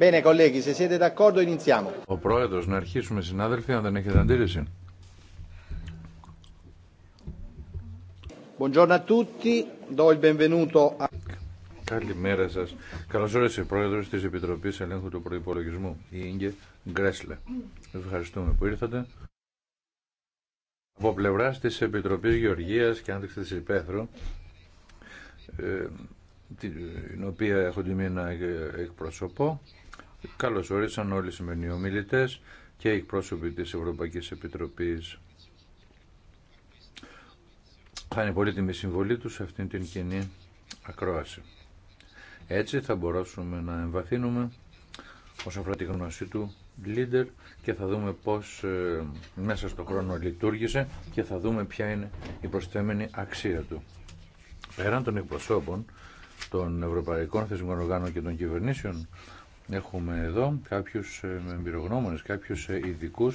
Bene, colleghi, se siete d'accordo, iniziamo. Ο πρόεδρο, να αρχίσουμε συνάδελφοι, αν δεν έχετε αντίρρηση. Buongiorno a tutti, do il benvenuto a... Καλημέρα σα. Καλώ ήρθατε, πρόεδρο τη Επιτροπή Ελέγχου του Προπολογισμού, η Ίγκε Γκρέσλε. Ευχαριστούμε που ήρθατε. Από πλευρά τη Επιτροπή Γεωργία και Άντρεξη τη Υπαίθρου, ε, την οποία έχω τιμή να εκπροσωπώ, Καλώς ορίσαν όλοι οι σημερινοί και οι εκπρόσωποι της Ευρωπαϊκής Επιτροπής. Θα είναι πολύτιμη συμβολή τους σε αυτήν την κοινή ακρόαση. Έτσι θα μπορέσουμε να εμβαθύνουμε όσον αφορά τη γνώση του leader και θα δούμε πώς ε, μέσα στον χρόνο λειτουργήσε και θα δούμε ποια είναι η προσθέμενη αξία του. Πέραν των εκπροσώπων των Ευρωπαϊκών Θεσμικών Οργάνων και των Κυβερνήσεων, Έχουμε εδώ κάποιους ε, εμπειρογνώμονες, κάποιους ε, ειδικού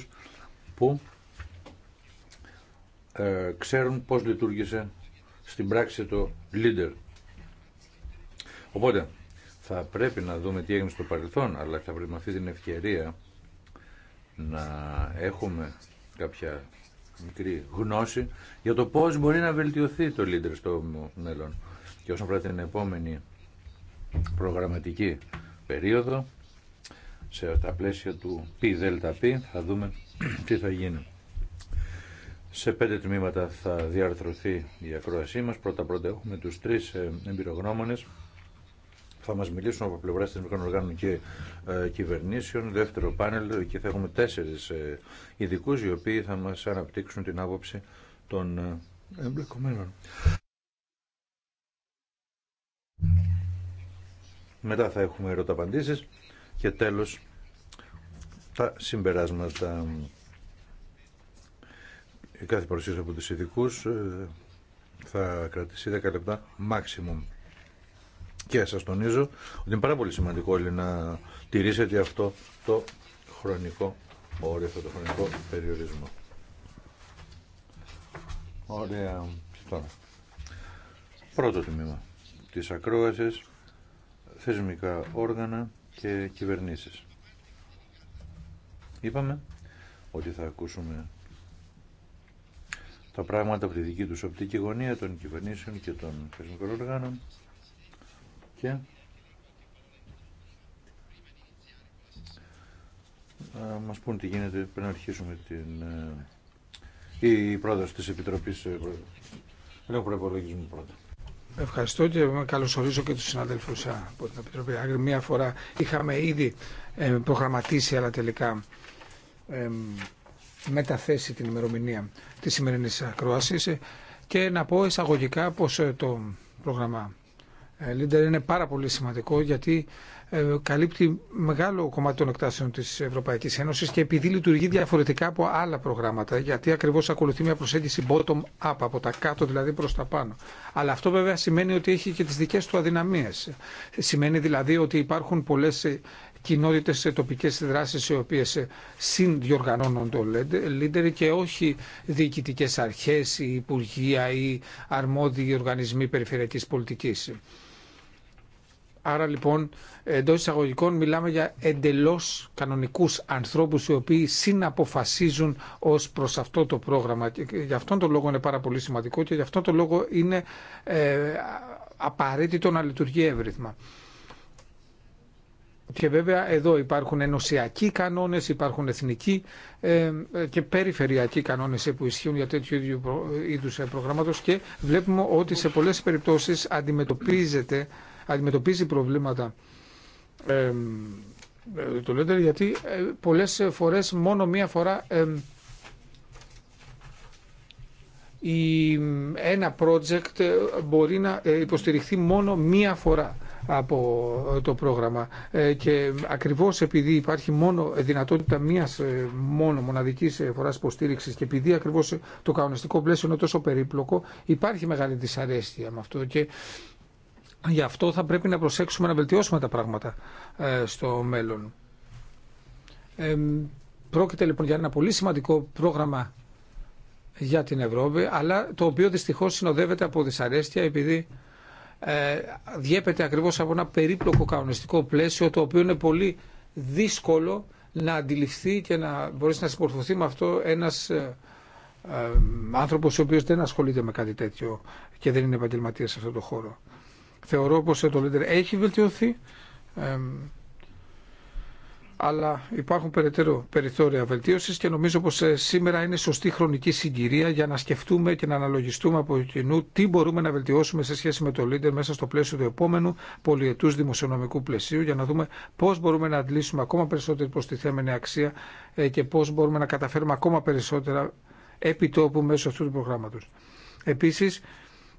που ε, ξέρουν πώς λειτουργήσε στην πράξη το leader. Οπότε, θα πρέπει να δούμε τι έγινε στο παρελθόν, αλλά θα πρέπει με αυτή την ευκαιρία να έχουμε κάποια μικρή γνώση για το πώς μπορεί να βελτιωθεί το leader στο μέλλον. Και όσον αφορά την επόμενη προγραμματική περίοδο σε τα πλαίσια του πι θα δούμε τι θα γίνει. Σε πέντε τμήματα θα διαρθρωθεί η ακρόασή μας. Πρώτα-πρώτα έχουμε τους τρεις ε, εμπειρογνώμονες θα μας μιλήσουν από πλευρά της οργάνων και ε, κυβερνήσεων. Δεύτερο πάνελ, και θα έχουμε τέσσερις ε, ειδικού οι οποίοι θα μας αναπτύξουν την άποψη των εμπλεκομένων. Μετά θα έχουμε ερωταπαντήσεις και τέλος τα συμπεράσματα. Η κάθε παρουσίαση από τους ειδικού ε, θα κρατήσει 10 λεπτά maximum. Και σας τονίζω ότι είναι πάρα πολύ σημαντικό όλοι να τηρήσετε αυτό το χρονικό όριο, αυτό το χρονικό περιορισμό. Ωραία. Τώρα. Πρώτο τμήμα της ακρόασης θεσμικά όργανα και κυβερνήσεις. Είπαμε ότι θα ακούσουμε τα πράγματα από τη δική τους οπτική γωνία των κυβερνήσεων και των θεσμικών οργάνων και να μας πούν τι γίνεται πριν αρχίσουμε την, ε, η πρόταση της Επιτροπής ε, Λέω προϋπολογισμού πρώτα. Ευχαριστώ και καλωσορίζω και τους συναδέλφους από την Επιτροπή Μία φορά είχαμε ήδη ε, προγραμματίσει, αλλά τελικά μεταθέσει την ημερομηνία τη σημερινής ακρόαση ε, και να πω εισαγωγικά πως ε, το πρόγραμμα ε, Λίντερ είναι πάρα πολύ σημαντικό γιατί ε, καλύπτει μεγάλο κομμάτι των εκτάσεων τη Ευρωπαϊκή Ένωση και επειδή λειτουργεί διαφορετικά από άλλα προγράμματα γιατί ακριβώ ακολουθεί μια προσέγγιση bottom-up, από τα κάτω δηλαδή προ τα πάνω. Αλλά αυτό βέβαια σημαίνει ότι έχει και τι δικέ του αδυναμίε. Σημαίνει δηλαδή ότι υπάρχουν πολλέ ε, κοινότητε σε τοπικές δράσεις οι οποίε συνδιοργανώνουν το Λίντερ και όχι διοικητικέ αρχέ, η Υπουργεία ή αρμόδιοι οργανισμοί περιφερειακή πολιτική. Άρα λοιπόν εντό εισαγωγικών μιλάμε για εντελώς κανονικούς ανθρώπους οι οποίοι συναποφασίζουν ως προς αυτό το πρόγραμμα. Και γι' αυτόν τον λόγο είναι πάρα πολύ σημαντικό και γι' αυτόν τον λόγο είναι ε, απαραίτητο να λειτουργεί εύρυθμα. Και βέβαια εδώ υπάρχουν ενωσιακοί κανόνες, υπάρχουν εθνικοί ε, και περιφερειακοί κανόνες που ισχύουν για τέτοιου ε, είδους ε, προγράμματος και βλέπουμε ότι σε πολλές περιπτώσεις αντιμετωπίζεται αντιμετωπίζει προβλήματα ε, το λέτε γιατί ε, πολλές φορές μόνο μία φορά η, ένα project ε, μπορεί να ε, υποστηριχθεί μόνο μία φορά από το πρόγραμμα και ακριβώς επειδή υπάρχει μόνο δυνατότητα μίας μόνο μοναδικής φοράς υποστήριξη και επειδή ακριβώς το κανονιστικό πλαίσιο είναι τόσο περίπλοκο υπάρχει μεγάλη δυσαρέστεια με αυτό και Γι' αυτό θα πρέπει να προσέξουμε να βελτιώσουμε τα πράγματα ε, στο μέλλον. Ε, πρόκειται λοιπόν για ένα πολύ σημαντικό πρόγραμμα για την Ευρώπη, αλλά το οποίο δυστυχώς συνοδεύεται από δυσαρέστια επειδή ε, διέπεται ακριβώς από ένα περίπλοκο κανονιστικό πλαίσιο το οποίο είναι πολύ δύσκολο να αντιληφθεί και να μπορέσει να συμπορφωθεί με αυτό ένας άνθρωπος ο οποίος δεν ασχολείται με κάτι τέτοιο και δεν είναι επαγγελματίας σε αυτό το χώρο. Θεωρώ πως το Λίντερ έχει βελτιωθεί, αλλά υπάρχουν περαιτέρω περιθώρια βελτίωσης και νομίζω πως ε, σήμερα είναι σωστή χρονική συγκυρία για να σκεφτούμε και να αναλογιστούμε από κοινού τι μπορούμε να βελτιώσουμε σε σχέση με το Leader μέσα στο πλαίσιο του επόμενου πολυετούς δημοσιονομικού πλαισίου για να δούμε πώς μπορούμε να αντλήσουμε ακόμα περισσότερη προστιθέμενη αξία ε, και πώς μπορούμε να καταφέρουμε ακόμα περισσότερα επιτόπου μέσω αυτού του προγράμματος. Επίσης,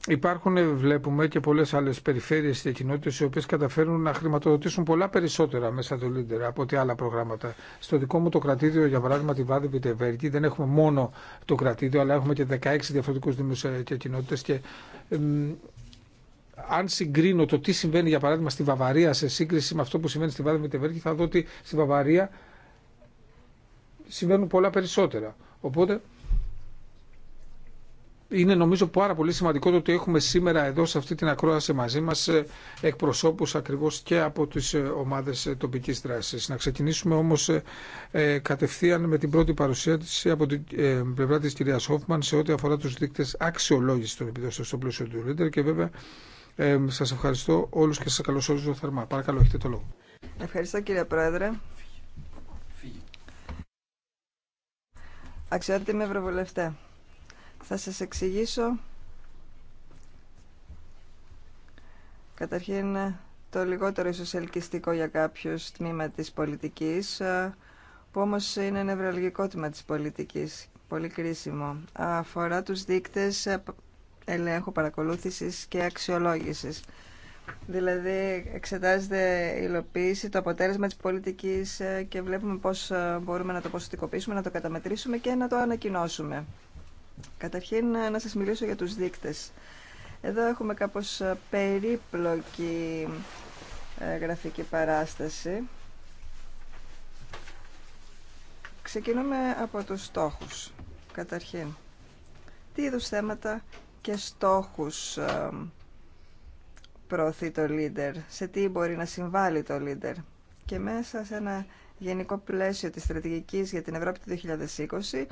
Υπάρχουν, βλέπουμε, και πολλές άλλες περιφέρειες και κοινότητες οι οποίες καταφέρνουν να χρηματοδοτήσουν πολλά περισσότερα μέσα του Λίντερ από ό,τι άλλα προγράμματα. Στο δικό μου το κρατήδιο, για παράδειγμα, τη Βάδη Βιτεβέργη, δεν έχουμε μόνο το κρατήδιο, αλλά έχουμε και 16 διαφορετικούς δήμους και κοινότητες και αν συγκρίνω το τι συμβαίνει για παράδειγμα στη Βαβαρία σε σύγκριση με αυτό που συμβαίνει στη Βάδη Βιτεβέργη, θα δω ότι στη Βαβαρία συμβαίνουν πολλά περισσότερα. Οπότε είναι νομίζω πάρα πολύ σημαντικό το ότι έχουμε σήμερα εδώ σε αυτή την ακρόαση μαζί μα ε, εκπροσώπους ακριβώς και από τι ε, ομάδε τοπική δράσης. Να ξεκινήσουμε όμως ε, κατευθείαν με την πρώτη παρουσίαση από την πλευρά τη κυρία Χόφμαν σε ό,τι αφορά του δείκτε αξιολόγηση των επιδόσεων στο πλαίσιο του Ρίντερ και βέβαια σα σας ευχαριστώ όλου και σας καλωσορίζω θερμά. Παρακαλώ, έχετε το λόγο. Ευχαριστώ κύριε Πρόεδρε. Αξιότιμη Ευρωβουλευτέ. Θα σας εξηγήσω καταρχήν το λιγότερο ίσως ελκυστικό για κάποιους τμήμα της πολιτικής που όμως είναι νευραλγικό τμήμα της πολιτικής, πολύ κρίσιμο. Αφορά τους δείκτες ελέγχου παρακολούθησης και αξιολόγησης. Δηλαδή εξετάζεται η υλοποίηση, το αποτέλεσμα της πολιτικής και βλέπουμε πώς μπορούμε να το ποσοτικοποιήσουμε, να το καταμετρήσουμε και να το ανακοινώσουμε. Καταρχήν να σας μιλήσω για τους δείκτες. Εδώ έχουμε κάπως ε, περίπλοκη ε, γραφική παράσταση. Ξεκινούμε από τους στόχους. Καταρχήν, τι είδους θέματα και στόχους ε, προωθεί το leader, σε τι μπορεί να συμβάλλει το leader. Και μέσα σε ένα γενικό πλαίσιο της στρατηγικής για την Ευρώπη του 2020,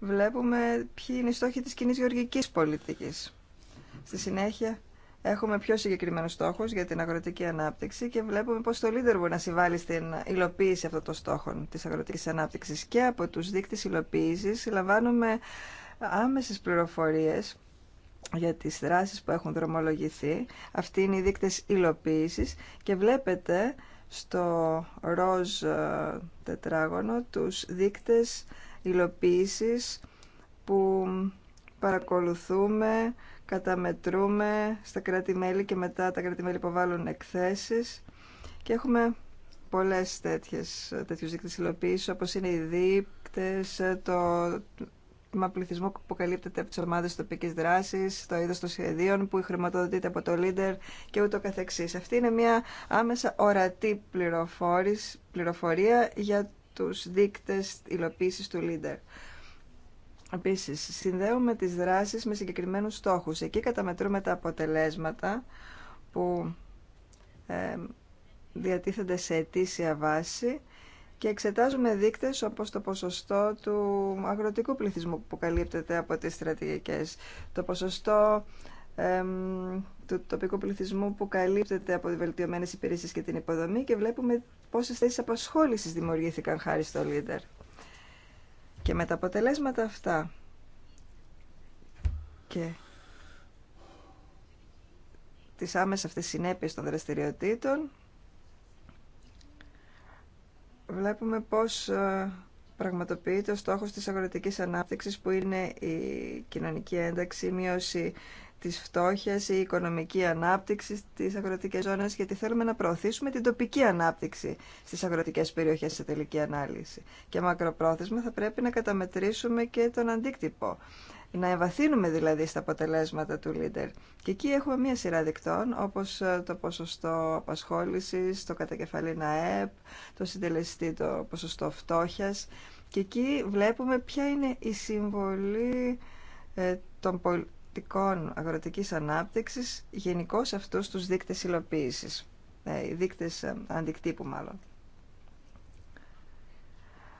βλέπουμε ποιοι είναι οι στόχοι της κοινή γεωργικής πολιτικής. Στη συνέχεια έχουμε πιο συγκεκριμένους στόχους για την αγροτική ανάπτυξη και βλέπουμε πώς το leader μπορεί να συμβάλλει στην υλοποίηση αυτών των στόχων της αγροτικής ανάπτυξης. Και από τους δείκτες υλοποίησης λαμβάνουμε άμεσες πληροφορίες για τις δράσεις που έχουν δρομολογηθεί. Αυτοί είναι οι δείκτες υλοποίησης και βλέπετε στο ροζ τετράγωνο τους δείκτες υλοποίησης που παρακολουθούμε, καταμετρούμε στα κράτη-μέλη και μετά τα κράτη-μέλη βάλουν εκθέσεις και έχουμε πολλές τέτοιες, τέτοιους δείκτες υλοποίησης όπως είναι οι δείκτες, το τμήμα πληθυσμό που αποκαλύπτεται από τις ομάδες τοπικής δράσης, το είδος των σχεδίων που χρηματοδοτείται από το Λίντερ και ούτω καθεξής. Αυτή είναι μια άμεσα ορατή πληροφορία για τους δείκτες υλοποίησης του leader. Επίση, συνδέουμε τις δράσεις με συγκεκριμένους στόχους. Εκεί καταμετρούμε τα αποτελέσματα που ε, διατίθενται σε αιτήσια βάση και εξετάζουμε δείκτες όπως το ποσοστό του αγροτικού πληθυσμού που καλύπτεται από τις στρατηγικές, το ποσοστό του τοπικού πληθυσμού που καλύπτεται από τις βελτιωμένες υπηρεσίες και την υποδομή και βλέπουμε πόσες θέσεις απασχόλησης δημιουργήθηκαν χάρη στο Λίντερ. Και με τα αποτελέσματα αυτά και τις άμεσα αυτές συνέπειες των δραστηριοτήτων βλέπουμε πώς ε, πραγματοποιείται ο στόχος της αγροτικής ανάπτυξης που είναι η κοινωνική ένταξη, η μείωση της φτώχειας, η οικονομική ανάπτυξη στις αγροτικές ζώνες, γιατί θέλουμε να προωθήσουμε την τοπική ανάπτυξη στις αγροτικές περιοχές σε τελική ανάλυση. Και μακροπρόθεσμα θα πρέπει να καταμετρήσουμε και τον αντίκτυπο. Να ευαθύνουμε δηλαδή στα αποτελέσματα του Λίντερ. Και εκεί έχουμε μία σειρά δικτών, όπως ε, το ποσοστό απασχόλησης, το κατακεφαλήνα ΕΠ, το συντελεστή, το ποσοστό φτώχειας. Και εκεί βλέπουμε ποια είναι η συμβολή ε, των πολιτικών αγροτικής ανάπτυξης γενικώ αυτούς τους δείκτες υλοποίησης, ε, δείκτες ε, αντικτύπου μάλλον.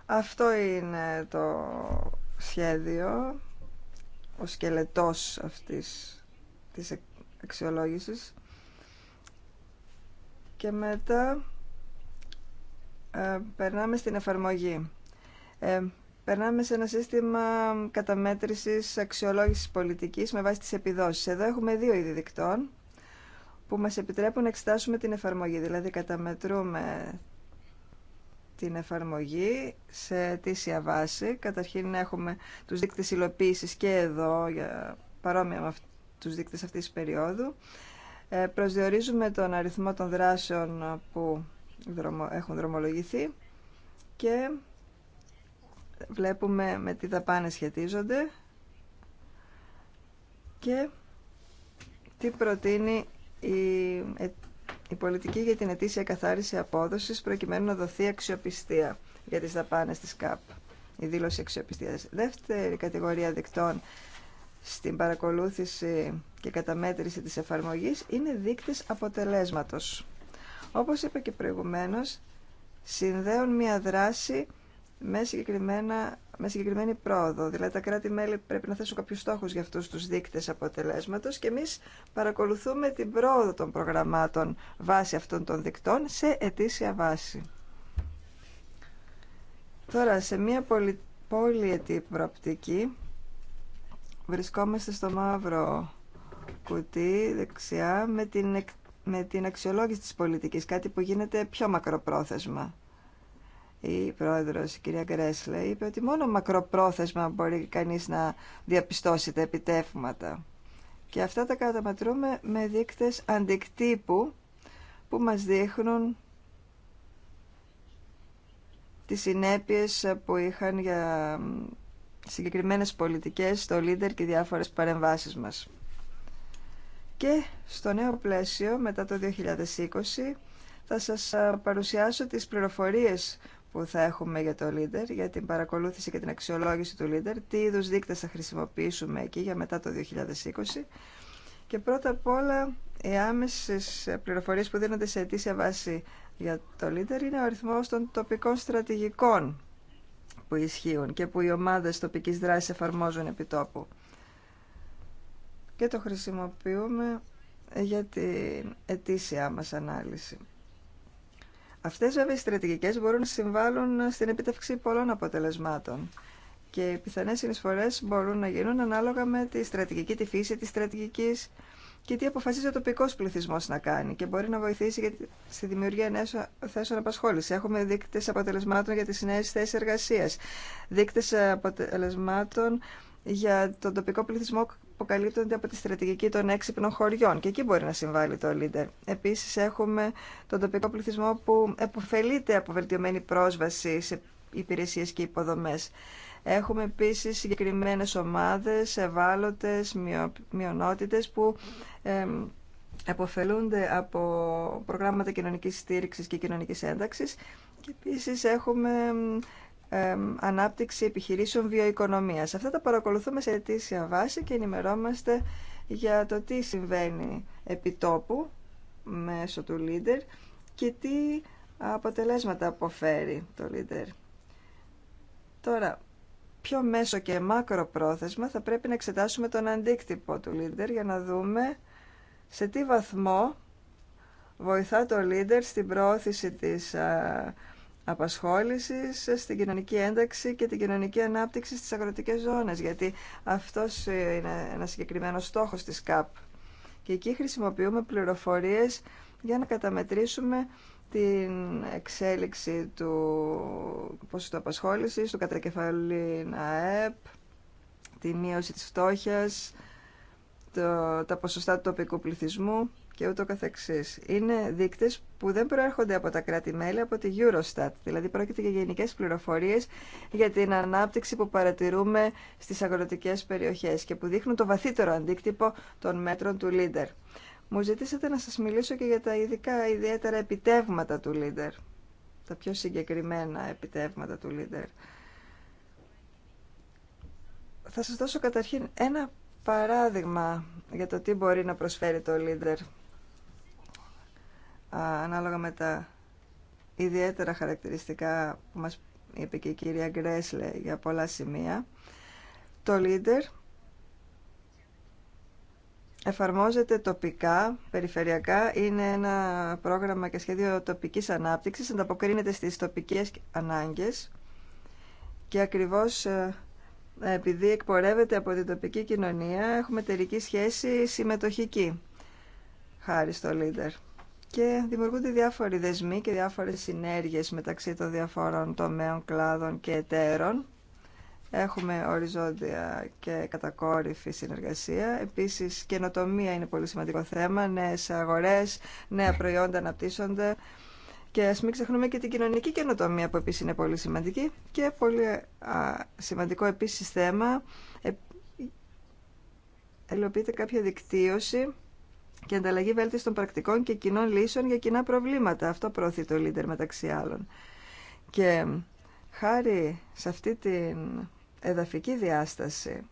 Αυτό είναι το σχέδιο, ο σκελετός αυτής της αξιολόγησης και μετά ε, περνάμε στην εφαρμογή. Ε, περνάμε σε ένα σύστημα καταμέτρησης αξιολόγησης πολιτικής με βάση τις επιδόσεις. Εδώ έχουμε δύο είδη δικτών που μας επιτρέπουν να εξετάσουμε την εφαρμογή. Δηλαδή καταμετρούμε την εφαρμογή σε αιτήσια βάση. Καταρχήν έχουμε τους δείκτες υλοποίησης και εδώ, για παρόμοια με τους δείκτες αυτής της περίοδου. Ε, προσδιορίζουμε τον αριθμό των δράσεων που έχουν δρομολογηθεί και βλέπουμε με τι δαπάνε σχετίζονται και τι προτείνει η, ε, η πολιτική για την ετήσια καθάριση απόδοσης προκειμένου να δοθεί αξιοπιστία για τις δαπάνες της ΚΑΠ, η δήλωση αξιοπιστίας. Δεύτερη κατηγορία δικτών στην παρακολούθηση και καταμέτρηση της εφαρμογής είναι δείκτες αποτελέσματος. Όπως είπα και προηγουμένως, συνδέουν μια δράση με, συγκεκριμένα, συγκεκριμένη πρόοδο. Δηλαδή τα κράτη-μέλη πρέπει να θέσουν κάποιους στόχους για αυτούς τους δείκτες αποτελέσματος και εμείς παρακολουθούμε την πρόοδο των προγραμμάτων βάσει αυτών των δικτών σε ετήσια βάση. Τώρα, σε μια πολυ... πολυετή προοπτική βρισκόμαστε στο μαύρο κουτί δεξιά με την, με την αξιολόγηση της πολιτικής, κάτι που γίνεται πιο μακροπρόθεσμα η πρόεδρος η κυρία Γκρέσλε είπε ότι μόνο μακροπρόθεσμα μπορεί κανείς να διαπιστώσει τα επιτεύγματα. Και αυτά τα καταματρούμε με δείκτες αντικτύπου που μας δείχνουν τις συνέπειες που είχαν για συγκεκριμένες πολιτικές στο Λίντερ και διάφορες παρεμβάσεις μας. Και στο νέο πλαίσιο μετά το 2020 θα σας παρουσιάσω τις πληροφορίες που θα έχουμε για το Leader, για την παρακολούθηση και την αξιολόγηση του Leader, τι είδου δείκτες θα χρησιμοποιήσουμε εκεί για μετά το 2020 και πρώτα απ' όλα οι άμεσες πληροφορίε που δίνονται σε αιτήσια βάση για το Leader είναι ο αριθμό των τοπικών στρατηγικών που ισχύουν και που οι ομάδες τοπικής δράσης εφαρμόζουν επί τόπου. Και το χρησιμοποιούμε για την ετήσια μας ανάλυση. Αυτέ βέβαια οι στρατηγικέ μπορούν να συμβάλλουν στην επίτευξη πολλών αποτελεσμάτων και οι πιθανές συνεισφορέ μπορούν να γίνουν ανάλογα με τη στρατηγική, τη φύση τη στρατηγικής και τι αποφασίζει ο τοπικός πληθυσμός να κάνει και μπορεί να βοηθήσει στη δημιουργία νέων θέσεων απασχόληση. Έχουμε δείκτες αποτελεσμάτων για τις νέε θέσει εργασία, δείκτε αποτελεσμάτων για τον τοπικό πληθυσμό που καλύπτονται από τη στρατηγική των έξυπνων χωριών και εκεί μπορεί να συμβάλλει το Leader. Επίσης έχουμε τον τοπικό πληθυσμό που επωφελείται από βελτιωμένη πρόσβαση σε υπηρεσίες και υποδομές. Έχουμε επίσης συγκεκριμένες ομάδες, ευάλωτες, μειονότητες που επωφελούνται από προγράμματα κοινωνικής στήριξης και κοινωνικής ένταξης και επίσης έχουμε ανάπτυξη επιχειρήσεων βιοοικονομίας. Αυτά τα παρακολουθούμε σε αιτήσια βάση και ενημερώμαστε για το τι συμβαίνει επί τόπου μέσω του Leader και τι αποτελέσματα αποφέρει το Leader. Τώρα, πιο μέσο και μακροπρόθεσμα θα πρέπει να εξετάσουμε τον αντίκτυπο του Leader για να δούμε σε τι βαθμό βοηθά το Λίντερ στην πρόθεση της απασχόλησης, στην κοινωνική ένταξη και την κοινωνική ανάπτυξη στις αγροτικές ζώνες, γιατί αυτός είναι ένα συγκεκριμένο στόχος της ΚΑΠ. Και εκεί χρησιμοποιούμε πληροφορίες για να καταμετρήσουμε την εξέλιξη του ποσοστού απασχόλησης, του κατακεφαλήν ΑΕΠ, τη μείωση της φτώχειας, το, τα ποσοστά του τοπικού πληθυσμού και ούτω καθεξής. Είναι δείκτες που δεν προέρχονται από τα κράτη-μέλη, από τη Eurostat. Δηλαδή πρόκειται για γενικές πληροφορίες για την ανάπτυξη που παρατηρούμε στις αγροτικές περιοχές και που δείχνουν το βαθύτερο αντίκτυπο των μέτρων του Λίντερ. Μου ζητήσατε να σας μιλήσω και για τα ειδικά ιδιαίτερα επιτεύγματα του Leader. Τα πιο συγκεκριμένα επιτεύγματα του Leader. Θα σας δώσω καταρχήν ένα παράδειγμα για το τι μπορεί να προσφέρει το Leader ανάλογα με τα ιδιαίτερα χαρακτηριστικά που μας είπε και η κυρία Γκρέσλε για πολλά σημεία, το leader εφαρμόζεται τοπικά, περιφερειακά, είναι ένα πρόγραμμα και σχέδιο τοπικής ανάπτυξης, ανταποκρίνεται στις τοπικές ανάγκες και ακριβώς ε, επειδή εκπορεύεται από την τοπική κοινωνία, έχουμε τερική σχέση συμμετοχική, χάρη στο leader και δημιουργούνται διάφοροι δεσμοί και διάφορες συνέργειες μεταξύ των διαφόρων τομέων, κλάδων και εταίρων. Έχουμε οριζόντια και κατακόρυφη συνεργασία. Επίσης, καινοτομία είναι πολύ σημαντικό θέμα. Νέες αγορές, νέα προϊόντα αναπτύσσονται. Και ας μην ξεχνούμε και την κοινωνική καινοτομία που επίσης είναι πολύ σημαντική και πολύ σημαντικό επίσης θέμα. Ελοποιείται κάποια δικτύωση και ανταλλαγή των πρακτικών και κοινών λύσεων για κοινά προβλήματα. Αυτό προωθεί το Λίντερ μεταξύ άλλων. Και χάρη σε αυτή την εδαφική διάσταση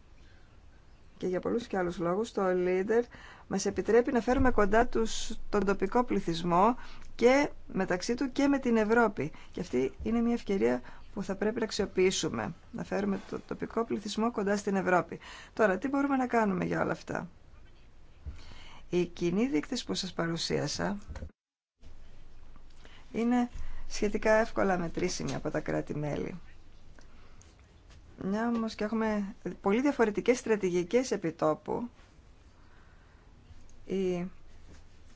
και για πολλούς και άλλους λόγους το Λίντερ μας επιτρέπει να φέρουμε κοντά τους τον τοπικό πληθυσμό και μεταξύ του και με την Ευρώπη. Και αυτή είναι μια ευκαιρία που θα πρέπει να αξιοποιήσουμε, να φέρουμε τον τοπικό πληθυσμό κοντά στην Ευρώπη. Τώρα, τι μπορούμε να κάνουμε για όλα αυτά η κοινοί δείκτες που σας παρουσίασα είναι σχετικά εύκολα μετρήσιμη από τα κράτη-μέλη. Μια όμω και έχουμε πολύ διαφορετικές στρατηγικές επιτόπου. Οι,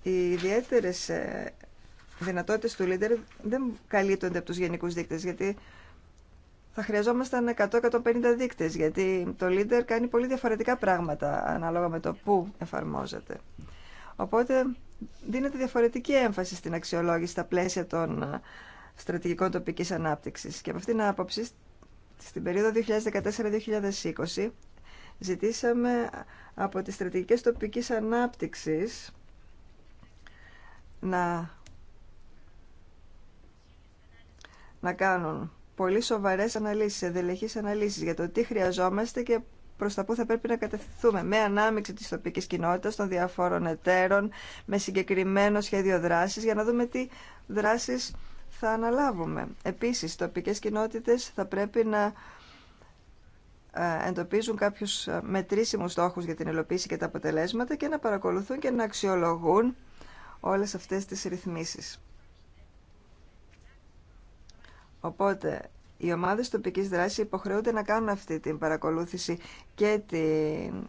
οι ιδιαίτερες ε, δυνατότητες του Λίντερ δεν καλύπτονται από τους γενικούς δείκτες, γιατί θα χρειαζόμασταν 100-150 δείκτες, γιατί το leader κάνει πολύ διαφορετικά πράγματα ανάλογα με το πού εφαρμόζεται. Οπότε δίνεται διαφορετική έμφαση στην αξιολόγηση στα πλαίσια των στρατηγικών τοπικής ανάπτυξης. Και από αυτήν την άποψη, στην περίοδο 2014-2020, ζητήσαμε από τις στρατηγικές τοπικής ανάπτυξης να, να κάνουν πολύ σοβαρές αναλύσεις, εδελεχείς αναλύσεις για το τι χρειαζόμαστε και προς τα που θα πρέπει να κατευθυνθούμε με ανάμειξη της τοπικής κοινότητας, των διαφόρων εταίρων, με συγκεκριμένο σχέδιο δράσης για να δούμε τι δράσεις θα αναλάβουμε. Επίσης, τοπικές κοινότητες θα πρέπει να ε, εντοπίζουν κάποιους ε, μετρήσιμους στόχους για την υλοποίηση και τα αποτελέσματα και να παρακολουθούν και να αξιολογούν όλες αυτές τις ρυθμίσεις. Οπότε, οι ομάδες τοπικής δράσης υποχρεούνται να κάνουν αυτή την παρακολούθηση και την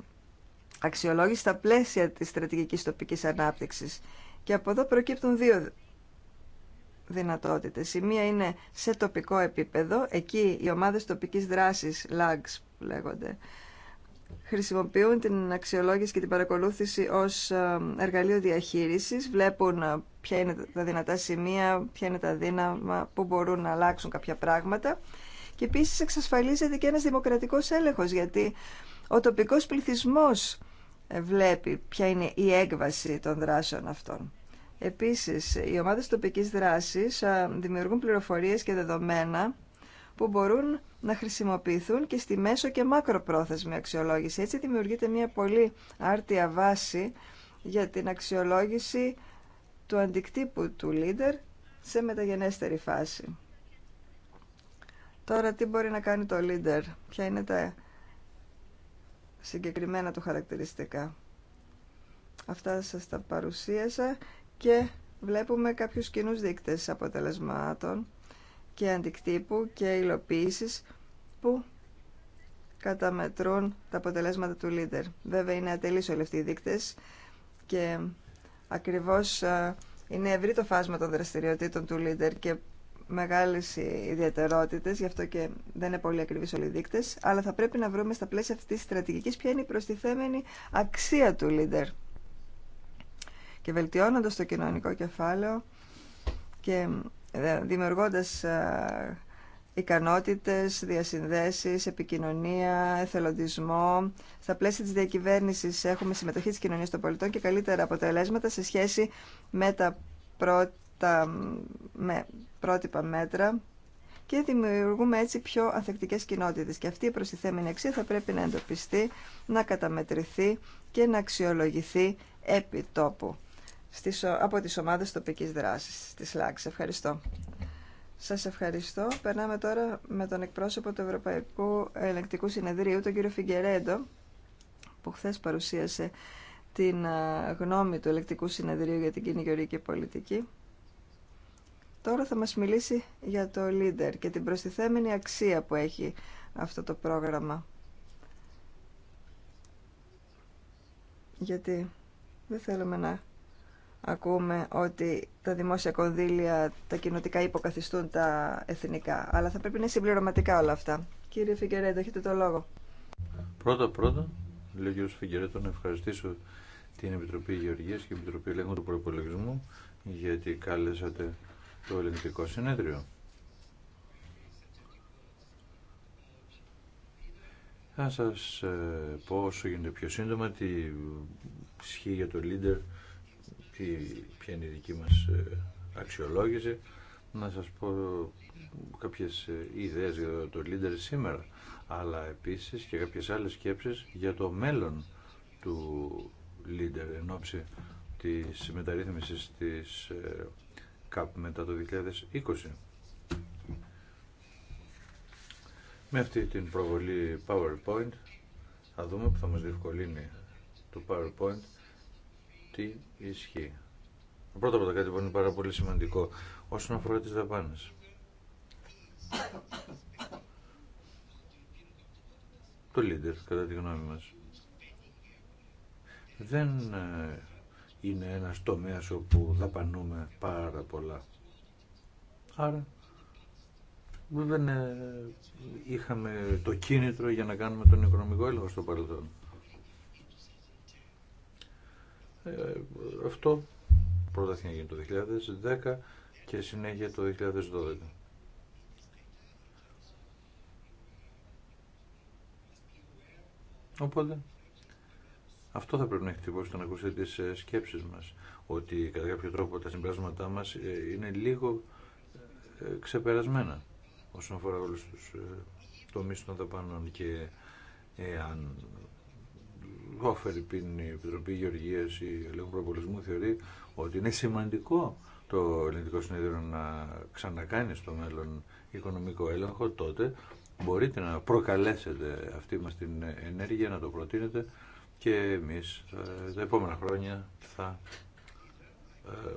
αξιολόγηση στα πλαίσια της στρατηγικής τοπικής ανάπτυξης. Και από εδώ προκύπτουν δύο δυνατότητες. Η μία είναι σε τοπικό επίπεδο, εκεί οι ομάδες τοπικής δράσης, LAGS λέγονται, χρησιμοποιούν την αξιολόγηση και την παρακολούθηση ως ε, εργαλείο διαχείρισης, βλέπουν ε, ποια είναι τα δυνατά σημεία, ποια είναι τα δύναμα που μπορούν να αλλάξουν κάποια πράγματα και επίσης εξασφαλίζεται και ένας δημοκρατικός έλεγχος γιατί ο τοπικός πληθυσμός ε, βλέπει ποια είναι η έκβαση των δράσεων αυτών. Επίσης, οι ομάδες τοπικής δράσης δημιουργούν πληροφορίες και δεδομένα που μπορούν να χρησιμοποιηθούν και στη μέσο και μακροπρόθεσμη αξιολόγηση. Έτσι δημιουργείται μια πολύ άρτια βάση για την αξιολόγηση του αντικτύπου του leader σε μεταγενέστερη φάση. Τώρα τι μπορεί να κάνει το leader, ποια είναι τα συγκεκριμένα του χαρακτηριστικά. Αυτά σας τα παρουσίασα και βλέπουμε κάποιους κοινούς δείκτες αποτελεσμάτων και αντικτύπου και υλοποίηση που καταμετρούν τα αποτελέσματα του leader. Βέβαια είναι ατελείς όλοι αυτοί οι δείκτες και ακριβώς είναι ευρύ το φάσμα των δραστηριοτήτων του leader και μεγάλες ε, ιδιαιτερότητες, γι' αυτό και δεν είναι πολύ ακριβείς όλοι οι δείκτες, αλλά θα πρέπει να βρούμε στα πλαίσια αυτής της στρατηγικής ποια είναι η προστιθέμενη αξία του leader. Και βελτιώνοντας το κοινωνικό κεφάλαιο και δημιουργώντας ε, ικανότητες, διασυνδέσεις, επικοινωνία, εθελοντισμό. Στα πλαίσια της διακυβέρνησης έχουμε συμμετοχή της κοινωνίας των πολιτών και καλύτερα αποτελέσματα σε σχέση με τα πρώτα, πρότυπα μέτρα και δημιουργούμε έτσι πιο ανθεκτικές κοινότητες. Και αυτή η προστιθέμενη αξία θα πρέπει να εντοπιστεί, να καταμετρηθεί και να αξιολογηθεί επί τόπου στις, από τις ομάδες τοπικής δράσης της ΛΑΚΣ. Ευχαριστώ. Σας ευχαριστώ. Περνάμε τώρα με τον εκπρόσωπο του Ευρωπαϊκού Ελεκτικού Συνεδρίου, τον κύριο Φιγκερέντο, που χθε παρουσίασε την γνώμη του Ελεκτικού Συνεδρίου για την κοινή πολιτική. Τώρα θα μας μιλήσει για το ΛΙΝΤΕΡ και την προστιθέμενη αξία που έχει αυτό το πρόγραμμα. Γιατί δεν θέλουμε να ακούμε ότι τα δημόσια κονδύλια, τα κοινοτικά υποκαθιστούν τα εθνικά. Αλλά θα πρέπει να είναι συμπληρωματικά όλα αυτά. Κύριε Φιγκερέντο, έχετε το λόγο. Πρώτα, πρώτα, λέει ο κύριος Φιγκερέντο, να ευχαριστήσω την Επιτροπή Γεωργίας και την Επιτροπή Ελέγχου του Προπολογισμού γιατί κάλεσατε το Ελληνικό Συνέδριο. Θα σας ε, πω όσο γίνεται πιο σύντομα τη ισχύει για το Leader τι, ποια είναι η δική μας ε, αξιολόγηση. Να σας πω κάποιες ε, ιδέες για το leader σήμερα, αλλά επίσης και κάποιες άλλες σκέψεις για το μέλλον του leader εν ώψη της μεταρρύθμισης της ε, ΚΑΠ μετά το 2020. Με αυτή την προβολή PowerPoint θα δούμε που θα μας διευκολύνει το PowerPoint τι ισχύει. Πρώτα απ' όλα κάτι που είναι πάρα πολύ σημαντικό όσον αφορά τις δαπάνες. Το leader, κατά τη γνώμη μας, δεν ε, είναι ένας τομέας όπου δαπανούμε πάρα πολλά. Άρα δεν είχαμε το κίνητρο για να κάνουμε τον οικονομικό έλεγχο στο παρελθόν. Ε, αυτό πρώτα θα γίνει το 2010 και συνέχεια το 2012. Οπότε, αυτό θα πρέπει να εκτυπώσει το να ακούσετε τις ε, σκέψεις μας, ότι κατά κάποιο τρόπο τα συμπεράσματά μας ε, είναι λίγο ξεπερασμένα όσον αφορά όλους τους τομείς των δαπάνων και εάν Γόφερ πίνει η Επιτροπή Γεωργία ή Ελέγχου Προπολισμού θεωρεί ότι είναι σημαντικό το ελληνικό συνέδριο να ξανακάνει στο μέλλον οικονομικό έλεγχο, τότε μπορείτε να προκαλέσετε αυτή μας την ενέργεια, να το προτείνετε και εμείς ε, τα επόμενα χρόνια θα ε,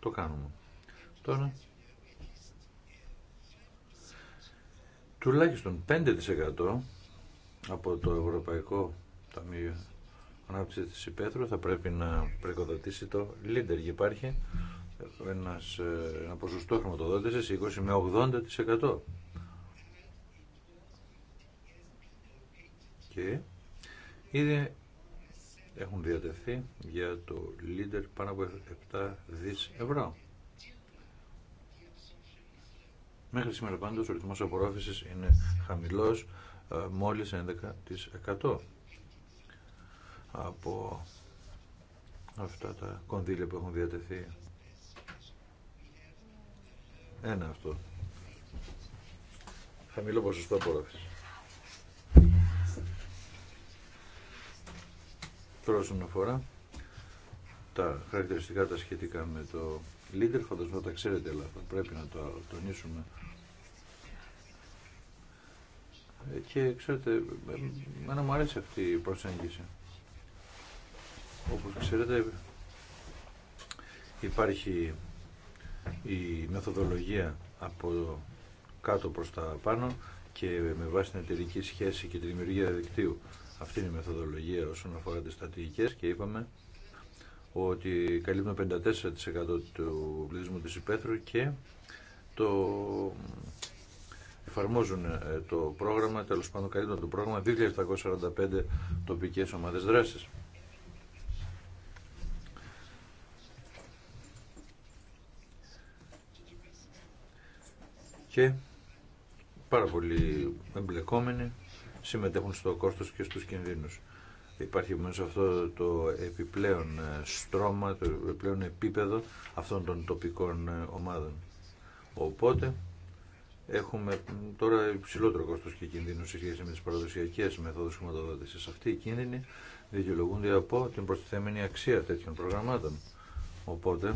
το κάνουμε. Τώρα, τουλάχιστον 5% από το Ευρωπαϊκό Ταμείο Ανάπτυξη τη Υπέθρου θα πρέπει να πρεκοδοτήσει το Λίντερ. Υπάρχει ένας, ε, ένα ποσοστό χρηματοδότησης 20 με 80%. Και ήδη έχουν διατεθεί για το Λίντερ πάνω από 7 δις ευρώ. Μέχρι σήμερα πάντως ο ρυθμός απορρόφησης είναι χαμηλός ε, μόλις 11% από αυτά τα κονδύλια που έχουν διατεθεί. Ένα αυτό. Χαμηλό ποσοστό απορρόφησης. Τώρα όσον αφορά τα χαρακτηριστικά τα σχετικά με το leader, φαντασμό τα ξέρετε, αλλά θα πρέπει να το τονίσουμε και ξέρετε, εμένα μου αρέσει αυτή η προσέγγιση. Όπως ξέρετε, υπάρχει η μεθοδολογία από κάτω προς τα πάνω και με βάση την εταιρική σχέση και τη δημιουργία δικτύου. Αυτή είναι η μεθοδολογία όσον αφορά τις στατηγικές και είπαμε ότι καλύπτουμε 54% του πληθυσμού της υπαίθρου και το εφαρμόζουν ε, το πρόγραμμα, τέλο πάντων καλύτερα το πρόγραμμα, 2.745 τοπικέ ομάδε δράσης. Και πάρα πολλοί εμπλεκόμενοι συμμετέχουν στο κόστος και στους κινδύνους. Υπάρχει μέσα αυτό το επιπλέον ε, στρώμα, το επιπλέον επίπεδο αυτών των τοπικών ε, ομάδων. Οπότε Έχουμε τώρα υψηλότερο κόστο και κινδύνου σε σχέση με τι παραδοσιακέ μεθόδου χρηματοδότηση. Αυτοί οι κίνδυνοι δικαιολογούνται από την προστιθέμενη αξία τέτοιων προγραμμάτων. Οπότε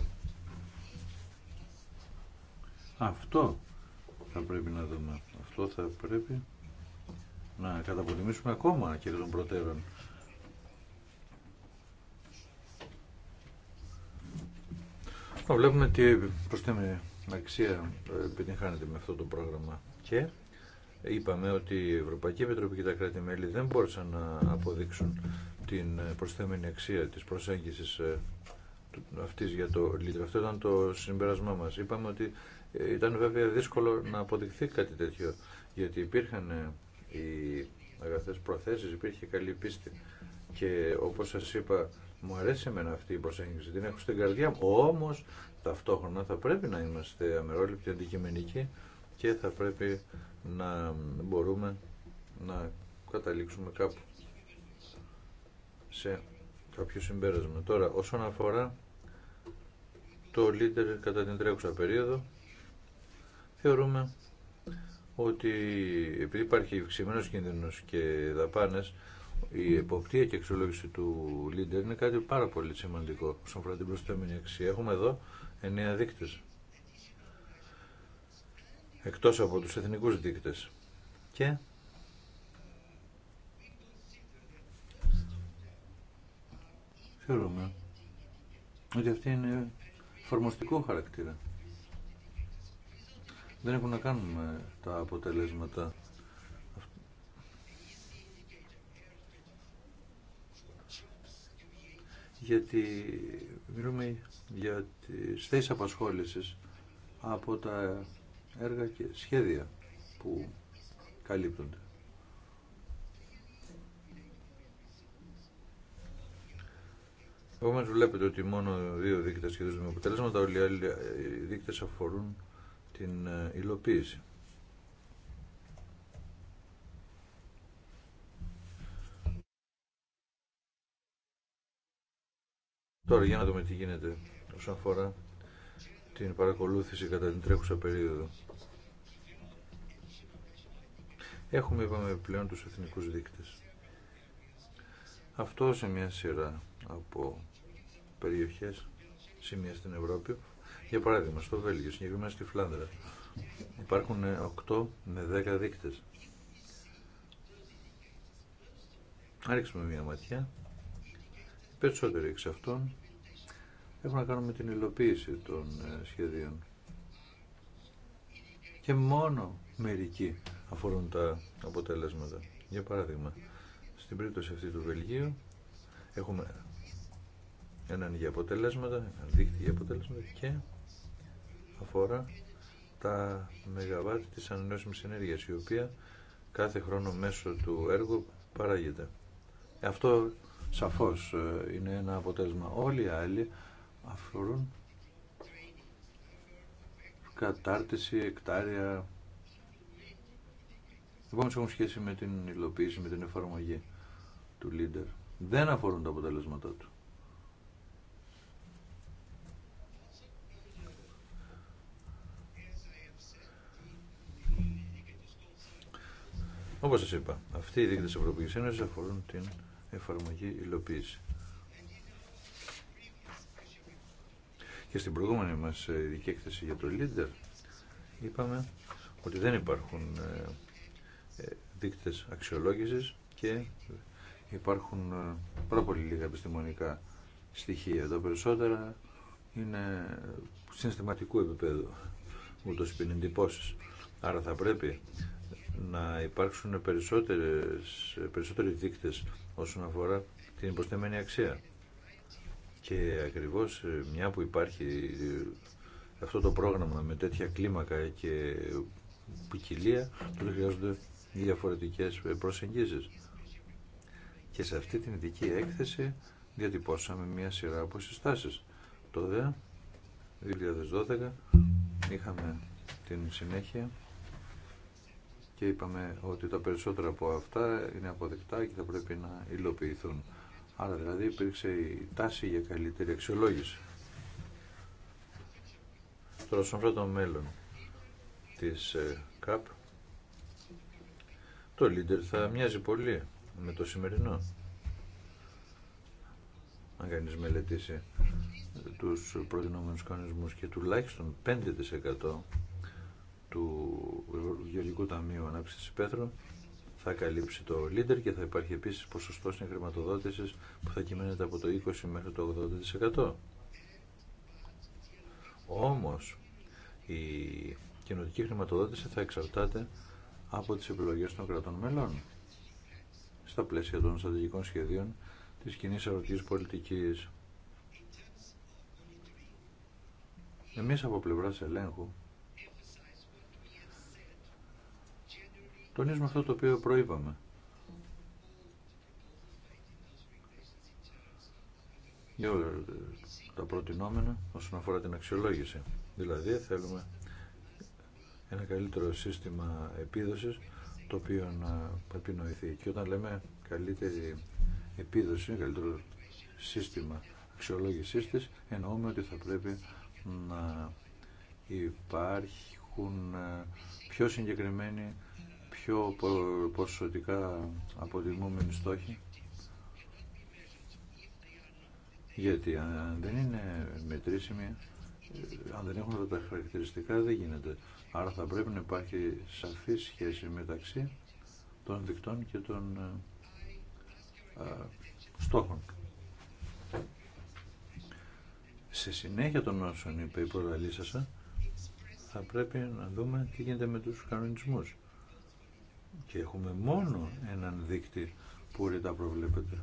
αυτό θα πρέπει να δούμε. Αυτό θα πρέπει να καταπολεμήσουμε ακόμα και των προτέρων. Βλέπουμε τι προστιθέμενη αξία ε, επιτυγχάνεται με αυτό το πρόγραμμα. Και είπαμε ότι η Ευρωπαϊκή Επιτροπή και τα κράτη-μέλη δεν μπόρεσαν να αποδείξουν την ε, προσθέμενη αξία της προσέγγισης ε, αυτής για το λίτρο. Αυτό ήταν το συμπερασμά μας. Είπαμε ότι ήταν βέβαια δύσκολο να αποδειχθεί κάτι τέτοιο, γιατί υπήρχαν οι αγαθές προθέσεις, υπήρχε καλή πίστη και όπως σας είπα μου αρέσει εμένα αυτή η προσέγγιση, την έχω στην καρδιά μου. Όμως ταυτόχρονα θα πρέπει να είμαστε αμερόληπτοι, αντικειμενικοί και θα πρέπει να μπορούμε να καταλήξουμε κάπου σε κάποιο συμπέρασμα. Τώρα, όσον αφορά το leader κατά την τρέχουσα περίοδο, θεωρούμε ότι επειδή υπάρχει ευξημένος κίνδυνος και δαπάνες, η εποπτεία και εξολόγηση του Λίντερ είναι κάτι πάρα πολύ σημαντικό στον αφορά την προστέμενη αξία. Έχουμε εδώ εννέα δείκτες. Εκτός από τους εθνικούς δείκτες. Και θεωρούμε ότι αυτή είναι φορμοστικό χαρακτήρα. Δεν έχουν να κάνουμε τα αποτελέσματα γιατί μιλούμε για τις θέσεις απασχόλησης από τα έργα και σχέδια που καλύπτονται. Επομένω, βλέπετε ότι μόνο δύο δείκτες σχεδίζουν με αποτελέσματα, όλοι οι άλλοι δείκτες αφορούν την ε, υλοποίηση. Τώρα για να δούμε τι γίνεται όσον αφορά την παρακολούθηση κατά την τρέχουσα περίοδο. Έχουμε, είπαμε, πλέον τους εθνικούς δείκτες. Αυτό σε μια σειρά από περιοχές, σημεία στην Ευρώπη, για παράδειγμα στο Βέλγιο, συγκεκριμένα στη Φλάνδρα, υπάρχουν 8 με 10 δείκτες. με μια ματιά Περισσότεροι εξ αυτών έχουν να κάνουν με την υλοποίηση των ε, σχεδίων. Και μόνο μερικοί αφορούν τα αποτελέσματα. Για παράδειγμα, στην περίπτωση αυτή του Βελγίου έχουμε έναν για αποτελέσματα, έναν δίκτυο για αποτελέσματα και αφορά τα μεγαβάτη της ανανεώσιμης ενέργειας, η οποία κάθε χρόνο μέσω του έργου παράγεται. Αυτό σαφώς ε, είναι ένα αποτέλεσμα. Όλοι οι άλλοι αφορούν κατάρτιση, εκτάρια. Λοιπόν, έχουν σχέση με την υλοποίηση, με την εφαρμογή του leader. Δεν αφορούν τα αποτελέσματά του. Όπως σας είπα, αυτοί οι δείκτες Ευρωπαϊκής Ένωσης αφορούν την εφαρμογή υλοποίηση. Και στην προηγούμενη μας ε, ειδική έκθεση για το ΛΙΝΤΕΡ είπαμε ότι δεν υπάρχουν ε, ε, δείκτες αξιολόγησης και υπάρχουν πάρα πολύ λίγα επιστημονικά στοιχεία. Τα περισσότερα είναι συναισθηματικού επίπεδου, ούτως πεινεντυπώσεις. Άρα θα πρέπει να υπάρξουν περισσότερες, περισσότεροι δείκτες όσον αφορά την υποστημένη αξία. Και ακριβώς ε, μια που υπάρχει ε, αυτό το πρόγραμμα με τέτοια κλίμακα και ποικιλία, του χρειάζονται διαφορετικές ε, προσεγγίσεις. Και σε αυτή την ειδική έκθεση διατυπώσαμε μια σειρά από συστάσεις. Τότε, 2012, είχαμε την συνέχεια και είπαμε ότι τα περισσότερα από αυτά είναι αποδεκτά και θα πρέπει να υλοποιηθούν. Άρα δηλαδή υπήρξε η τάση για καλύτερη αξιολόγηση. Τώρα στον πρώτο μέλλον της ε, ΚΑΠ το Λίντερ θα μοιάζει πολύ με το σημερινό. Αν κανείς μελετήσει τους προδυνόμενους κανονισμούς και τουλάχιστον 5% του Γεωργικού Ταμείου Ανάπτυξης Πέτρων θα καλύψει το Λίντερ και θα υπάρχει επίσης ποσοστό χρηματοδότηση που θα κυμαίνεται από το 20 μέχρι το 80%. Όμως η κοινωτική χρηματοδότηση θα εξαρτάται από τις επιλογές των κρατών μελών στα πλαίσια των στρατηγικών σχεδίων της κοινή αγροτικής πολιτικής. Εμείς από πλευράς ελέγχου τονίζουμε αυτό το οποίο προείπαμε. Για όλα τα προτινόμενα όσον αφορά την αξιολόγηση. Δηλαδή θέλουμε ένα καλύτερο σύστημα επίδοσης το οποίο να επινοηθεί. Και όταν λέμε καλύτερη επίδοση, καλύτερο σύστημα αξιολόγησής της, εννοούμε ότι θα πρέπει να υπάρχουν πιο συγκεκριμένοι πιο ποσοτικά αποτιμούμενοι στόχοι. Γιατί αν δεν είναι μετρήσιμοι, ε, αν δεν έχουν αυτά τα χαρακτηριστικά δεν γίνεται. Άρα θα πρέπει να υπάρχει σαφή σχέση μεταξύ των δικτών και των ε, στόχων. Σε συνέχεια των όσων είπε η προλαλήσασα, θα πρέπει να δούμε τι γίνεται με τους κανονισμούς και έχουμε μόνο έναν δείκτη που τα προβλέπεται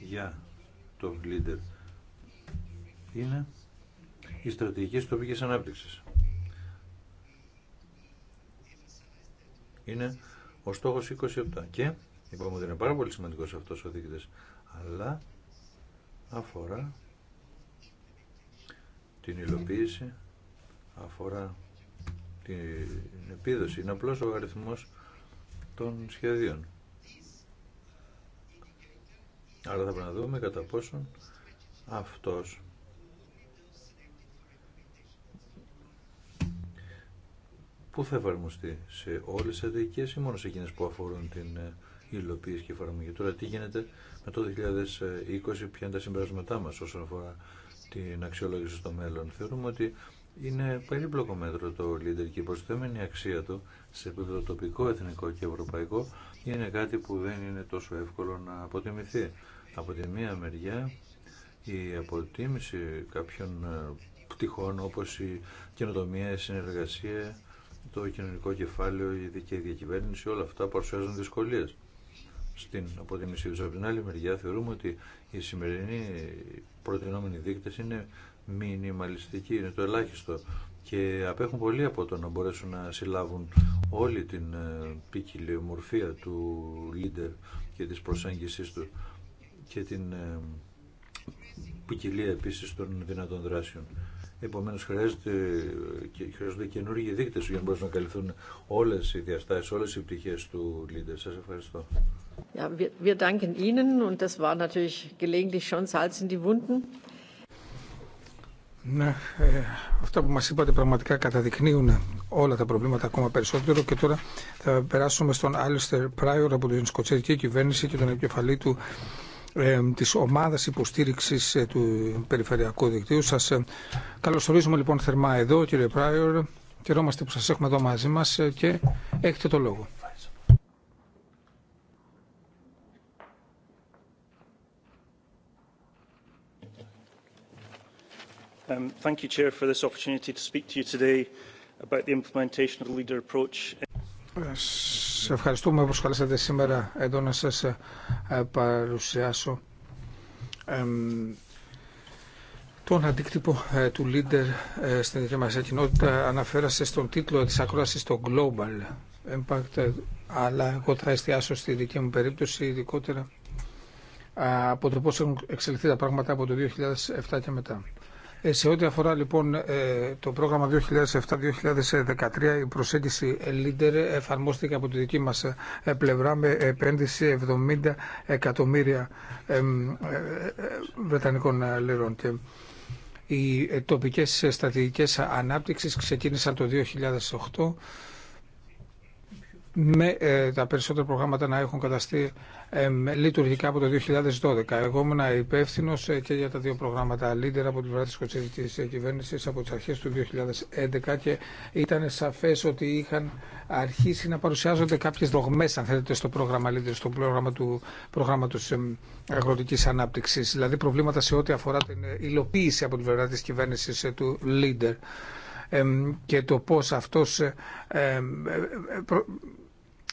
για το leader είναι η της τοπικής ανάπτυξης. Είναι ο στόχος 27 και είπαμε ότι είναι πάρα πολύ σημαντικός αυτός ο δείκτης αλλά αφορά την υλοποίηση, αφορά την επίδοση. Είναι απλώς ο αριθμός των σχεδίων. Άρα θα πρέπει να δούμε κατά πόσον αυτός που θα εφαρμοστεί σε όλες τις αδικίες ή μόνο σε εκείνες που αφορούν την ε, υλοποίηση και εφαρμογή. Τώρα τι γίνεται με το 2020, ποια είναι τα συμπεράσματά μας όσον αφορά την αξιολόγηση στο μέλλον. Θεωρούμε ότι είναι περίπλοκο μέτρο το Λίντερ και η προσθέμενη αξία του σε επίπεδο τοπικό, εθνικό και ευρωπαϊκό είναι κάτι που δεν είναι τόσο εύκολο να αποτιμηθεί. Από τη μία μεριά η αποτίμηση κάποιων ε, πτυχών όπως η καινοτομία, η συνεργασία, το κοινωνικό κεφάλαιο, η δική διακυβέρνηση, όλα αυτά παρουσιάζουν δυσκολίες στην αποτίμησή του. Από την άλλη μεριά θεωρούμε ότι οι σημερινοί προτινόμενοι δείκτες είναι μινιμαλιστική, είναι το ελάχιστο και απέχουν πολύ από το να μπορέσουν να συλλάβουν όλη την ε, ποικιλιομορφία του leader και της προσέγγισης του και την ε, ποικιλία επίσης των δυνατών δράσεων. Επομένω, χρειάζονται καινούργιοι δείκτες για να μπορέσουν να καλυφθούν όλες οι διαστάσεις, όλες οι πτυχέ του Λίντερ. Σα ευχαριστώ. Ναι, ε, αυτά που μας είπατε πραγματικά καταδεικνύουν όλα τα προβλήματα ακόμα περισσότερο και τώρα θα περάσουμε στον Άλιστερ Πράιορ από την σκοτσερική κυβέρνηση και τον επικεφαλή του ε, της ομάδας υποστήριξης ε, του περιφερειακού δικτύου. Σας ε, καλωσορίζουμε λοιπόν θερμά εδώ κύριε Πράιορ. Χαιρόμαστε που σας έχουμε εδώ μαζί μας και έχετε το λόγο. Um, thank you, Chair, for this opportunity to speak to you today about the implementation of the leader approach. Σε ευχαριστούμε που καλέσατε σήμερα εδώ να σας ε, παρουσιάσω τον αντίκτυπο ε, του Leader ε, στην δική μας κοινότητα αναφέρασε στον τίτλο της ακρόασης το Global Impact αλλά εγώ θα εστιάσω στη δική μου περίπτωση ειδικότερα από το πώς έχουν εξελιχθεί τα πράγματα από το 2007 και μετά. Ε, σε ό,τι αφορά λοιπόν ε, το πρόγραμμα 2007-2013, η προσέγγιση ε, LEADER εφαρμόστηκε από τη δική μας πλευρά με επένδυση 70 εκατομμύρια Βρετανικών λιρών. Και οι τοπικές στρατηγικέ ανάπτυξης ξεκίνησαν το 2008 με τα περισσότερα προγράμματα να έχουν καταστεί λειτουργικά από το 2012. Εγώ ήμουν υπεύθυνο ε, και για τα δύο προγράμματα Leader από την πλευρά τη κοτσική ε, κυβέρνηση από τι αρχέ του 2011 και ήταν σαφέ ότι είχαν αρχίσει να παρουσιάζονται κάποιε δογμέ, αν θέλετε, στο πρόγραμμα Leader, στο πρόγραμμα του προγράμματο αγροτική ανάπτυξη. Δηλαδή προβλήματα σε ό,τι αφορά την ε, υλοποίηση από την πλευρά τη κυβέρνηση του Leader και το πώς αυτός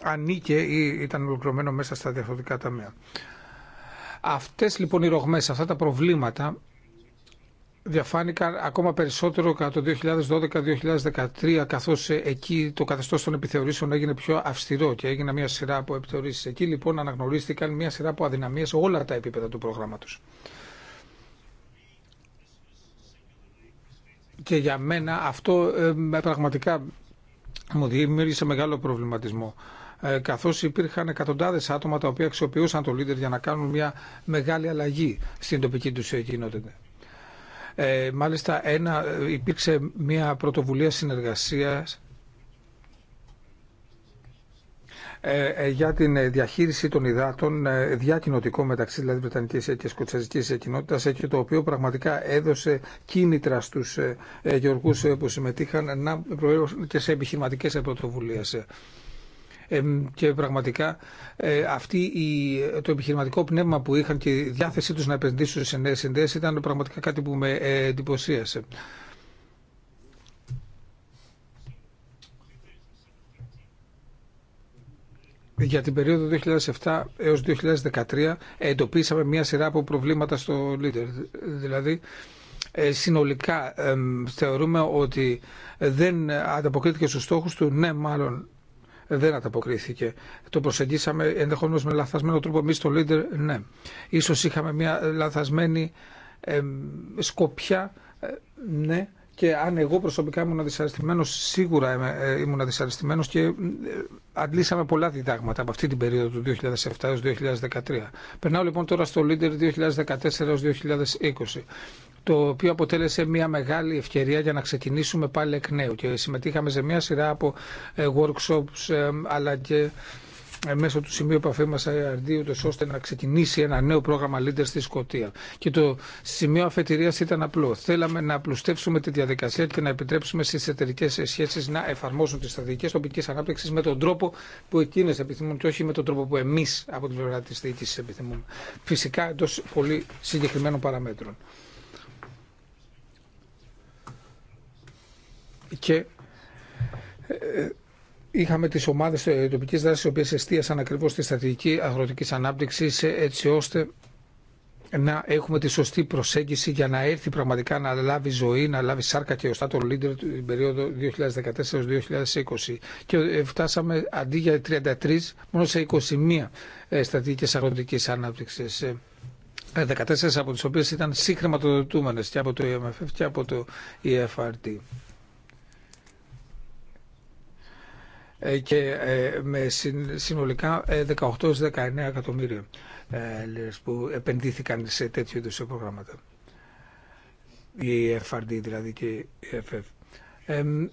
ανήκε ή ήταν ολοκληρωμένο μέσα στα διαφορετικά ταμεία. Αυτές λοιπόν οι ρογμές, αυτά τα προβλήματα διαφάνηκαν ακόμα περισσότερο κατά το 2012-2013 καθώς ε, εκεί το καθεστώς των επιθεωρήσεων έγινε πιο αυστηρό και έγινε μια σειρά από επιθεωρήσεις. Εκεί λοιπόν αναγνωρίστηκαν μια σειρά από αδυναμίες σε όλα τα επίπεδα του προγράμματος. Και για μένα αυτό ε, πραγματικά μου δημιούργησε μεγάλο προβληματισμό. Ε, καθώ υπήρχαν εκατοντάδε άτομα τα οποία αξιοποιούσαν το Λίντερ για να κάνουν μια μεγάλη αλλαγή στην τοπική του ε, κοινότητα. Ε, μάλιστα, ένα, ε, υπήρξε μια πρωτοβουλία συνεργασίας για την διαχείριση των υδάτων διακοινωτικό μεταξύ δηλαδή Βρετανικής και Σκοτσαζικής κοινότητας και το οποίο πραγματικά έδωσε κίνητρα στους γεωργούς που συμμετείχαν να προέρχονται και σε επιχειρηματικές πρωτοβουλίες και πραγματικά ε, αυτή το επιχειρηματικό πνεύμα που είχαν και η διάθεσή τους να επενδύσουν σε νέες συνδέσεις ήταν πραγματικά κάτι που με ε, εντυπωσίασε. Για την περίοδο 2007 έως 2013 εντοπίσαμε μια σειρά από προβλήματα στο Λίτερ. Δηλαδή, ε, συνολικά θεωρούμε ότι δεν ανταποκρίθηκε στους στόχους του. Ναι, μάλλον δεν ανταποκρίθηκε. Το προσεγγίσαμε ενδεχομένως με λαθασμένο τρόπο εμεί το leader, ναι. Ίσως είχαμε μια λαθασμένη σκοπιά, ε, ναι. Και αν εγώ προσωπικά ήμουν δυσαρεστημένο, σίγουρα ε, ήμουν δυσαρεστημένο και ε, αντλήσαμε πολλά διδάγματα από αυτή την περίοδο του 2007 έως 2013. Περνάω λοιπόν τώρα στο Leader 2014 έως 2020 το οποίο αποτέλεσε μια μεγάλη ευκαιρία για να ξεκινήσουμε πάλι εκ νέου και συμμετείχαμε σε μια σειρά από ε, workshops ε, αλλά και ε, μέσω του σημείου επαφή μα IRD, ώστε να ξεκινήσει ένα νέο πρόγραμμα Leaders στη Σκοτία. Και το σημείο αφετηρίας ήταν απλό. Θέλαμε να απλουστεύσουμε τη διαδικασία και να επιτρέψουμε στις εταιρικέ σχέσει να εφαρμόσουν τις στρατηγικές τοπική ανάπτυξη με τον τρόπο που εκείνες επιθυμούν και όχι με τον τρόπο που εμεί από την πλευρά τη διοίκηση επιθυμούμε. Φυσικά εντό πολύ συγκεκριμένων παραμέτρων. Και ε, είχαμε τις ομάδες ε, τοπικής δράσης οι οποίες εστίασαν ακριβώς στη στρατηγική αγροτικής ανάπτυξης ε, έτσι ώστε να έχουμε τη σωστή προσέγγιση για να έρθει πραγματικά να λάβει ζωή, να λάβει σάρκα και οστά τον leader την περίοδο 2014-2020. Και φτάσαμε αντί για 33 μόνο σε 21 στρατηγικές αγροτικής ανάπτυξης. 14 από τις οποίες ήταν συγχρηματοδοτούμενες και από το EMFF και από το EFRT. Ε, και ε, με συνολικά 18-19 ε, εκατομμύρια λίρες που επενδύθηκαν σε τέτοιου είδους προγράμματα. Η FRD δηλαδή και η FF.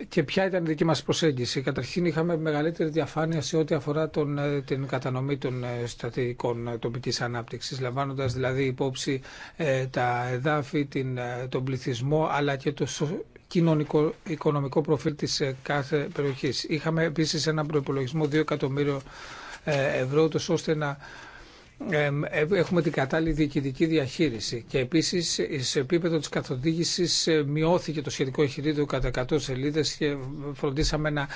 και ποια ήταν η δική μας προσέγγιση. Καταρχήν είχαμε μεγαλύτερη διαφάνεια σε ό,τι αφορά τον, την κατανομή των στρατηγικών τοπικής ανάπτυξης, λαμβάνοντας δηλαδή υπόψη τα εδάφη, την, τον πληθυσμό, αλλά και το, κοινωνικό-οικονομικό προφίλ της ε, κάθε περιοχής. Είχαμε επίσης ένα προϋπολογισμό 2 εκατομμύριο ε, ευρώ, ώστε να ε, έχουμε την κατάλληλη διοικητική διαχείριση. Και επίσης σε επίπεδο της καθοδήγησης μειώθηκε το σχετικό εγχειρίδιο κατά 100 σελίδες και φροντίσαμε να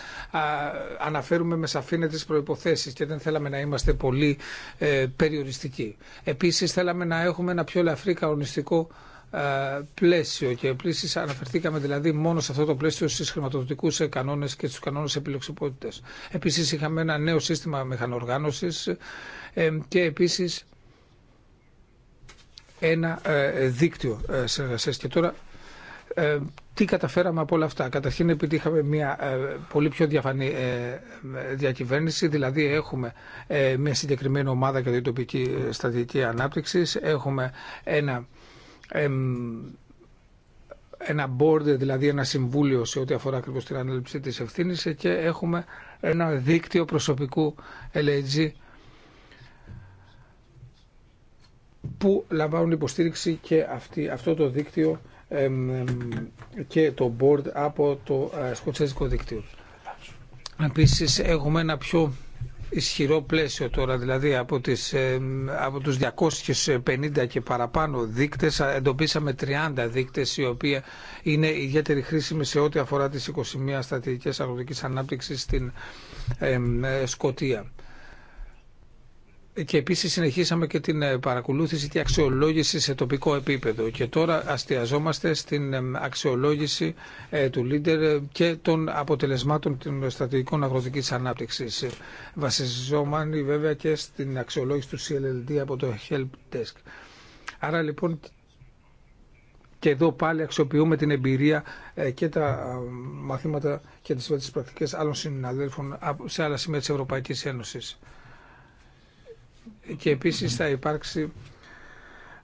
αναφέρουμε με σαφήνε τις προϋποθέσεις και δεν θέλαμε να είμαστε πολύ περιοριστικοί. Επίσης θέλαμε να έχουμε ένα πιο ελαφρύ κανονιστικό ε, πλαίσιο και επίση αναφερθήκαμε δηλαδή μόνο σε αυτό το πλαίσιο στις χρηματοδοτικούς κανόνες και στους κανόνες επιλεξιπότητες. Επίσης είχαμε ένα νέο σύστημα μηχανοργάνωσης ε, και επίσης ένα ε, δίκτυο συνεργασία. Και τώρα τι καταφέραμε από όλα αυτά. Καταρχήν επιτύχαμε μια πολύ πιο διαφανή διακυβέρνηση, δηλαδή έχουμε μια συγκεκριμένη ομάδα για την τοπική στρατηγική ανάπτυξη, έχουμε ένα ένα board, δηλαδή ένα συμβούλιο σε ό,τι αφορά ακριβώς την ανέλυψη της ευθύνης και έχουμε ένα δίκτυο προσωπικού LAG που λαμβάνουν υποστήριξη και αυτό το δίκτυο και το board από το ε, σκοτσέζικο δίκτυο. Επίσης έχουμε ένα πιο ισχυρό πλαίσιο τώρα, δηλαδή από, τις, από τους 250 και παραπάνω δείκτες εντοπίσαμε 30 δείκτες οι οποίοι είναι ιδιαίτερη χρήσιμη σε ό,τι αφορά τις 21 στρατηγικές αγροτικής ανάπτυξης στην ε, Σκοτία και επίση συνεχίσαμε και την ε, παρακολούθηση και αξιολόγηση σε τοπικό επίπεδο και τώρα αστιαζόμαστε στην ε, αξιολόγηση ε, του Λίντερ και των αποτελεσμάτων των στρατηγικών αγροτική ανάπτυξης. Βασιζόμενοι βέβαια και στην αξιολόγηση του CLLD από το Help Desk. Άρα λοιπόν και εδώ πάλι αξιοποιούμε την εμπειρία και τα μαθήματα και τις πρακτικές άλλων συναδέλφων σε άλλα σημεία της Ευρωπαϊκής Ένωσης και επίσης θα υπάρξει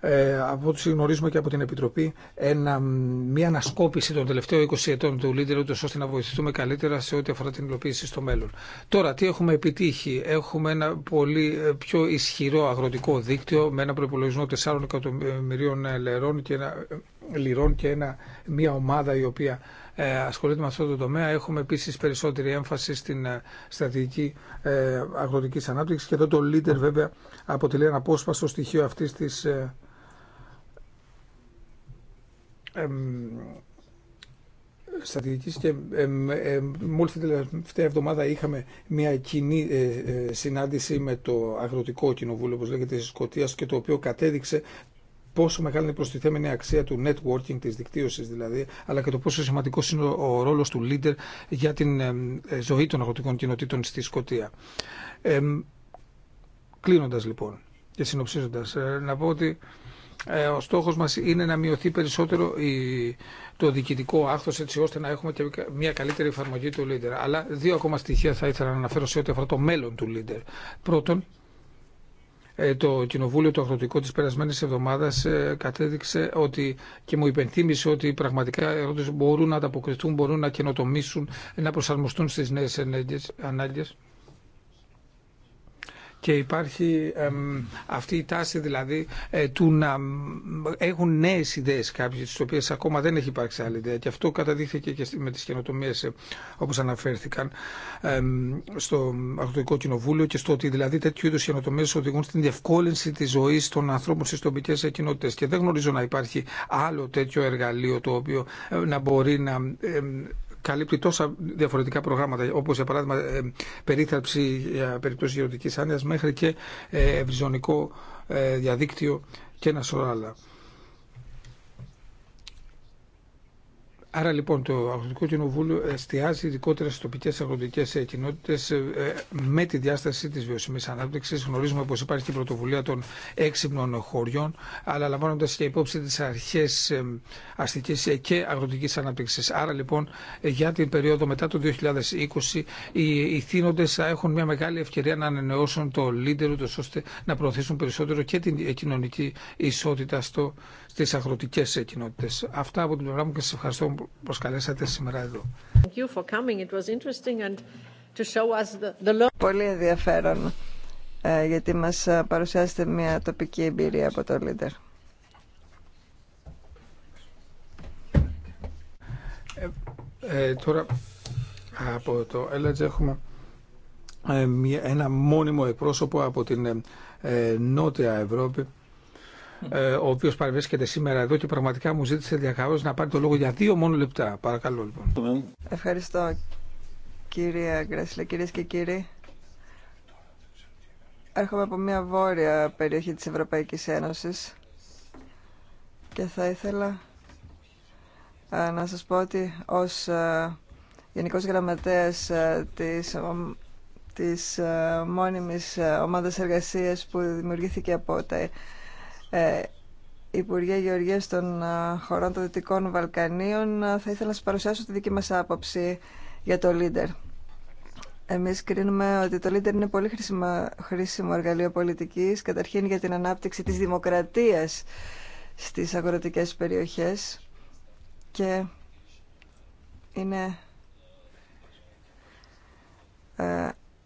ε, από ό,τι γνωρίζουμε και από την Επιτροπή, ένα, μια ανασκόπηση των τελευταίων 20 ετών του Λίντερ, του ώστε να βοηθηθούμε καλύτερα σε ό,τι αφορά την υλοποίηση στο μέλλον. Τώρα, τι έχουμε επιτύχει. Έχουμε ένα πολύ ε, πιο ισχυρό αγροτικό δίκτυο με ένα προπολογισμό 4 εκατομμυρίων λερών και ένα, ε, λιρών και ένα, μια ομάδα η οποία ε, ασχολείται με αυτό το τομέα. Έχουμε επίση περισσότερη έμφαση στην ε, στρατηγική ε, αγροτική ανάπτυξη και εδώ το leader βέβαια αποτελεί ένα απόσπαστο στοιχείο αυτή τη στρατηγική και ε, ε, μόλι την τελευταία εβδομάδα είχαμε μια κοινή συνάντηση με το Αγροτικό Κοινοβούλιο, όπω λέγεται, τη Σκωτία και το οποίο κατέδειξε πόσο μεγάλη είναι η προστιθέμενη αξία του networking, της δικτύωσης δηλαδή, αλλά και το πόσο σημαντικό είναι ο ρόλος του leader για την ε, ε, ζωή των αγροτικών κοινοτήτων στη Σκωτία. Ε, κλείνοντας λοιπόν και συνοψίζοντας, ε, να πω ότι ο στόχος μας είναι να μειωθεί περισσότερο το διοικητικό άχθος έτσι ώστε να έχουμε και μια καλύτερη εφαρμογή του Leader. Αλλά δύο ακόμα στοιχεία θα ήθελα να αναφέρω σε ό,τι αφορά το μέλλον του Leader. Πρώτον, ε, το Κοινοβούλιο το Αγροτικό της περασμένης εβδομάδας ε, κατέδειξε ότι και μου υπενθύμησε ότι πραγματικά οι μπορούν να ανταποκριθούν, μπορούν να καινοτομήσουν, να προσαρμοστούν στις νέες ανάγκες και υπάρχει αυτή η τάση δηλαδή ε, του να έχουν νέες ιδέες κάποιες, τις οποίες ακόμα δεν έχει υπάρξει άλλη ιδέα και αυτό καταδείχθηκε και με τις καινοτομίες ε, όπως αναφέρθηκαν στο Αγροτικό Κοινοβούλιο και στο ότι δηλαδή τέτοιου είδους καινοτομίες οδηγούν στην διευκόλυνση της ζωής των ανθρώπων στις τοπικές κοινότητες και δεν γνωρίζω να υπάρχει άλλο τέτοιο εργαλείο το οποίο ε, να μπορεί να καλύπτει τόσα διαφορετικά προγράμματα, όπως για παράδειγμα ε, περίθαλψη για περιπτώσεις γεωτικής άνοιας μέχρι και ε, ευρυζωνικό ε, διαδίκτυο και ένα σωρό άλλα. Άρα λοιπόν το Αγροτικό Κοινοβούλιο εστιάζει ειδικότερα στι τοπικέ αγροτικέ ε, κοινότητε ε, ε, με τη διάσταση τη βιώσιμη ανάπτυξη. Γνωρίζουμε πω υπάρχει και η πρωτοβουλία των έξυπνων χωριών, αλλά λαμβάνοντα και υπόψη τι αρχέ αστική και αγροτική ανάπτυξη. Άρα λοιπόν για την περίοδο μετά το 2020 οι ηθήνοντε θα έχουν μια μεγάλη ευκαιρία να ανανεώσουν το leader, ώστε να προωθήσουν περισσότερο και την κοινωνική ισότητα στο στις αγροτικές κοινότητες. Αυτά από την πλευρά μου και σας ευχαριστώ που προσκαλέσατε σήμερα εδώ. Πολύ ενδιαφέρον ε, γιατί μας ε, παρουσιάσετε μια τοπική εμπειρία από το Λίντερ. Ε, ε τώρα από το ΕΛΑΤΖ έχουμε ένα μόνιμο εκπρόσωπο από την Νότια Ευρώπη ε, ο οποίο παρευρίσκεται σήμερα εδώ και πραγματικά μου ζήτησε διακαώ να πάρει το λόγο για δύο μόνο λεπτά. Παρακαλώ λοιπόν. Ευχαριστώ κύριε Γκρέσλε, κυρίε και κύριοι. Έρχομαι από μια βόρεια περιοχή της Ευρωπαϊκής Ένωσης και θα ήθελα ε, να σας πω ότι ως ε, Γενικός Γραμματέας της, της μόνιμης ομάδας εργασίας που δημιουργήθηκε από τα ε, Υπουργέ Γεωργίας των ε, χωρών των Δυτικών Βαλκανίων, ε, θα ήθελα να σα παρουσιάσω τη δική μας άποψη για το Λίντερ. Εμείς κρίνουμε ότι το Λίντερ είναι πολύ χρήσιμο, χρήσιμο εργαλείο πολιτικής, καταρχήν για την ανάπτυξη της δημοκρατίας στις αγροτικές περιοχές και είναι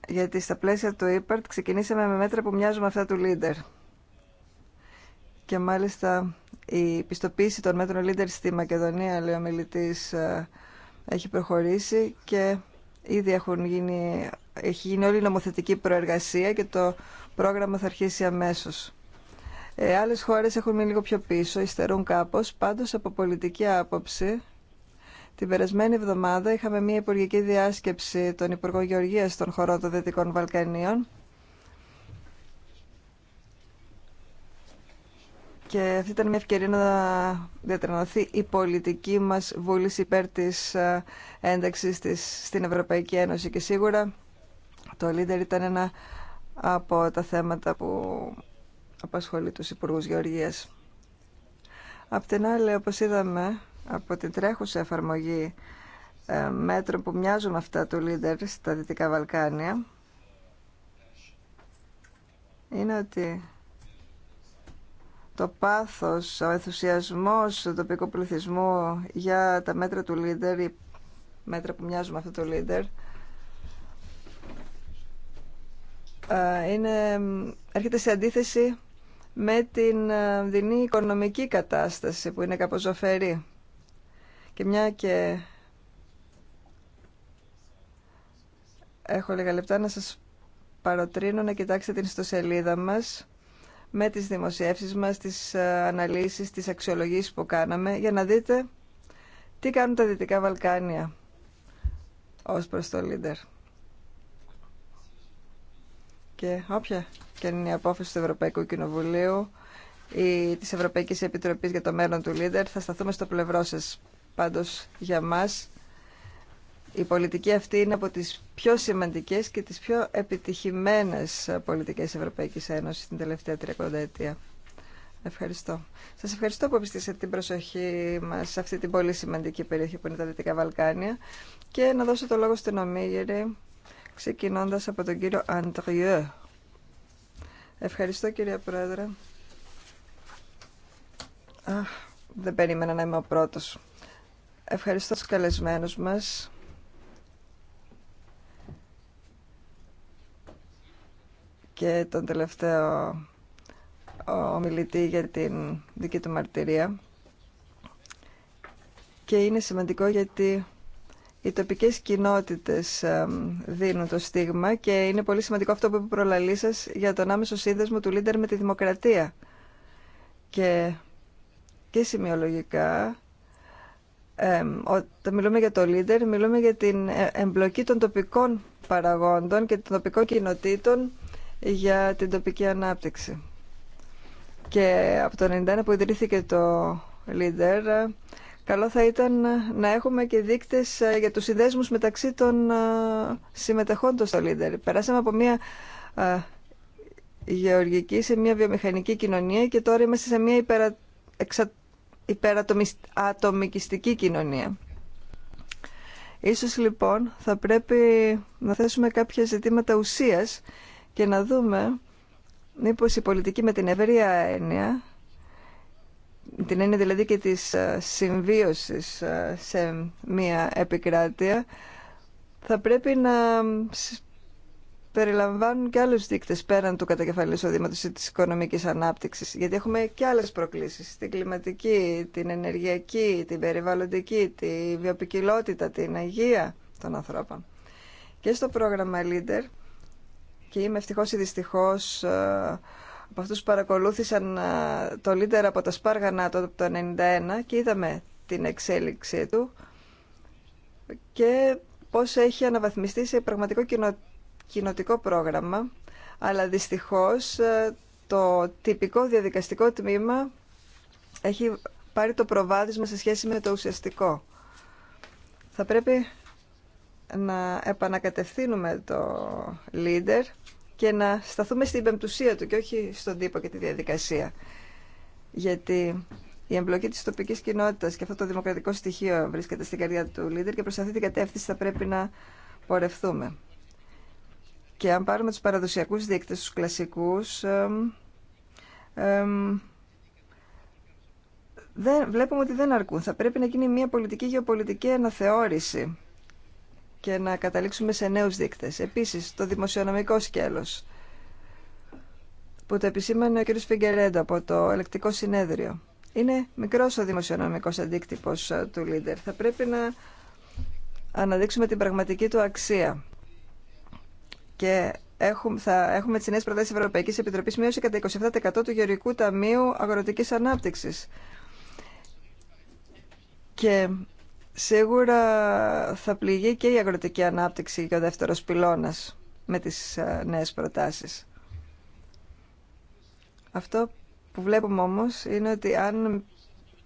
γιατί στα πλαίσια του ΥΠΑΡΤ ξεκινήσαμε με μέτρα που μοιάζουν με αυτά του Λίντερ. Και μάλιστα η πιστοποίηση των μέτρων Λίντερ στη Μακεδονία, λέει ο μιλητής, ε, έχει προχωρήσει και ήδη έχουν γίνει, έχει γίνει όλη η νομοθετική προεργασία και το πρόγραμμα θα αρχίσει αμέσως. Ε, άλλες χώρες έχουν μείνει λίγο πιο πίσω, υστερούν κάπως. Πάντως, από πολιτική άποψη, την περασμένη εβδομάδα είχαμε μια υπουργική διάσκεψη των Υπουργών Γεωργίας των χωρών των Δυτικών Βαλκανίων Και αυτή ήταν μια ευκαιρία να διατρανωθεί η πολιτική μας βούληση υπέρ της ε, ένταξης της στην Ευρωπαϊκή Ένωση. Και σίγουρα το Λίντερ ήταν ένα από τα θέματα που απασχολεί τους Υπουργούς Γεωργίας. Απ' την άλλη, όπως είδαμε, από την τρέχουσα εφαρμογή ε, μέτρων που μοιάζουν αυτά του Λίντερ στα Δυτικά Βαλκάνια, είναι ότι το πάθος, ο ενθουσιασμός του τοπικού πληθυσμού για τα μέτρα του Λίντερ, ή μέτρα που μοιάζουν με αυτό το Λίντερ, είναι, έρχεται σε αντίθεση με την ε, δινή οικονομική κατάσταση που είναι κάπως ζωφερή. Και μια και έχω λίγα λεπτά να σας παροτρύνω να κοιτάξετε την ιστοσελίδα μας με τις δημοσιεύσεις μας, τις ε, αναλύσεις, τις αξιολογήσεις που κάναμε για να δείτε τι κάνουν τα Δυτικά Βαλκάνια ως προς το Λίντερ. Και όποια και είναι η απόφαση του Ευρωπαϊκού Κοινοβουλίου ή της Ευρωπαϊκής Επιτροπής για το μέλλον του Λίντερ θα σταθούμε στο πλευρό σας. Πάντως για μας η πολιτική αυτή είναι από τις πιο σημαντικές και τις πιο επιτυχημένες πολιτικές Ευρωπαϊκής Ένωσης την τελευταία 30 ετία. Ευχαριστώ. Σας ευχαριστώ που επιστήσατε την προσοχή μας σε αυτή την πολύ σημαντική περιοχή που είναι τα Δυτικά Βαλκάνια και να δώσω το λόγο στην Ομίγερη ξεκινώντας από τον κύριο Αντριέ. Ευχαριστώ κύριε Πρόεδρε. Αχ, δεν περίμενα να είμαι ο πρώτος. Ευχαριστώ τους καλεσμένους μας και τον τελευταίο ομιλητή για την δική του μαρτυρία. Και είναι σημαντικό γιατί οι τοπικές κοινότητες δίνουν το στίγμα και είναι πολύ σημαντικό αυτό που είπε προλαλή για τον άμεσο σύνδεσμο του Λίντερ με τη δημοκρατία. Και, και σημειολογικά, όταν μιλούμε για το Λίντερ, μιλούμε για την ε, εμπλοκή των τοπικών παραγόντων και των τοπικών κοινοτήτων για την τοπική ανάπτυξη. Και από το 1991 που ιδρύθηκε το Λίντερ καλό θα ήταν να έχουμε και δείκτες ε, για τους συνδέσμους μεταξύ των ε, συμμετεχόντων στο Leader. Περάσαμε από μια ε, γεωργική σε μια βιομηχανική κοινωνία και τώρα είμαστε σε μια υπερα... υπερατομικιστική κοινωνία. Ίσως λοιπόν θα πρέπει να θέσουμε κάποια ζητήματα ουσίας και να δούμε μήπως η πολιτική με την ευρεία έννοια, την έννοια δηλαδή και της ε, συμβίωσης ε, σε μία επικράτεια, θα πρέπει να περιλαμβάνουν και άλλους δείκτες πέραν του κατακεφαλής εισοδήματος ή της οικονομικής ανάπτυξης. Γιατί έχουμε και άλλες προκλήσεις, την κλιματική, την ενεργειακή, την περιβαλλοντική, τη βιοπικιλότητα, την υγεία των ανθρώπων. Και στο πρόγραμμα Leader και είμαι ευτυχώ ή δυστυχώς ε, από αυτού που παρακολούθησαν ε, το Λίντερ από τα Σπάργανα Νάτο το 1991 και είδαμε την εξέλιξή του και πώς έχει αναβαθμιστεί σε πραγματικό κοινοτικό πρόγραμμα αλλά δυστυχώ ε, το τυπικό διαδικαστικό τμήμα έχει πάρει το προβάδισμα σε σχέση με το ουσιαστικό. Θα πρέπει να επανακατευθύνουμε το leader και να σταθούμε στην πεμπτουσία του και όχι στον τύπο και τη διαδικασία. Γιατί η εμπλοκή της τοπικής κοινότητας και αυτό το δημοκρατικό στοιχείο βρίσκεται στην καρδιά του leader και προς αυτή την κατεύθυνση θα πρέπει να πορευθούμε Και αν πάρουμε τους παραδοσιακούς δείκτες, τους κλασικούς, βλέπουμε ότι δεν αρκούν. Θα πρέπει να γίνει μια πολιτική γεωπολιτική αναθεώρηση και να καταλήξουμε σε νέους δείκτες. Επίσης, το δημοσιονομικό σκέλος που το επισήμανε ο κ. Φιγκερέντο από το ελεκτικό συνέδριο. Είναι μικρός ο δημοσιονομικός αντίκτυπος ε, του Λίντερ. Θα πρέπει να αναδείξουμε την πραγματική του αξία. Και έχουμε, θα έχουμε τις νέες προτάσεις Ευρωπαϊκής Επιτροπής μείωση κατά 27% του Γεωργικού Ταμείου Αγροτικής Ανάπτυξης. Και Σίγουρα θα πληγεί και η αγροτική ανάπτυξη και ο δεύτερος πυλώνας με τις ε, νέες προτάσεις. Αυτό που βλέπουμε όμως είναι ότι αν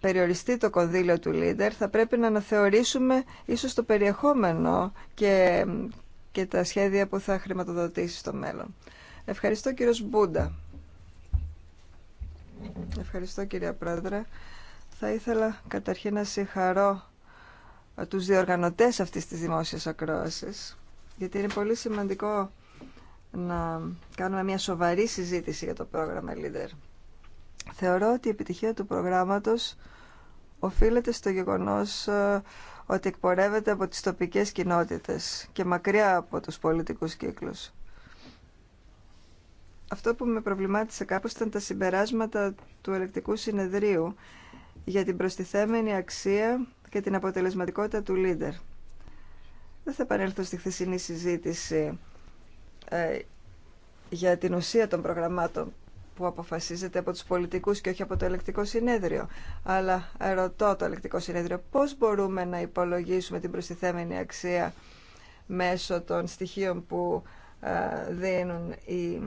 περιοριστεί το κονδύλιο του Λίντερ θα πρέπει να αναθεωρήσουμε ίσως το περιεχόμενο και, και τα σχέδια που θα χρηματοδοτήσει στο μέλλον. Ευχαριστώ κύριος Μπούντα. Ευχαριστώ κύριε Πρόεδρε. Θα ήθελα καταρχήν να συγχαρώ τους διοργανωτές αυτής της δημόσιας ακρόασης, γιατί είναι πολύ σημαντικό να κάνουμε μια σοβαρή συζήτηση για το πρόγραμμα LEADER. Θεωρώ ότι η επιτυχία του προγράμματος οφείλεται στο γεγονός ε, ότι εκπορεύεται από τις τοπικές κοινότητες και μακριά από τους πολιτικούς κύκλους. Αυτό που με προβλημάτισε κάπως ήταν τα συμπεράσματα του ελεκτικού συνεδρίου για την προστιθέμενη αξία και την αποτελεσματικότητα του Λίντερ. Δεν θα επανέλθω στη χθεσινή συζήτηση ε, για την ουσία των προγραμμάτων που αποφασίζεται από τους πολιτικούς και όχι από το ελεκτικό συνέδριο. Αλλά ρωτώ το ελεκτικό συνέδριο πώς μπορούμε να υπολογίσουμε την προστιθέμενη αξία μέσω των στοιχείων που ε, δίνουν οι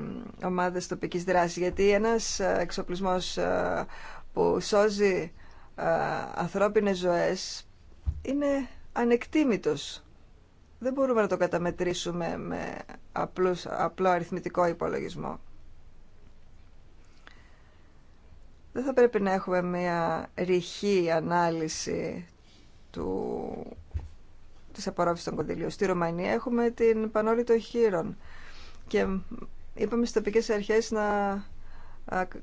ομάδες τοπικής δράσης. Γιατί ένας ε, εξοπλισμός ε, που σώζει ανθρώπινες ζωές είναι ανεκτήμητος. Δεν μπορούμε να το καταμετρήσουμε με απλό αριθμητικό υπολογισμό. Δεν θα πρέπει να έχουμε μια ρηχή ανάλυση του, της απορρόφησης των κοντιλίων. Στη Ρωμανία έχουμε την πανόλη των χείρων και είπαμε στις τοπικές αρχές να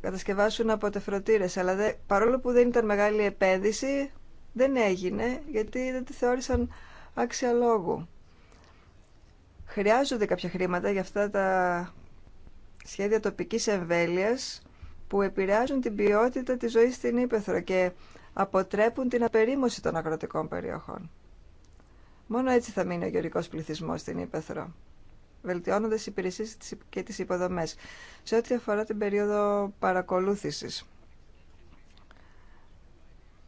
κατασκευάσουν αποτεφρωτήρες. Αλλά παρόλο που δεν ήταν μεγάλη επένδυση, δεν έγινε γιατί δεν τη θεώρησαν άξια λόγου. Χρειάζονται κάποια χρήματα για αυτά τα σχέδια τοπικής εμβέλειας που επηρεάζουν την ποιότητα της ζωής στην Ήπεθρο και αποτρέπουν την απερίμωση των αγροτικών περιοχών. Μόνο έτσι θα μείνει ο γεωρικός πληθυσμός στην Ήπεθρο βελτιώνοντα τι υπηρεσίε και τι υποδομέ. Σε ό,τι αφορά την περίοδο παρακολούθηση,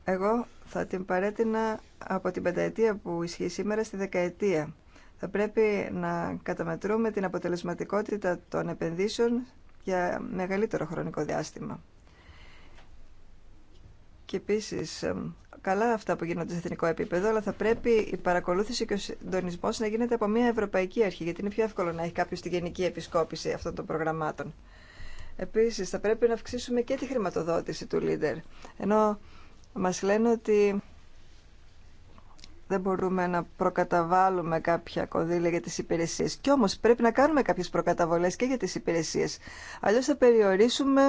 εγώ θα την παρέτεινα από την πενταετία που ισχύει σήμερα στη δεκαετία. Θα πρέπει να καταμετρούμε την αποτελεσματικότητα των επενδύσεων για μεγαλύτερο χρονικό διάστημα. Και επίσης, καλά αυτά που γίνονται σε εθνικό επίπεδο, αλλά θα πρέπει η παρακολούθηση και ο συντονισμό να γίνεται από μια ευρωπαϊκή αρχή, γιατί είναι πιο εύκολο να έχει κάποιο τη γενική επισκόπηση αυτών των προγραμμάτων. Επίση, θα πρέπει να αυξήσουμε και τη χρηματοδότηση του Leader. Ενώ μα λένε ότι δεν μπορούμε να προκαταβάλουμε κάποια κονδύλια για τι υπηρεσίε. Κι όμω πρέπει να κάνουμε κάποιε προκαταβολέ και για τι υπηρεσίε. Αλλιώ θα περιορίσουμε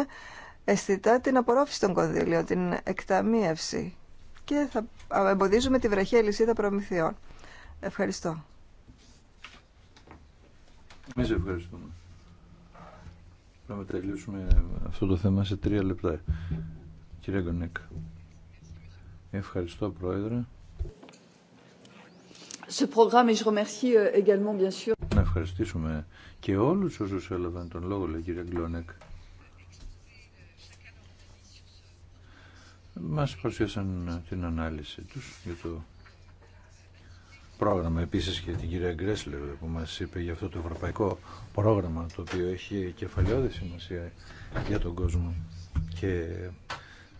αισθητά την απορρόφηση των κονδύλιων, την εκταμίευση και θα εμποδίζουμε τη βραχία λυσίδα προμηθειών. Ευχαριστώ. Εμείς ευχαριστούμε. Να τελειώσουμε αυτό το θέμα σε τρία λεπτά. Κυρία Γκονέκ. Ευχαριστώ, Πρόεδρε. Ce programme, je remercie euh, également, Να ευχαριστήσουμε και όλους όσους έλαβαν τον λόγο, λέει κύριε Γκλόνεκ. Μας προσθέσαν την ανάλυση τους για το πρόγραμμα. Επίσης και την κυρία Γκρέσλερ που μας είπε για αυτό το ευρωπαϊκό πρόγραμμα το οποίο έχει κεφαλαιόδη σημασία για τον κόσμο και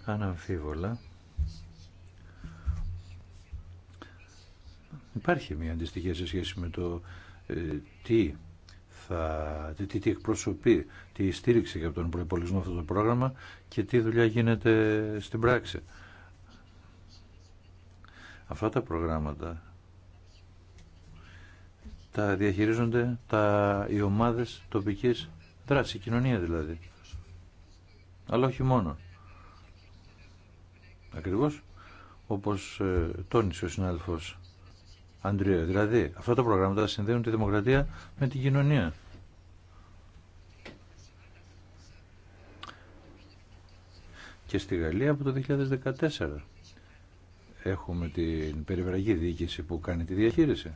αναμφίβολα υπάρχει μια αντιστοιχία σε σχέση με το ε, τι θα, τι, τι εκπροσωπεί, τι στήριξε και από τον προπολογισμό αυτό το πρόγραμμα και τι δουλειά γίνεται στην πράξη. Αυτά τα προγράμματα τα διαχειρίζονται τα, οι ομάδες τοπικής δράσης, η κοινωνία δηλαδή. Αλλά όχι μόνο. Ακριβώς όπως ε, τόνισε ο συνάδελφος Αντριο, Δηλαδή, αυτά τα προγράμματα συνδέουν τη δημοκρατία με την κοινωνία. Και στη Γαλλία από το 2014 έχουμε την περιβραγή διοίκηση που κάνει τη διαχείριση.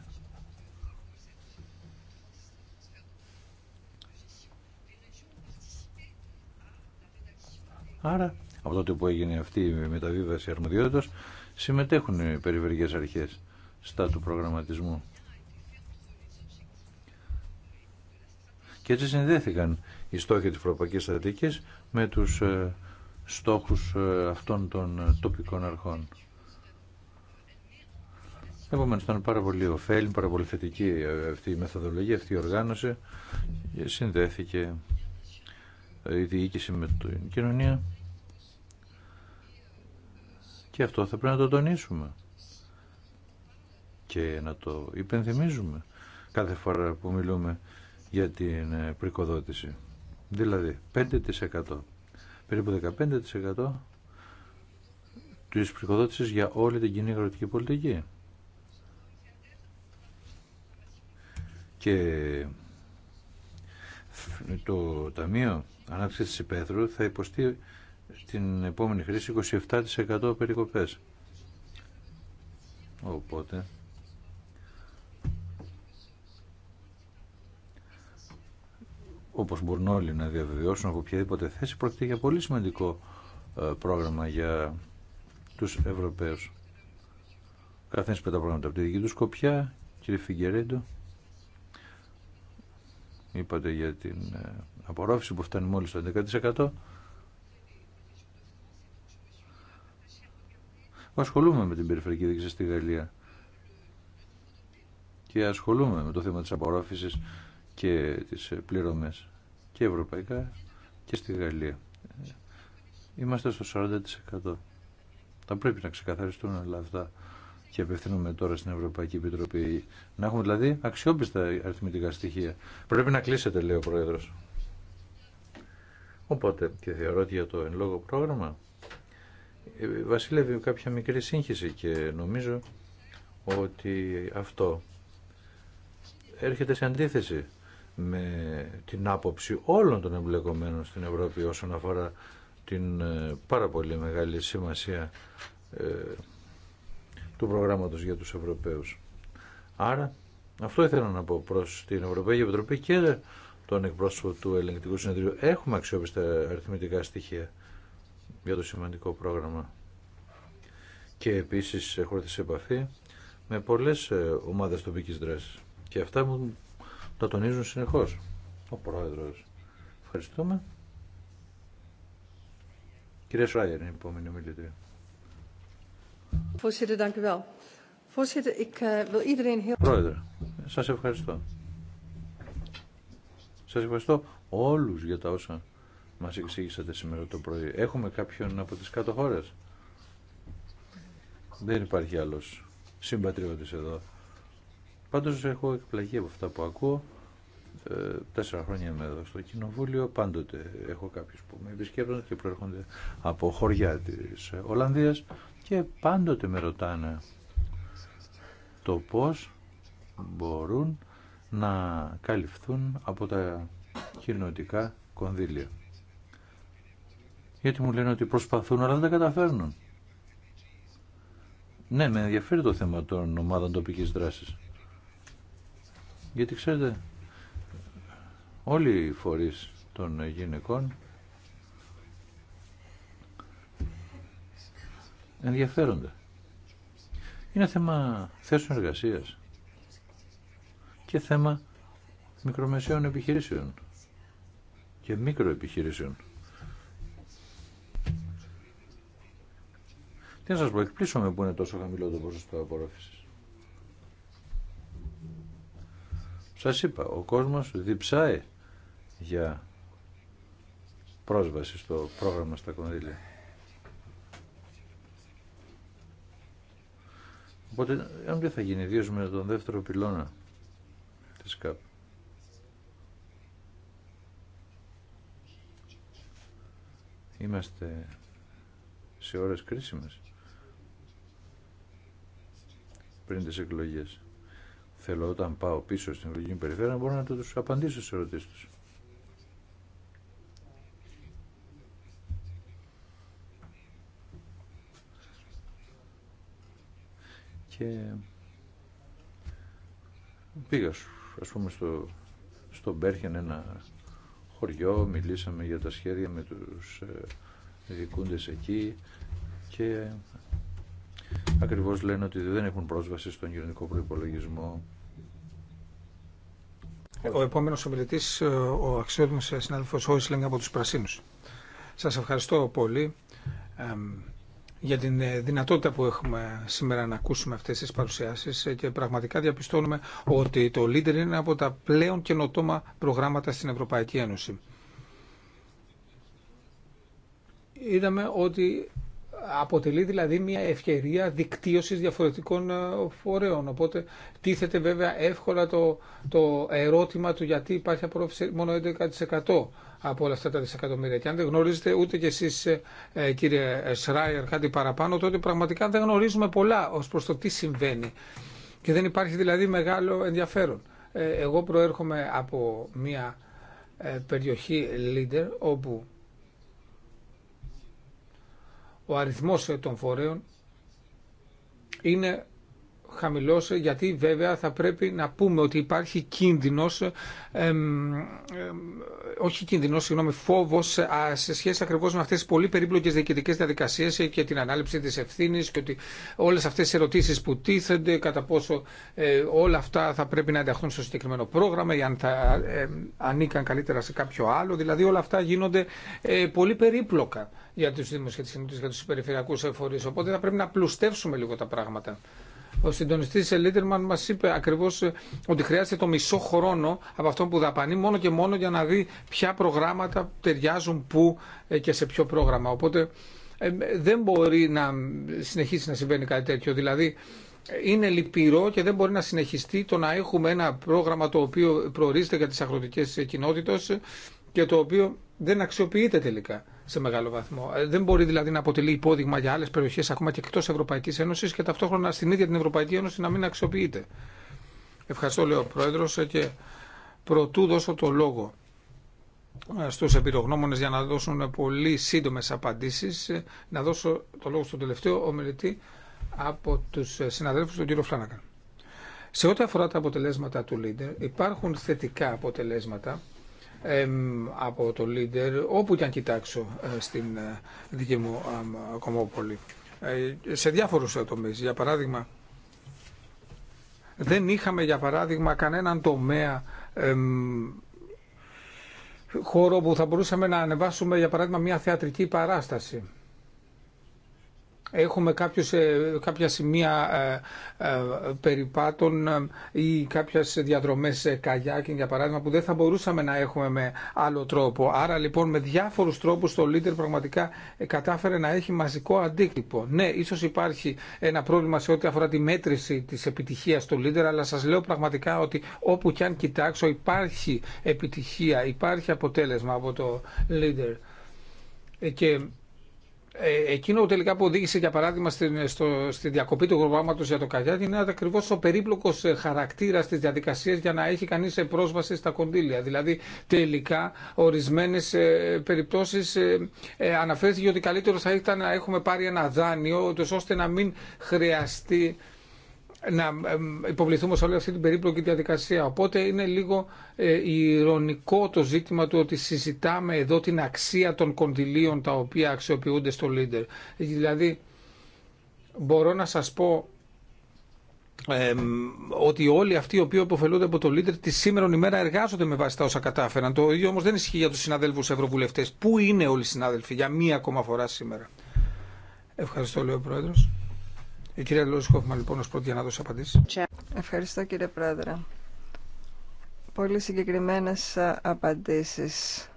Άρα, από τότε που έγινε αυτή η μεταβίβαση αρμοδιότητας, συμμετέχουν οι περιφερειακές αρχές στα του προγραμματισμού. Και έτσι συνδέθηκαν οι στόχοι της Ευρωπαϊκής Στρατηγικής με τους ε, στόχους ε, αυτών των ε, τοπικών αρχών. Επομένως ήταν πάρα πολύ ωφέλιμη, πάρα πολύ θετική αυτή η μεθοδολογία, αυτή η οργάνωση συνδέθηκε η διοίκηση με την κοινωνία και αυτό θα πρέπει να το τονίσουμε και να το υπενθυμίζουμε κάθε φορά που μιλούμε για την ε, πρικοδότηση. Δηλαδή 5% περίπου 15% της πρικοδότησης για όλη την κοινή αγροτική πολιτική. Και το Ταμείο ανάπτυξη της Υπέθρου θα υποστεί την επόμενη χρήση 27% περικοπές. Οπότε όπως μπορούν όλοι να διαβεβαιώσουν από οποιαδήποτε θέση, πρόκειται για πολύ σημαντικό ε, πρόγραμμα για τους Ευρωπαίους. Καθένας πέτα πρόγραμματα από τη δική του σκοπιά, κύριε Φιγκερέντο, είπατε για την ε, απορρόφηση που φτάνει μόλις το 11%. Ασχολούμαι με την περιφερειακή δίκηση στη Γαλλία και ασχολούμαι με το θέμα της απορρόφησης και τις πληρωμές και ευρωπαϊκά και στη Γαλλία. Είμαστε στο 40%. Θα πρέπει να ξεκαθαριστούν όλα αυτά και απευθύνουμε τώρα στην Ευρωπαϊκή Επιτροπή. Να έχουμε δηλαδή αξιόπιστα αριθμητικά στοιχεία. Πρέπει να κλείσετε, λέει ο Πρόεδρος. Οπότε και θεωρώ ότι για το εν λόγω πρόγραμμα ε, βασίλευε κάποια μικρή σύγχυση και νομίζω ότι αυτό έρχεται σε αντίθεση με την άποψη όλων των εμπλεκομένων στην Ευρώπη όσον αφορά την ε, πάρα πολύ μεγάλη σημασία ε, του προγράμματος για τους Ευρωπαίους. Άρα αυτό ήθελα να πω προς την Ευρωπαϊκή Επιτροπή και τον εκπρόσωπο του Ελεγκτικού Συνεδρίου. Έχουμε αξιόπιστα αριθμητικά στοιχεία για το σημαντικό πρόγραμμα. Και επίσης έχω έρθει σε επαφή με πολλές ε, ομάδες τοπικής δράσης. Και αυτά μου το τονίζουν συνεχώς. Ο πρόεδρος. Ευχαριστούμε. Κύριε Σράιερ είναι η επόμενη ομιλητρία. Eh, Πρόεδρε, σας ευχαριστώ. Σας ευχαριστώ όλους για τα όσα μας εξήγησατε σήμερα το πρωί. Έχουμε κάποιον από τις κάτω χώρες. Δεν υπάρχει άλλος συμπατριώτης εδώ. Πάντως έχω εκπλαγεί από αυτά που ακούω. Ε, τέσσερα χρόνια είμαι εδώ στο Κοινοβούλιο. Πάντοτε έχω κάποιους που με επισκέπτονται και προέρχονται από χωριά της Ολλανδίας και πάντοτε με ρωτάνε το πώς μπορούν να καλυφθούν από τα κοινωτικά κονδύλια. Γιατί μου λένε ότι προσπαθούν αλλά δεν τα καταφέρνουν. Ναι, με ενδιαφέρει το θέμα των ομάδων τοπικής δράσης. Γιατί ξέρετε, όλοι οι φορείς των γυναικών ενδιαφέρονται. Είναι θέμα θέσεων εργασίας και θέμα μικρομεσαίων επιχειρήσεων και μικροεπιχειρήσεων. Τι να σας πω, με που είναι τόσο χαμηλό το ποσοστό απορρόφησης. Σας είπα, ο κόσμος διψάει για πρόσβαση στο πρόγραμμα στα κονδύλια. Οπότε, αν δεν θα γίνει, ιδίω με τον δεύτερο πυλώνα της ΚΑΠ. Είμαστε σε ώρες κρίσιμες πριν τις εκλογές θέλω όταν πάω πίσω στην Ευρωπαϊκή περιφέρεια να μπορώ να τους απαντήσω σε ερωτήσεις τους. Και πήγα ας πούμε στο, στο Μπέρχεν ένα χωριό, μιλήσαμε για τα σχέδια με τους ε, δικούντες εκεί και ακριβώς λένε ότι δεν έχουν πρόσβαση στον κοινωνικό προϋπολογισμό ο επόμενο ομιλητή, ο αξιότιμο συνάδελφο Χόισλινγκ από του Πρασίνου. Σα ευχαριστώ πολύ για την δυνατότητα που έχουμε σήμερα να ακούσουμε αυτές τις παρουσιάσεις και πραγματικά διαπιστώνουμε ότι το Leader είναι από τα πλέον καινοτόμα προγράμματα στην Ευρωπαϊκή Ένωση. Είδαμε ότι αποτελεί δηλαδή μια ευκαιρία δικτύωσης διαφορετικών ε, φορέων. Οπότε τίθεται βέβαια εύκολα το, το ερώτημα του γιατί υπάρχει απορρόφηση μόνο 11% από όλα αυτά τα δισεκατομμύρια. Και αν δεν γνωρίζετε ούτε κι εσείς ε, ε, κύριε Σράιερ κάτι παραπάνω, τότε πραγματικά δεν γνωρίζουμε πολλά ως προς το τι συμβαίνει. Και δεν υπάρχει δηλαδή μεγάλο ενδιαφέρον. Εγώ προέρχομαι από μια περιοχή leader όπου ο αριθμός των φορέων είναι χαμηλός γιατί βέβαια θα πρέπει να πούμε ότι υπάρχει κίνδυνος εμ, όχι κίνδυνος, συγγνώμη, φόβος σε σχέση ακριβώς με αυτές τις πολύ περίπλοκες διοικητικές διαδικασίες και την ανάληψη της ευθύνης και ότι όλες αυτές οι ερωτήσεις που τίθενται κατά πόσο ε, όλα αυτά θα πρέπει να ενταχθούν στο συγκεκριμένο πρόγραμμα ή αν θα ε, ανήκαν καλύτερα σε κάποιο άλλο δηλαδή όλα αυτά γίνονται ε, πολύ περίπλοκα για του Δήμου και τι κοινότητε για του περιφερειακού εφορεί, Οπότε θα πρέπει να πλουστεύσουμε λίγο τα πράγματα. Ο συντονιστή Λίτερμαν μα είπε ακριβώ ε, ότι χρειάζεται το μισό χρόνο από αυτό που δαπανεί μόνο και μόνο για να δει ποια προγράμματα ταιριάζουν πού ε, και σε ποιο πρόγραμμα. Οπότε ε, δεν μπορεί να συνεχίσει να συμβαίνει κάτι τέτοιο. Δηλαδή είναι λυπηρό και δεν μπορεί να συνεχιστεί το να έχουμε ένα πρόγραμμα το οποίο προορίζεται για τι αγροτικέ κοινότητε και το οποίο δεν αξιοποιείται τελικά σε μεγάλο βαθμό. Ε, δεν μπορεί δηλαδή να αποτελεί υπόδειγμα για άλλε περιοχέ, ακόμα και εκτό Ευρωπαϊκή Ένωση και ταυτόχρονα στην ίδια την Ευρωπαϊκή Ένωση να μην αξιοποιείται. Ευχαριστώ, λέει ο Πρόεδρο, ε, και προτού δώσω το λόγο ε, στους εμπειρογνώμονες για να δώσουν πολύ σύντομες απαντήσεις. Να δώσω το λόγο στον τελευταίο ομιλητή από τους συναδέλφους του κύριο Φλανάκα. Σε ό,τι αφορά τα αποτελέσματα του Λίντερ, υπάρχουν θετικά αποτελέσματα από το Λίντερ, όπου και αν κοιτάξω ε, στην ε, δική μου κομμόπολη. Ε, σε διάφορους τομείς. Για παράδειγμα, δεν είχαμε για παράδειγμα κανέναν τομέα χώρο που θα μπορούσαμε να ανεβάσουμε για παράδειγμα μια θεατρική παράσταση έχουμε ε, κάποια σημεία ε, ε, περιπάτων ή κάποιες διαδρομές καγιάκιν για παράδειγμα που δεν θα μπορούσαμε να έχουμε με άλλο τρόπο. Άρα λοιπόν με διάφορους τρόπους το Λίτερ πραγματικά κατάφερε να έχει μαζικό αντίκτυπο. Ναι, ίσως υπάρχει ένα πρόβλημα σε ό,τι αφορά τη μέτρηση της επιτυχίας του Λίτερ αλλά σας λέω πραγματικά ότι όπου κι αν κοιτάξω υπάρχει επιτυχία, υπάρχει αποτέλεσμα από το Λίτερ. Ε, εκείνο τελικά που οδήγησε για παράδειγμα στην, στο, στη διακοπή του προγράμματο για το Καγιάκι είναι ακριβώ ο περίπλοκο ε, χαρακτήρα τη διαδικασία για να έχει κανεί ε, πρόσβαση στα κονδύλια. Δηλαδή τελικά ορισμένε περιπτώσει αναφέρθηκε ότι καλύτερο θα ήταν να έχουμε πάρει ένα δάνειο ώστε να μην χρειαστεί να υποβληθούμε σε όλη αυτή την περίπλοκη διαδικασία. Οπότε είναι λίγο ε, ηρωνικό το ζήτημα του ότι συζητάμε εδώ την αξία των κονδυλίων τα οποία αξιοποιούνται στο Λίντερ. Δηλαδή, μπορώ να σας πω ε, ότι όλοι αυτοί οι οποίοι αποφελούνται από το Λίντερ τη σήμερα ημέρα εργάζονται με βάση τα όσα κατάφεραν. Το ίδιο όμως δεν ισχύει για τους συναδέλφους ευρωβουλευτές. Πού είναι όλοι οι συνάδελφοι για μία ακόμα φορά σήμερα. Ευχαριστώ, λέει ο Πρόεδρο. Η κυρία Λόζικοφμα λοιπόν ως πρώτη για να δώσει απαντήσει. Ευχαριστώ κύριε Πρόεδρε. Πολύ συγκεκριμένες απαντήσεις.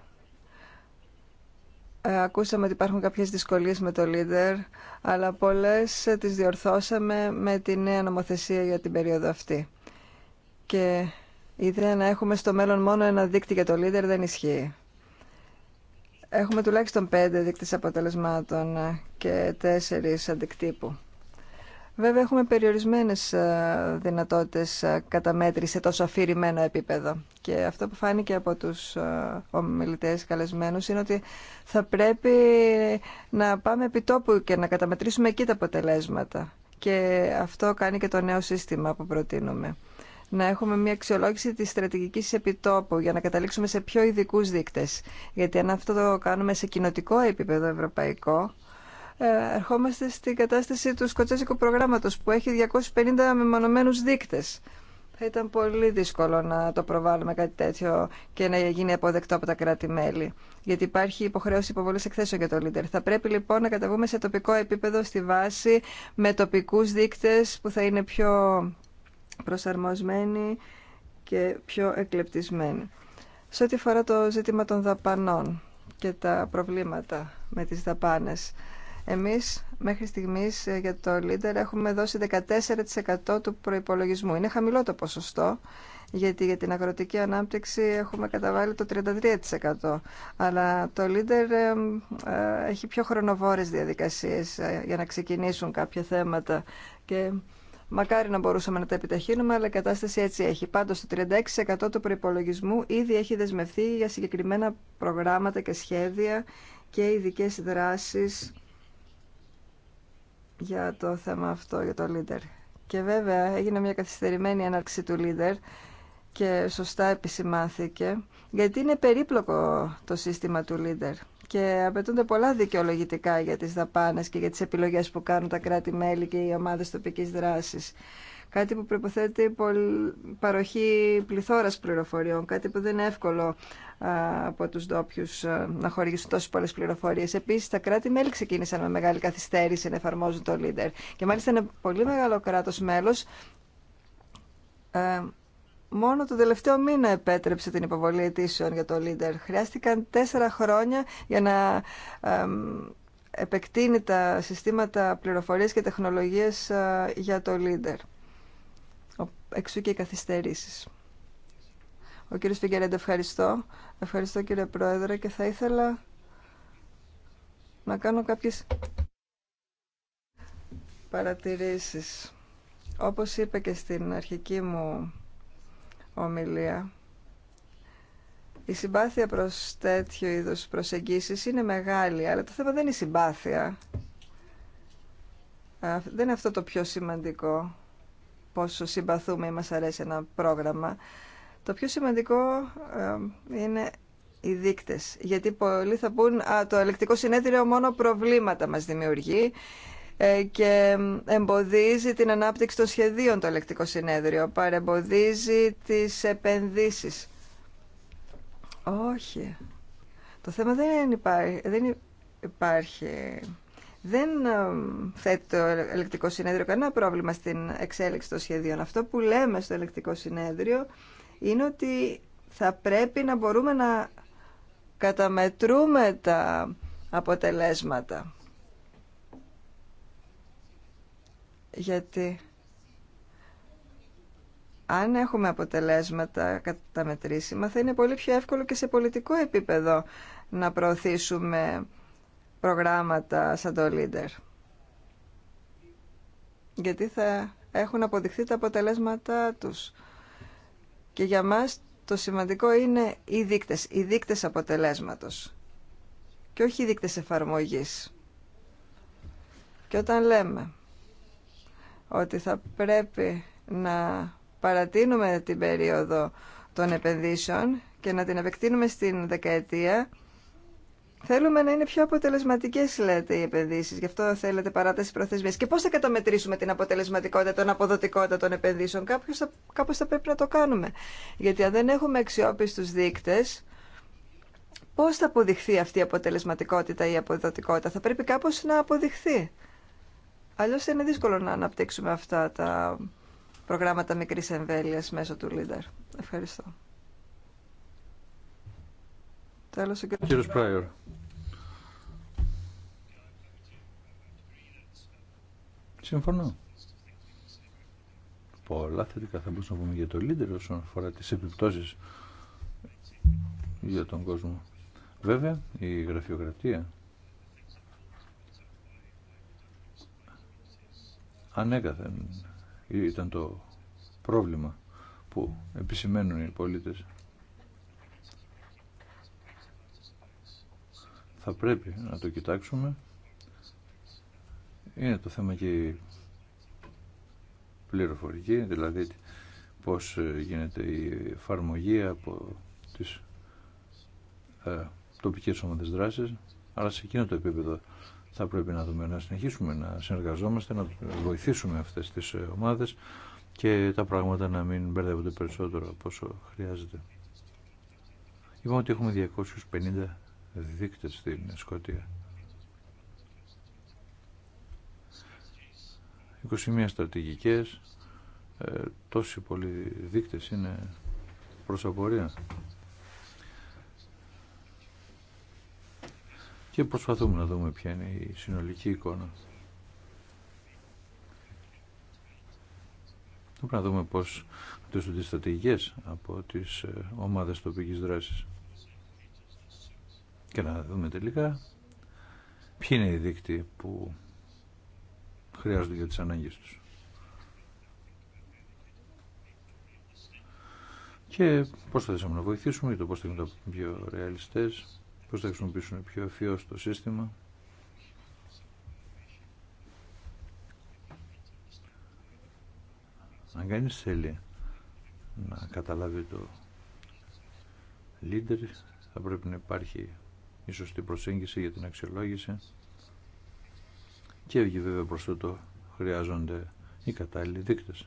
Ε, ακούσαμε ότι υπάρχουν κάποιες δυσκολίες με το Leader, αλλά πολλές ε, τις διορθώσαμε με τη νέα νομοθεσία για την περίοδο αυτή. Και η ιδέα να έχουμε στο μέλλον μόνο ένα δίκτυο για το Leader δεν ισχύει. Έχουμε τουλάχιστον πέντε δείκτες αποτελεσμάτων ε, και τέσσερις αντικτύπου. Βέβαια έχουμε περιορισμένες ε, δυνατότητες ε, καταμέτρηση σε τόσο αφηρημένο επίπεδο. Και αυτό που φάνηκε από τους ε, ομιλητές καλεσμένους είναι ότι θα πρέπει να πάμε επιτόπου και να καταμετρήσουμε εκεί τα αποτελέσματα. Και αυτό κάνει και το νέο σύστημα που προτείνουμε. Να έχουμε μια αξιολόγηση της στρατηγικής επιτόπου για να καταλήξουμε σε πιο ειδικού δείκτες. Γιατί αν αυτό το κάνουμε σε κοινοτικό επίπεδο ευρωπαϊκό, ε, ερχόμαστε στην κατάσταση του σκοτσέζικου προγράμματος που έχει 250 μεμονωμένους δείκτες. Θα ήταν πολύ δύσκολο να το προβάλλουμε κάτι τέτοιο και να γίνει αποδεκτό από τα κράτη-μέλη. Γιατί υπάρχει υποχρέωση υποβολή εκθέσεων για το Λίντερ. Θα πρέπει λοιπόν να καταβούμε σε τοπικό επίπεδο στη βάση με τοπικού δείκτε που θα είναι πιο προσαρμοσμένοι και πιο εκλεπτισμένοι. Σε ό,τι αφορά το ζήτημα των δαπανών και τα προβλήματα με τις δαπάνες. Εμείς μέχρι στιγμής ε, για το Λίντερ έχουμε δώσει 14% του προϋπολογισμού. Είναι χαμηλό το ποσοστό, γιατί για την αγροτική ανάπτυξη έχουμε καταβάλει το 33%. Αλλά το Leader ε, ε, έχει πιο χρονοβόρες διαδικασίες για να ξεκινήσουν κάποια θέματα και Μακάρι να μπορούσαμε να τα επιταχύνουμε, αλλά η κατάσταση έτσι έχει. Πάντως, το 36% του προϋπολογισμού ήδη έχει δεσμευθεί για συγκεκριμένα προγράμματα και σχέδια και ειδικέ δράσεις για το θέμα αυτό, για το Leader. Και βέβαια έγινε μια καθυστερημένη έναρξη του Leader και σωστά επισημάθηκε γιατί είναι περίπλοκο το σύστημα του Λίντερ και απαιτούνται πολλά δικαιολογητικά για τις δαπάνες και για τις επιλογές που κάνουν τα κράτη-μέλη και οι ομάδες τοπικής δράσης. Κάτι που προποθέτει παροχή πληθώρας πληροφοριών, κάτι που δεν είναι εύκολο από τους ντόπιου να χορηγήσουν τόσε πολλές πληροφορίες. Επίσης, τα κράτη-μέλη ξεκίνησαν με μεγάλη καθυστέρηση να εφαρμόζουν το Leader. Και μάλιστα είναι πολύ μεγάλο κράτος μέλος. Ε, μόνο το τελευταίο μήνα επέτρεψε την υποβολή αιτήσεων για το Leader. Χρειάστηκαν τέσσερα χρόνια για να επεκτείνει τα συστήματα πληροφορίες και τεχνολογίες ε, για το Leader. Εξού και οι καθυστερήσεις. Ο κύριος Φιγκερέντε, ευχαριστώ. Ευχαριστώ κύριε Πρόεδρε και θα ήθελα να κάνω κάποιες παρατηρήσεις. Όπως είπε και στην αρχική μου ομιλία, η συμπάθεια προς τέτοιο είδους προσεγγίσεις είναι μεγάλη, αλλά το θέμα δεν είναι η συμπάθεια. Δεν είναι αυτό το πιο σημαντικό, πόσο συμπαθούμε ή μας αρέσει ένα πρόγραμμα. Το πιο σημαντικό είναι οι δείκτες, γιατί πολλοί θα πούν «Α, το ελεκτικό συνέδριο μόνο προβλήματα μας δημιουργεί» ε, και εμποδίζει την ανάπτυξη των σχεδίων το ελεκτικό συνέδριο, παρεμποδίζει τις επενδύσεις. Όχι. Το θέμα δεν υπάρχει. Δεν, υπάρχει. δεν θέτει το ελεκτικό συνέδριο κανένα πρόβλημα στην εξέλιξη των σχεδίων. Αυτό που λέμε στο ελεκτικό συνέδριο είναι ότι θα πρέπει να μπορούμε να καταμετρούμε τα αποτελέσματα. Γιατί αν έχουμε αποτελέσματα καταμετρήσιμα θα είναι πολύ πιο εύκολο και σε πολιτικό επίπεδο να προωθήσουμε προγράμματα σαν το Leader. Γιατί θα έχουν αποδειχθεί τα αποτελέσματά τους. Και για μας το σημαντικό είναι οι δείκτες, οι δείκτες αποτελέσματος και όχι οι δείκτες εφαρμογής. Και όταν λέμε ότι θα πρέπει να παρατείνουμε την περίοδο των επενδύσεων και να την επεκτείνουμε στην δεκαετία, Θέλουμε να είναι πιο αποτελεσματικέ, λέτε, οι επενδύσει. Γι' αυτό θέλετε παράταση προθεσμία. Και πώ θα καταμετρήσουμε την αποτελεσματικότητα, την αποδοτικότητα των επενδύσεων. Κάπω θα πρέπει να το κάνουμε. Γιατί αν δεν έχουμε αξιόπιστου δείκτε, πώ θα αποδειχθεί αυτή η αποτελεσματικότητα ή η αποδοτικότητα. Θα πρέπει κάπω να αποδειχθεί. Αλλιώ είναι δύσκολο να αναπτύξουμε αυτά τα προγράμματα μικρή εμβέλεια μέσω του Λίντερ. Ευχαριστώ. Τέλος ο Συμφωνώ. Πολλά θετικά θα μπορούσαμε να πούμε για το Λίντερ όσον αφορά τις επιπτώσεις για τον κόσμο. Βέβαια, η γραφειοκρατία ανέκαθεν ήταν το πρόβλημα που επισημαίνουν οι πολίτες. θα πρέπει να το κοιτάξουμε. Είναι το θέμα και η πληροφορική, δηλαδή πώς γίνεται η εφαρμογή από τις ε, τοπικές ομάδες δράσης, αλλά σε εκείνο το επίπεδο θα πρέπει να δούμε να συνεχίσουμε να συνεργαζόμαστε, να βοηθήσουμε αυτές τις ε, ομάδες και τα πράγματα να μην μπερδεύονται περισσότερο από όσο χρειάζεται. Είπαμε ότι έχουμε 250 δείκτες στην Σκοτία. 21 στρατηγικές, ε, τόσοι πολλοί δείκτες είναι προς απορία. Και προσπαθούμε να δούμε ποια είναι η συνολική εικόνα. Πρέπει να δούμε πώς βελτιώσουν τις στρατηγικές από τις ε, ομάδες τοπικής δράσης και να δούμε τελικά ποιοι είναι οι δείκτη που χρειάζονται για τις ανάγκες τους. Και πώς θα θέσαμε να βοηθήσουμε, το πώς θα γίνουν πιο ρεαλιστές, πώς θα χρησιμοποιήσουν πιο αφιώς το σύστημα. Αν κανείς θέλει να καταλάβει το leader, θα πρέπει να υπάρχει η σωστή προσέγγιση για την αξιολόγηση και βέβαια προς τούτο χρειάζονται οι κατάλληλοι δείκτες.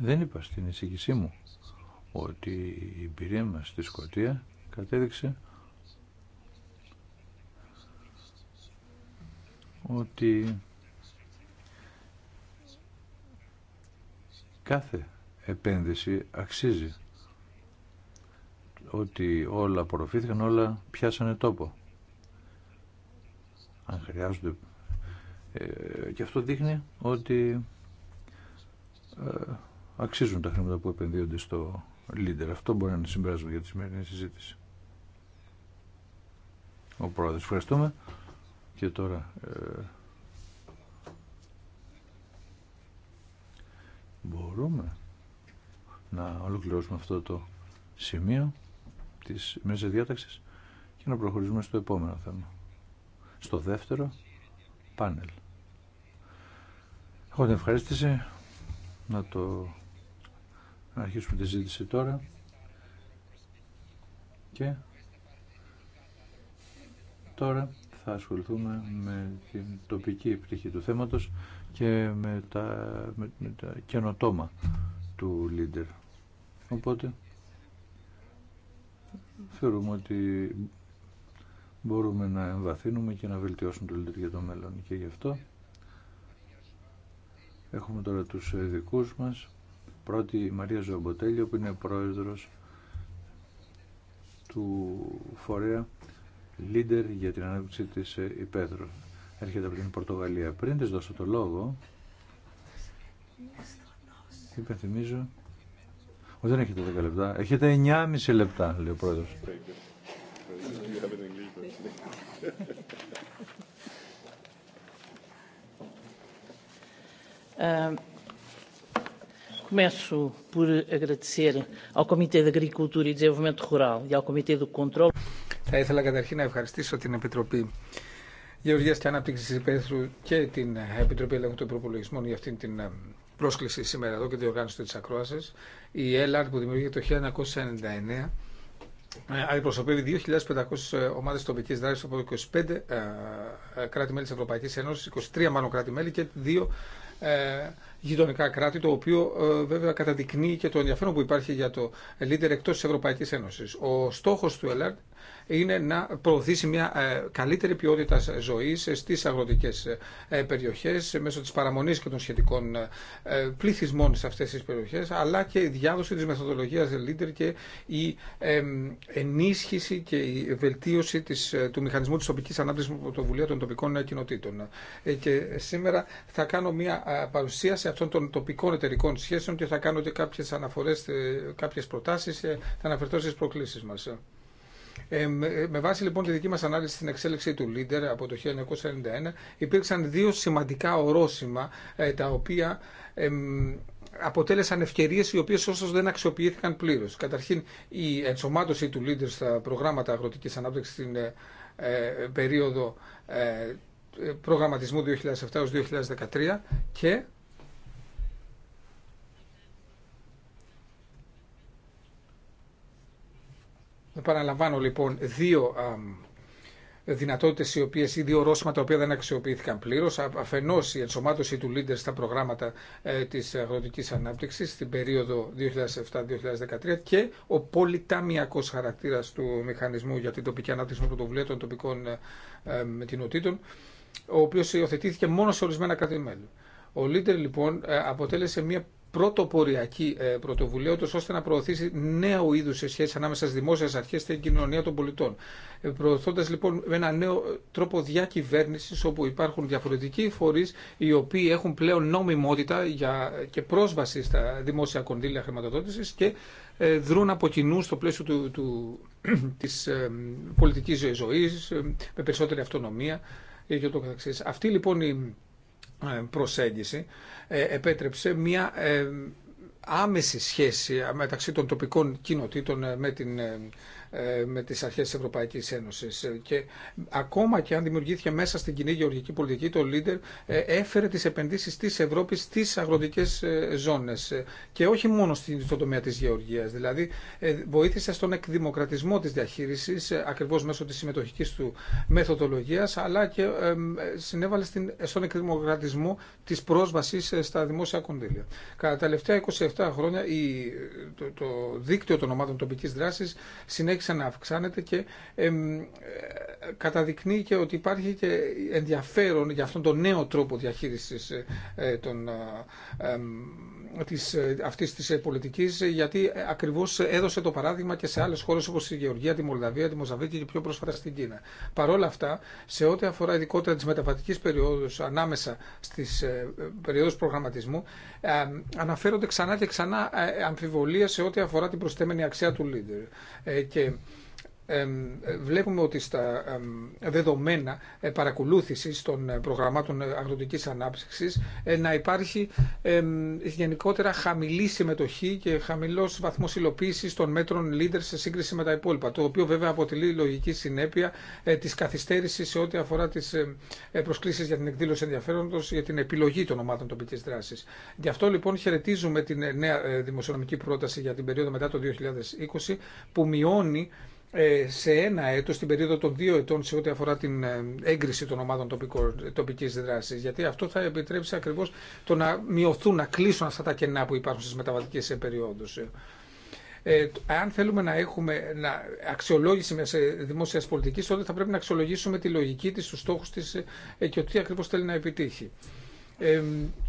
Δεν είπα στην εισηγησή μου ότι η εμπειρία μας στη Σκοτία κατέδειξε ότι κάθε επένδυση αξίζει ότι όλα απορροφήθηκαν, όλα πιάσανε τόπο. Αν χρειάζονται. Ε, και αυτό δείχνει ότι ε, αξίζουν τα χρήματα που επενδύονται στο leader. Αυτό μπορεί να είναι για τη σημερινή συζήτηση. Ο πρόεδρος, ευχαριστούμε. Και τώρα... Ε, μπορούμε να ολοκληρώσουμε αυτό το σημείο της μέσα διάταξης και να προχωρήσουμε στο επόμενο θέμα. Στο δεύτερο πάνελ. Έχω την ευχαρίστηση να το να αρχίσουμε τη ζήτηση τώρα και τώρα θα ασχοληθούμε με την τοπική πτυχή του θέματος και με τα, με, τα καινοτόμα του leader. Οπότε θεωρούμε ότι μπορούμε να εμβαθύνουμε και να βελτιώσουμε το λειτουργία το μέλλον. Και γι' αυτό έχουμε τώρα τους ειδικούς μας. Πρώτη η Μαρία Ζωμποτέλιο που είναι πρόεδρος του φορέα Leader για την ανάπτυξη της ε, Υπέδρου. Έρχεται από την Πορτογαλία. Πριν της δώσω το λόγο, υπενθυμίζω δεν έχετε 10 λεπτά. Έχετε 9,5 λεπτά, λέει ο πρόεδρο. Ε, começo por agradecer ao Comitê de Agricultura e Desenvolvimento Rural e ao Comitê do Controlo. Θα ήθελα καταρχήν να ευχαριστήσω την Επιτροπή Γεωργίας και Ανάπτυξης Υπέθρου και την Επιτροπή Ελέγχου των Προπολογισμών για αυτήν την ε, πρόσκληση σήμερα εδώ και τη οργάνωση της ακρόασης. Η Ελλάδα που δημιουργήθηκε το 1999 ε, αντιπροσωπεύει 2.500 ε, ομάδες τοπική δράση από 25 ε, κράτη-μέλη της Ευρωπαϊκής Ένωσης, 23 μάλλον κράτη-μέλη και δύο γειτονικά κράτη, το οποίο βέβαια καταδεικνύει και το ενδιαφέρον που υπάρχει για το Leader εκτός της Ευρωπαϊκής Ένωσης. Ο στόχος του ΕΛΑΡΤ είναι να προωθήσει μια ε, καλύτερη ποιότητα ζωής στις αγροτικές ε, περιοχέ μέσω τη παραμονή και των σχετικών ε, πληθυσμών σε αυτέ τι περιοχέ, αλλά και η διάδοση τη μεθοδολογία Leader και η ενίσχυση και η βελτίωση της, του μηχανισμού τη τοπική ανάπτυξη με πρωτοβουλία των τοπικών κοινοτήτων. Και σήμερα θα κάνω μια παρουσίαση αυτών των τοπικών εταιρικών σχέσεων και θα κάνω και κάποιε κάποιες κάποιε προτάσει προτάσεις, θα αναφερθώ στις προκλήσεις μας. Ε, με βάση λοιπόν τη δική μας ανάλυση στην εξέλιξη του Λίντερ από το 1991 υπήρξαν δύο σημαντικά ορόσημα ε, τα οποία αποτέλεσαν ευκαιρίες οι οποίες όσο δεν αξιοποιήθηκαν πλήρως. Καταρχήν η ενσωμάτωση του Λίντερ στα προγράμματα αγροτικής ανάπτυξης στην ε, περίοδο προγραμματισμού 2007-2013 και Παραλαμβάνω λοιπόν δύο δεν αξιοποιήθηκαν πλήρως. Αφενός οι οποίες η δυο οροσημα τα οποια δεν αξιοποιηθηκαν πληρω αφενος η ενσωματωση του Λίντερ στα προγράμματα ε, τη ανάπτυξης ανάπτυξη στην περίοδο 2007-2013 και ο πολυτάμιακος χαρακτήρας του μηχανισμού για την τοπική ανάπτυξη με πρωτοβουλία των τοπικών ε, κοινοτήτων, ε, ο οποίος υιοθετήθηκε μόνο σε ορισμένα κράτη-μέλη. Ο Λίντερ λοιπόν ε, αποτέλεσε μια πρωτοποριακή ε, πρωτοβουλία, ώστε να προωθήσει νέο είδου σχέση ανάμεσα στι δημόσιε αρχέ και την κοινωνία των πολιτών. Ε, Προωθώντα λοιπόν ένα νέο τρόπο διακυβέρνηση, όπου υπάρχουν διαφορετικοί φορεί οι οποίοι έχουν πλέον νομιμότητα για, και πρόσβαση στα δημόσια κονδύλια χρηματοδότηση και ε, δρούν από κοινού στο πλαίσιο του, του, της πολιτικής ζωής με περισσότερη αυτονομία Αυτή λοιπόν η ε, προσέγγιση ε, επέτρεψε μια ε, άμεση σχέση μεταξύ των τοπικών κοινοτήτων με την ε, με τις αρχές της Ευρωπαϊκής Ένωσης. Ε, και ακόμα και αν δημιουργήθηκε μέσα στην κοινή γεωργική πολιτική, το Leader ε, έφερε τις επενδύσεις της Ευρώπης στις αγροτικές ζώνες και όχι μόνο στον τομέα της γεωργίας. Δηλαδή βοήθησε στον εκδημοκρατισμό της διαχείρισης ακριβώς μέσω της συμμετοχικής του μεθοδολογίας αλλά και συνέβαλε στον εκδημοκρατισμό της πρόσβασης στα δημόσια κονδύλια. Κατά τα τελευταία 27 χρόνια το δίκτυο των ομάδων τοπικής δράσης συνέχισε ξανά και ε, καταδεικνύει και ότι υπάρχει και ενδιαφέρον για αυτόν τον νέο τρόπο διαχείρισης ε, ε, των της, ε, αυτής της ε, πολιτικής ε, γιατί ακριβώς έδωσε το παράδειγμα και σε άλλες χώρες όπως η Γεωργία, τη Μολδαβία, τη Μοζαβίκη και πιο πρόσφατα στην Κίνα. Παρ' όλα αυτά, σε ό,τι αφορά ειδικότερα τις μεταβατικές περιόδους ανάμεσα στις περιόδους προγραμματισμού αναφέρονται ξανά και ξανά αμφιβολία σε ό,τι αφορά την προστέμενη αξία του leader. Και βλέπουμε ότι στα δεδομένα ε, παρακολούθησης των ε, προγραμμάτων ε, αγροτικής ανάπτυξης να υπάρχει γενικότερα χαμηλή συμμετοχή και χαμηλός βαθμός υλοποίησης των μέτρων leaders σε σύγκριση με τα υπόλοιπα, το οποίο βέβαια αποτελεί λογική συνέπεια της καθυστέρησης σε ό,τι αφορά τις προσκλήσεις για την εκδήλωση ενδιαφέροντος για την επιλογή των ομάδων τοπικής δράσης. Γι' αυτό λοιπόν χαιρετίζουμε την νέα δημοσιονομική πρόταση για την περίοδο μετά το 2020 που μειώνει ε, σε ένα έτος, στην περίοδο των δύο ετών σε ό,τι αφορά την ε, έγκριση των ομάδων τοπικής δράσης. Γιατί αυτό θα επιτρέψει ακριβώς το να μειωθούν, να κλείσουν αυτά τα κενά που υπάρχουν στις μεταβατικές περιόδους. Ε, ε, αν θέλουμε να έχουμε να αξιολόγηση μια δημόσια πολιτική, τότε θα πρέπει να αξιολογήσουμε τη λογική τη, του στόχου τη και ότι ακριβώ θέλει να επιτύχει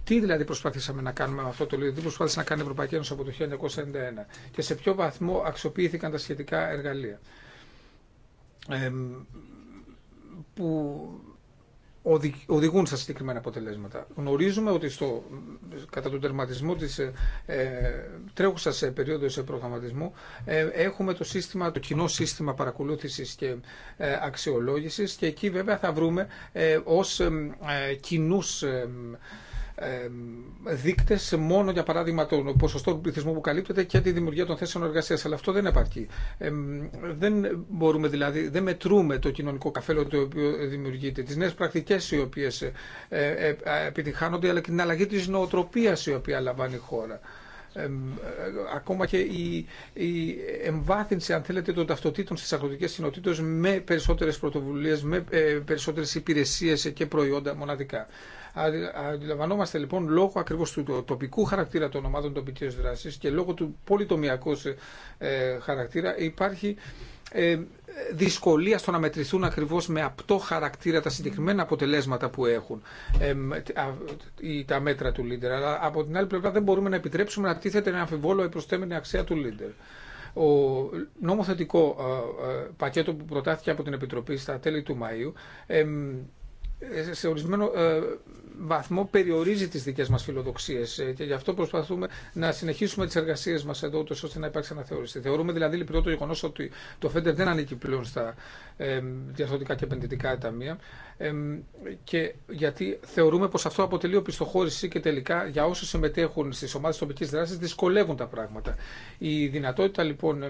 τι δηλαδή προσπαθήσαμε να κάνουμε με αυτό το λίγο, τι προσπάθησε να κάνει η Ευρωπαϊκή Ένωση από το 1991 και σε ποιο βαθμό αξιοποιήθηκαν τα σχετικά εργαλεία. που οδηγούν στα συγκεκριμένα αποτελέσματα. Γνωρίζουμε ότι στο, κατά τον τερματισμό της ε, ε τρέχουσας ε, περίοδος ε, προγραμματισμού ε, έχουμε το, σύστημα, το κοινό σύστημα παρακολούθησης και αξιολόγησης και εκεί βέβαια θα βρούμε ε, ως δείκτε μόνο για παράδειγμα των ποσοστό του πληθυσμού που καλύπτεται και τη δημιουργία των θέσεων εργασία, Αλλά αυτό δεν επαρκεί. δεν μπορούμε δηλαδή, δεν μετρούμε το κοινωνικό καφέλο το οποίο δημιουργείται, τι νέε πρακτικέ οι οποίες ε, ε, ε, επιτυχάνονται, αλλά και την αλλαγή τη νοοτροπία, η οποία λαμβάνει η χώρα. ακόμα και η, η εμβάθυνση αν θέλετε των ταυτοτήτων στις αγροτικές κοινοτήτες με περισσότερες πρωτοβουλίες, με ε, περισσότερες υπηρεσίες και προϊόντα μοναδικά. Αντιλαμβανόμαστε λοιπόν λόγω ακριβώς του τοπικού χαρακτήρα των ομάδων τοπικής δράση και λόγω του πολυτομιακού ε, ε, χαρακτήρα υπάρχει ε, δυσκολία στο να μετρηθούν ακριβώς με απτό χαρακτήρα τα συγκεκριμένα αποτελέσματα που έχουν τα μέτρα του Λίντερ. Αλλά από την άλλη πλευρά δεν μπορούμε να επιτρέψουμε να τίθεται ένα αμφιβόλο η προστέμενη αξία του Λίντερ. Ο νομοθετικό πακέτο που προτάθηκε από την Επιτροπή στα τέλη του Μαΐου ε, σε ορισμένο ε, βαθμό περιορίζει τις δικές μας φιλοδοξίες ε, και γι' αυτό προσπαθούμε να συνεχίσουμε τις εργασίες μας εδώ ώστε να υπάρξει αναθεώρηση. Θεωρούμε δηλαδή λοιπόν το γεγονός ότι το ΦΕΝΤΕΡ δεν ανήκει πλέον στα ε, και επενδυτικά ταμεία και γιατί θεωρούμε πως αυτό αποτελεί οπισθοχώρηση και τελικά για όσους συμμετέχουν στις ομάδες τοπικής δράσης δυσκολεύουν τα πράγματα. Η δυνατότητα λοιπόν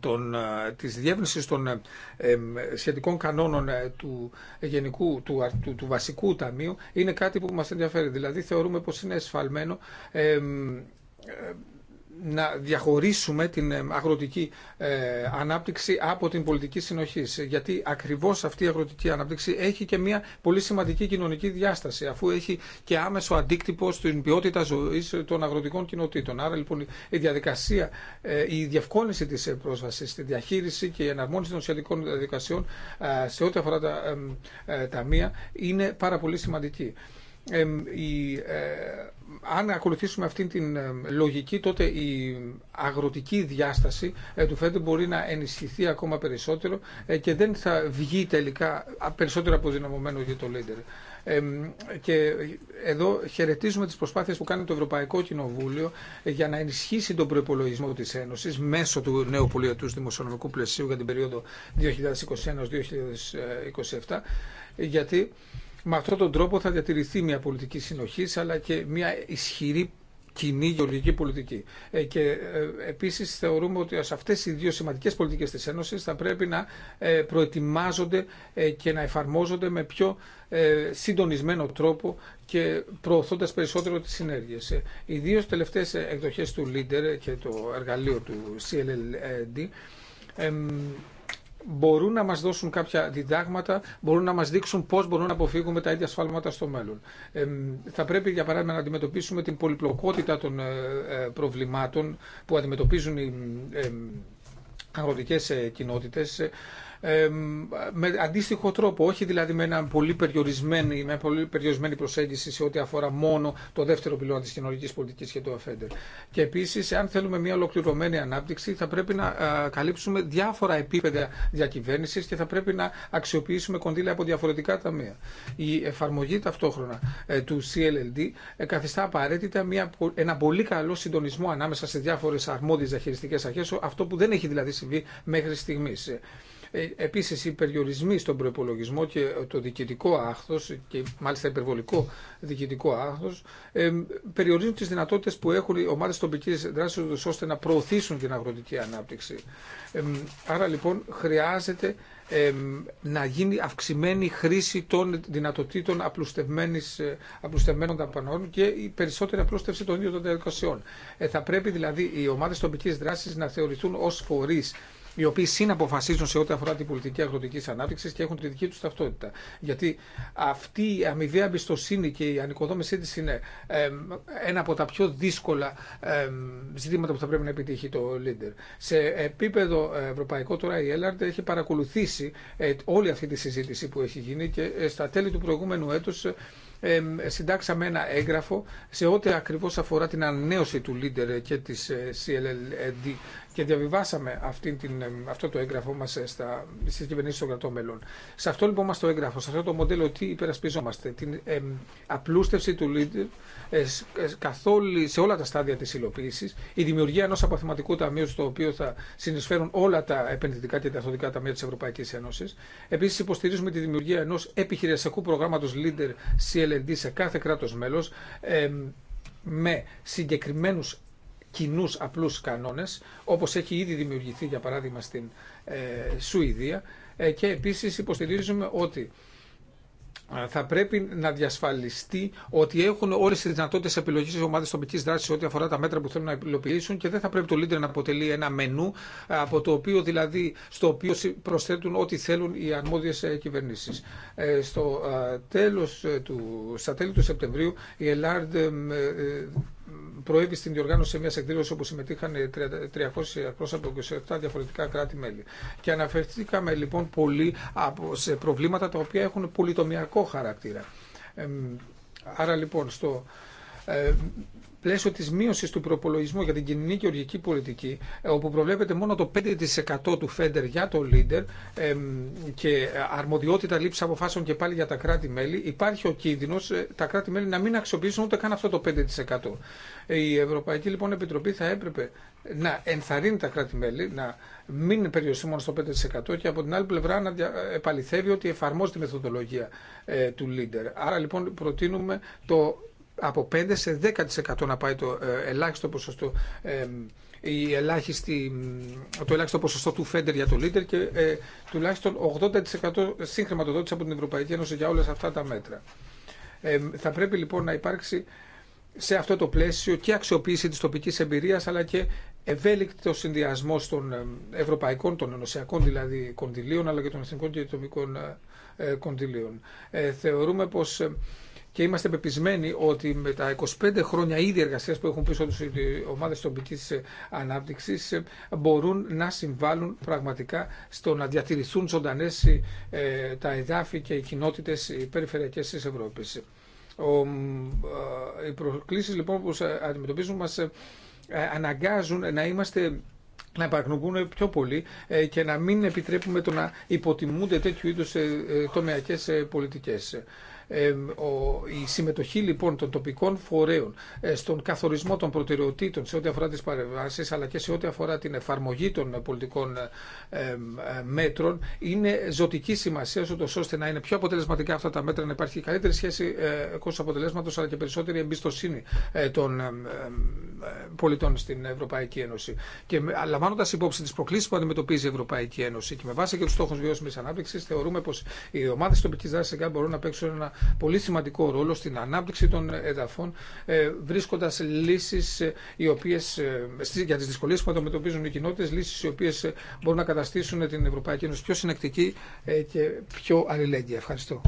των, της των ε, ε σχετικών κανόνων ε, του, γενικού, του, του, του, βασικού ταμείου είναι κάτι που μας ενδιαφέρει. Δηλαδή θεωρούμε πως είναι εσφαλμένο ε, να διαχωρίσουμε την ε, αγροτική ε, ανάπτυξη από την πολιτική συνοχή. Γιατί ακριβώ αυτή η αγροτική ανάπτυξη έχει και μια πολύ σημαντική κοινωνική διάσταση, αφού έχει και άμεσο αντίκτυπο στην ποιότητα ζωή των αγροτικών κοινοτήτων. Άρα λοιπόν η διαδικασία, ε, η διευκόλυνση τη πρόσβαση τη διαχείριση και η εναρμόνιση των σχετικών διαδικασιών σε ό,τι αφορά τα ταμεία είναι πάρα πολύ σημαντική αν ακολουθήσουμε αυτή την ε, λογική, τότε η αγροτική διάσταση ε, του ΦΕΔ μπορεί να ενισχυθεί ακόμα περισσότερο ε, και δεν θα βγει τελικά περισσότερο αποδυναμωμένο για το Λίντερ. Και εδώ χαιρετίζουμε τις προσπάθειες που κάνει το Ευρωπαϊκό Κοινοβούλιο για να ενισχύσει τον προπολογισμό της Ένωσης μέσω του νέου πολιτικού δημοσιονομικού πλαισίου για την περίοδο 2021-2027, γιατί με αυτόν τον τρόπο θα διατηρηθεί μια πολιτική συνοχή αλλά και μια ισχυρή κοινή γεωργική πολιτική. Ε, και ε, επίσης θεωρούμε ότι σε αυτές οι δύο σημαντικές πολιτικές της Ένωσης θα πρέπει να ε, προετοιμάζονται και να εφαρμόζονται με πιο συντονισμένο τρόπο και προωθώντας περισσότερο τις συνέργειες. Οι δύο τελευταίες εκδοχές του Leader και το εργαλείο του CLLD μπορούν να μας δώσουν κάποια διδάγματα, μπορούν να μας δείξουν πώς μπορούν να αποφύγουμε τα ίδια ασφάλματα στο μέλλον. Ε, θα πρέπει για παράδειγμα να αντιμετωπίσουμε την πολυπλοκότητα των ε, ε, προβλημάτων που αντιμετωπίζουν οι αγροτικές ε, κοινότητες με αντίστοιχο τρόπο, όχι δηλαδή με, ένα πολύ περιορισμένη, με πολύ περιορισμένη προσέγγιση σε ό,τι αφορά μόνο το δεύτερο πυλώνα τη κοινωνική πολιτική και το αφέντερ. Και επίση, αν θέλουμε μια ολοκληρωμένη ανάπτυξη, θα πρέπει να καλύψουμε διάφορα επίπεδα διακυβέρνηση και θα πρέπει να αξιοποιήσουμε κονδύλια από διαφορετικά ταμεία. Η εφαρμογή ταυτόχρονα ε, του CLLD ε, καθιστά απαραίτητα μια, ένα πολύ καλό συντονισμό ανάμεσα σε διάφορες αρμόδιε διαχειριστικέ αρχέ, αυτό που δεν έχει δηλαδή συμβεί μέχρι στιγμή. Ε, Επίση, οι περιορισμοί στον προπολογισμό και το διοικητικό άχθο, και μάλιστα υπερβολικό διοικητικό ε, περιορίζουν τι δυνατότητε που έχουν οι ομάδες τοπική δράσης ώστε να προωθήσουν την αγροτική ανάπτυξη. Ε, άρα λοιπόν χρειάζεται ε, να γίνει αυξημένη χρήση των δυνατοτήτων απλουστευμένων ταπανών και η περισσότερη απλούστευση των ίδιων των διαδικασιών. θα πρέπει δηλαδή οι ομάδε τοπική δράση να θεωρηθούν ω φορεί οι οποίοι συναποφασίζουν σε ό,τι αφορά την πολιτική αγροτική ανάπτυξη και έχουν τη δική του ταυτότητα. Γιατί αυτή η αμοιβαία εμπιστοσύνη και η ανοικοδόμησή τη είναι ένα από τα πιο δύσκολα ζητήματα που θα πρέπει να επιτύχει το Λίντερ. Σε επίπεδο ε, ευρωπαϊκό τώρα η Έλλαρντ έχει παρακολουθήσει ε, όλη αυτή τη συζήτηση που έχει γίνει και ε, στα τέλη του προηγούμενου έτους συντάξαμε ένα έγγραφο σε ό,τι ακριβώς αφορά την ανανέωση του Λίντερ και της CLLD και διαβιβάσαμε αυτή την, αυτό το έγγραφό μα ε, στι κυβερνήσει των κρατών μελών. Σε αυτό λοιπόν μα το έγγραφο, σε αυτό το μοντέλο, τι υπερασπιζόμαστε, την ε, απλούστευση του leader ε, ε, καθόλου σε όλα τα στάδια τη υλοποίηση, η δημιουργία ενό αποθεματικού ταμείου στο οποίο θα συνεισφέρουν όλα τα επενδυτικά και τα αθωτικά ταμεία τη Ευρωπαϊκή Ένωση. Επίση, υποστηρίζουμε τη δημιουργία ενό επιχειρησιακού προγράμματο leader CLD σε κάθε κράτο μέλο. Ε, με συγκεκριμένους κοινού απλού κανόνε, όπω έχει ήδη δημιουργηθεί για παράδειγμα στην ε, Σουηδία. Ε, και επίση υποστηρίζουμε ότι ε, θα πρέπει να διασφαλιστεί ότι έχουν όλε τι δυνατότητε επιλογή τη ομάδα τοπική δράση ό,τι αφορά τα μέτρα που θέλουν να υλοποιήσουν και δεν θα πρέπει το Λίντερ να αποτελεί ένα μενού από το οποίο δηλαδή στο οποίο προσθέτουν ό,τι θέλουν οι αρμόδιε κυβερνήσει. Στο τέλος του, στα τέλη του Σεπτεμβρίου η Ελλάδα προέβη στην διοργάνωση μια εκδήλωση όπου συμμετείχαν 300 εκπρόσωποι από 27 διαφορετικά κράτη-μέλη. Και αναφερθήκαμε λοιπόν πολύ σε προβλήματα τα οποία έχουν πολυτομιακό χαρακτήρα. Άρα λοιπόν στο ε, πλαίσιο της μείωσης του προπολογισμού για την κοινή και οργική πολιτική, ε, όπου προβλέπεται μόνο το 5% του Φέντερ για το Λίντερ και αρμοδιότητα λήψη αποφάσεων και πάλι για τα κράτη-μέλη, υπάρχει ο κίνδυνο, ε, τα κράτη-μέλη να μην αξιοποιήσουν ούτε καν αυτό το 5%. Η Ευρωπαϊκή λοιπόν Επιτροπή θα έπρεπε να ενθαρρύνει τα κράτη-μέλη να μην περιοριστεί μόνο στο 5% και από την άλλη πλευρά να επαληθεύει ότι εφαρμόζει τη μεθοδολογία ε, του Λίντερ. Άρα λοιπόν προτείνουμε το από 5% σε 10% να πάει το ε, ελάχιστο ποσοστό η ελάχιστη, το ελάχιστο ποσοστό του Φέντερ για το Λίτερ και ε, τουλάχιστον 80% συγχρηματοδότηση από την Ευρωπαϊκή Ένωση για όλες αυτά τα μέτρα. Ε, θα πρέπει λοιπόν να υπάρξει σε αυτό το πλαίσιο και αξιοποίηση της τοπικής εμπειρίας αλλά και ευέλικτο συνδυασμό των ευρωπαϊκών, των ενωσιακών δηλαδή κοντιλίων αλλά και των εθνικών και ατομικών ε, κονδυλίων. Ε, θεωρούμε πως και είμαστε πεπισμένοι ότι με τα 25 χρόνια ήδη εργασία που έχουν πίσω του οι ομάδε τοπική ανάπτυξη μπορούν να συμβάλλουν πραγματικά στο να διατηρηθούν ζωντανέ ε, τα εδάφη και οι κοινότητε περιφερειακέ τη Ευρώπη. Οι ε, προκλήσει λοιπόν που αντιμετωπίζουν μα ε, αναγκάζουν να είμαστε να επαγνωγούν πιο πολύ και να μην επιτρέπουμε το να υποτιμούνται τέτοιου είδους τομεακές πολιτικές η συμμετοχή λοιπόν των τοπικών φορέων ε, στον καθορισμό των προτεραιοτήτων σε ό,τι αφορά τις παρεμβάσεις αλλά και σε ό,τι αφορά την εφαρμογή των πολιτικών ε, ε, μέτρων είναι ζωτική σημασία ούτως ώστε να είναι πιο αποτελεσματικά αυτά τα μέτρα να υπάρχει καλύτερη σχέση κόστος αποτελέσματος αλλά και περισσότερη εμπιστοσύνη των πολιτών στην Ευρωπαϊκή Ένωση. Και λαμβάνοντα υπόψη τι προκλήσει που αντιμετωπίζει η Ευρωπαϊκή Ένωση και με βάση και του στόχου βιώσιμη ανάπτυξη, θεωρούμε πω οι ομάδε τοπική δράση μπορούν να παίξουν ένα πολύ σημαντικό ρόλο στην ανάπτυξη των εδαφών, ε, βρίσκοντα λύσει ε, ε, για τι δυσκολίε που αντιμετωπίζουν οι κοινότητε, λύσει οι οποίε μπορούν να καταστήσουν την Ευρωπαϊκή Ένωση πιο συνεκτική και πιο αλληλέγγυη. Ευχαριστώ.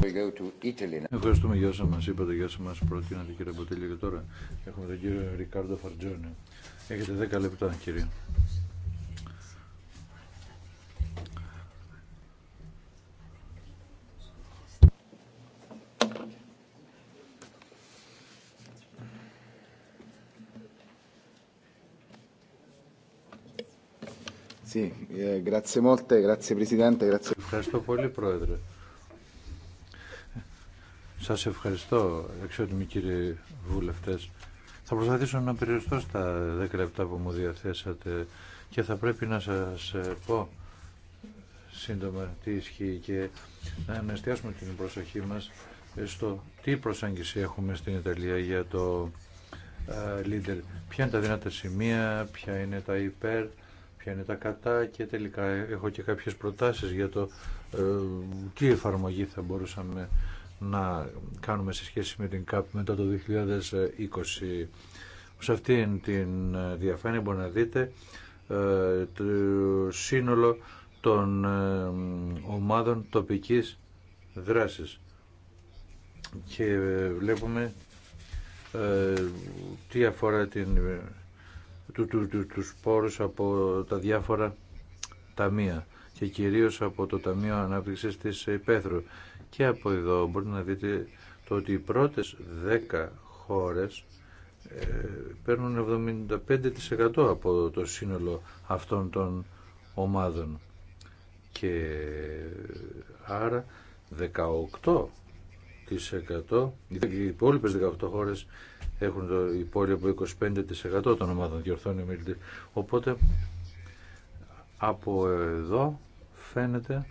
Ευχαριστούμε για όσα μα είπατε, για όσα μα προτείνατε, κύριε Μποτέλη. Και τώρα έχουμε τον κύριο Ρικάρντο Φαρτζόνη. Έχετε 10 λεπτά, κύριε. Eh, ευχαριστώ πολύ, Πρόεδρε. Σα ευχαριστώ, εξαιρετικοί κύριοι βουλευτές. Θα προσπαθήσω να περιοριστώ στα δέκα λεπτά που μου διαθέσατε και θα πρέπει να σα ε, πω σύντομα τι ισχύει και να εστιάσουμε την προσοχή μας ε, στο τι προσάγγιση έχουμε στην Ιταλία για το ε, leader. Ποια είναι τα δυνατά σημεία, ποια είναι τα υπέρ, ποια είναι τα κατά και τελικά έχω και κάποιες προτάσεις για το ε, τι εφαρμογή θα μπορούσαμε να κάνουμε σε σχέση με την ΚΑΠ μετά το 2020. Σε αυτήν την διαφάνεια μπορείτε να δείτε ε, το σύνολο των ε, ομάδων τοπικής δράσης και βλέπουμε τι αφορά την του, του, του, τους σπόρους από τα διάφορα ταμεία και κυρίως από το Ταμείο Ανάπτυξης της Υπέθρου. Και από εδώ μπορείτε να δείτε το ότι οι πρώτες 10 χώρες ε, παίρνουν 75% από το σύνολο αυτών των ομάδων. Και άρα 18% οι υπόλοιπες 18 χώρες έχουν το υπόλοιπο 25% των ομάδων διορθώνει ο Οπότε από εδώ φαίνεται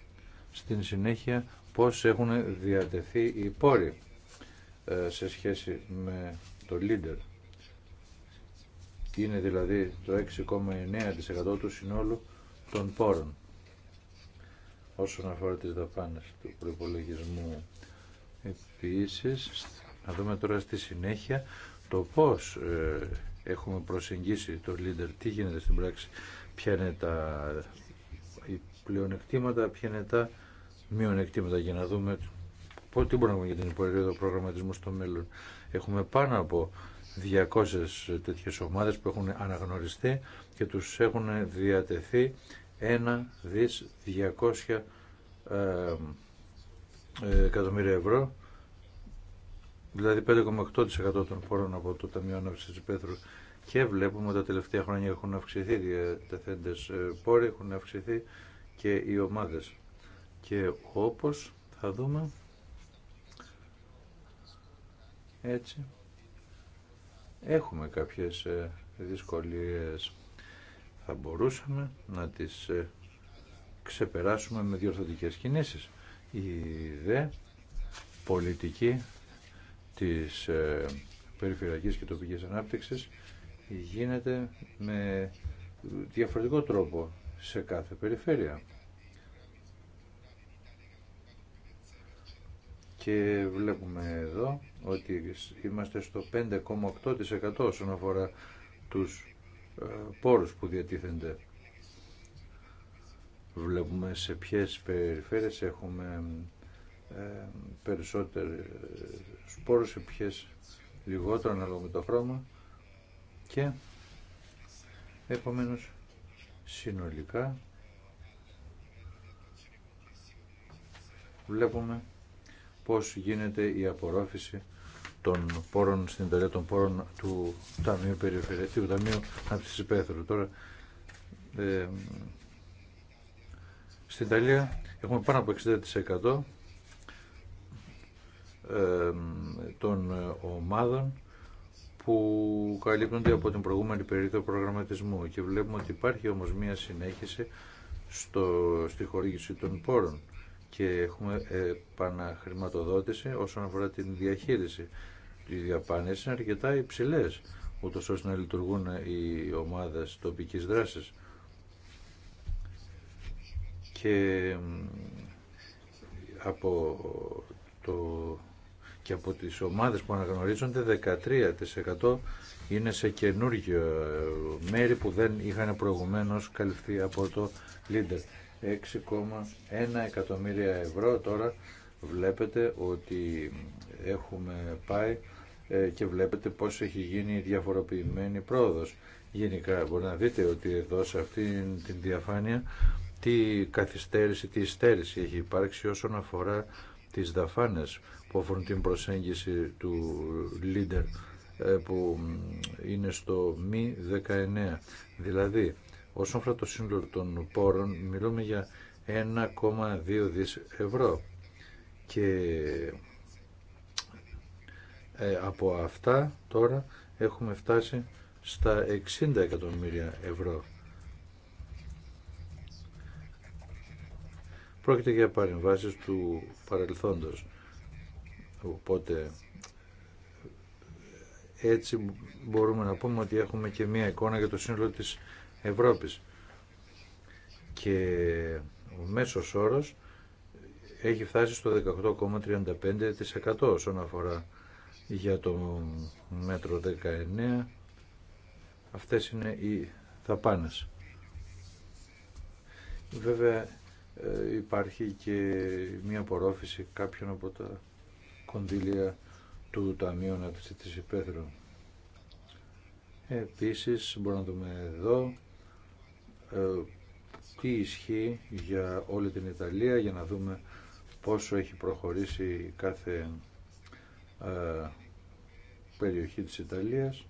στην συνέχεια πώς έχουν διατεθεί οι πόροι ε, σε σχέση με το leader. Είναι δηλαδή το 6,9% του συνόλου των πόρων όσον αφορά τις δαπάνες του προπολογισμού. Επίσης, να δούμε τώρα στη συνέχεια το πώς ε, έχουμε προσεγγίσει το leader, τι γίνεται στην πράξη, ποια είναι τα πλεονεκτήματα, ποια είναι τα μειονεκτήματα για να δούμε τι μπορούμε να κάνουμε για την περίοδο προγραμματισμού στο μέλλον. Έχουμε πάνω από 200 τέτοιες ομάδες που έχουν αναγνωριστεί και τους έχουν διατεθεί ένα δις 200 ε, ε, εκατομμύρια ευρώ δηλαδή 5,8% των πόρων από το Ταμείο Ανάπτυξη τη Πέθρου και βλέπουμε τα τελευταία χρόνια έχουν αυξηθεί οι θέντες ε, πόροι, έχουν αυξηθεί και οι ομάδες. Και όπως θα δούμε, έτσι, έχουμε κάποιες ε, δυσκολίες. Θα μπορούσαμε να τις ε, ξεπεράσουμε με διορθωτικές κινήσεις. Η δε πολιτική της ε, περιφερειακής και τοπικής ανάπτυξης γίνεται με διαφορετικό τρόπο σε κάθε περιφέρεια. Και βλέπουμε εδώ ότι είμαστε στο 5,8% όσον αφορά τους ε, πόρους που διατίθενται. Βλέπουμε σε ποιες περιφέρειες έχουμε ε, περισσότερες σπόρους, σε ποιες λιγότερο ανάλογα με το χρώμα και επομένως συνολικά βλέπουμε πώς γίνεται η απορρόφηση των πόρων στην Ιταλία, των πόρων του Ταμείου του Ταμείου Ανάπτυξης Τώρα, ε, στην Ιταλία έχουμε πάνω από 60% των ομάδων που καλύπτονται από την προηγούμενη περίοδο προγραμματισμού και βλέπουμε ότι υπάρχει όμως μία συνέχιση στο, στη χορήγηση των πόρων και έχουμε επαναχρηματοδότηση όσον αφορά την διαχείριση. Οι διαπάνες είναι αρκετά υψηλές, ούτως ώστε να λειτουργούν οι ομάδες τοπικής δράσης. Και από το και από τις ομάδες που αναγνωρίζονται 13% είναι σε καινούργιο ε, μέρη που δεν είχαν προηγουμένως καλυφθεί από το Λίντερ. 6,1 εκατομμύρια ευρώ τώρα βλέπετε ότι έχουμε πάει ε, και βλέπετε πώς έχει γίνει η διαφοροποιημένη πρόοδος. Γενικά μπορεί να δείτε ότι εδώ σε αυτή την διαφάνεια τι καθυστέρηση, τι υστέρηση έχει υπάρξει όσον αφορά τις δαφάνες που αφορούν την προσέγγιση του Λίντερ που είναι στο μη 19. Δηλαδή, όσον αφορά το σύνολο των πόρων, μιλούμε για 1,2 δις ευρώ. Και ε, από αυτά τώρα έχουμε φτάσει στα 60 εκατομμύρια ευρώ. Πρόκειται για παρεμβάσεις του παρελθόντος. Οπότε έτσι μπορούμε να πούμε ότι έχουμε και μία εικόνα για το σύνολο της Ευρώπης. Και ο μέσος όρος έχει φτάσει στο 18,35% όσον αφορά για το μέτρο 19. Αυτές είναι οι δαπάνες. Βέβαια ε, υπάρχει και μία απορρόφηση κάποιων από τα κονδύλια του Ταμείου Ανάπτυξη της Υπέθρου. Επίσης μπορούμε να δούμε εδώ ε, τι ισχύει για όλη την Ιταλία για να δούμε πόσο έχει προχωρήσει κάθε ε, περιοχή της Ιταλίας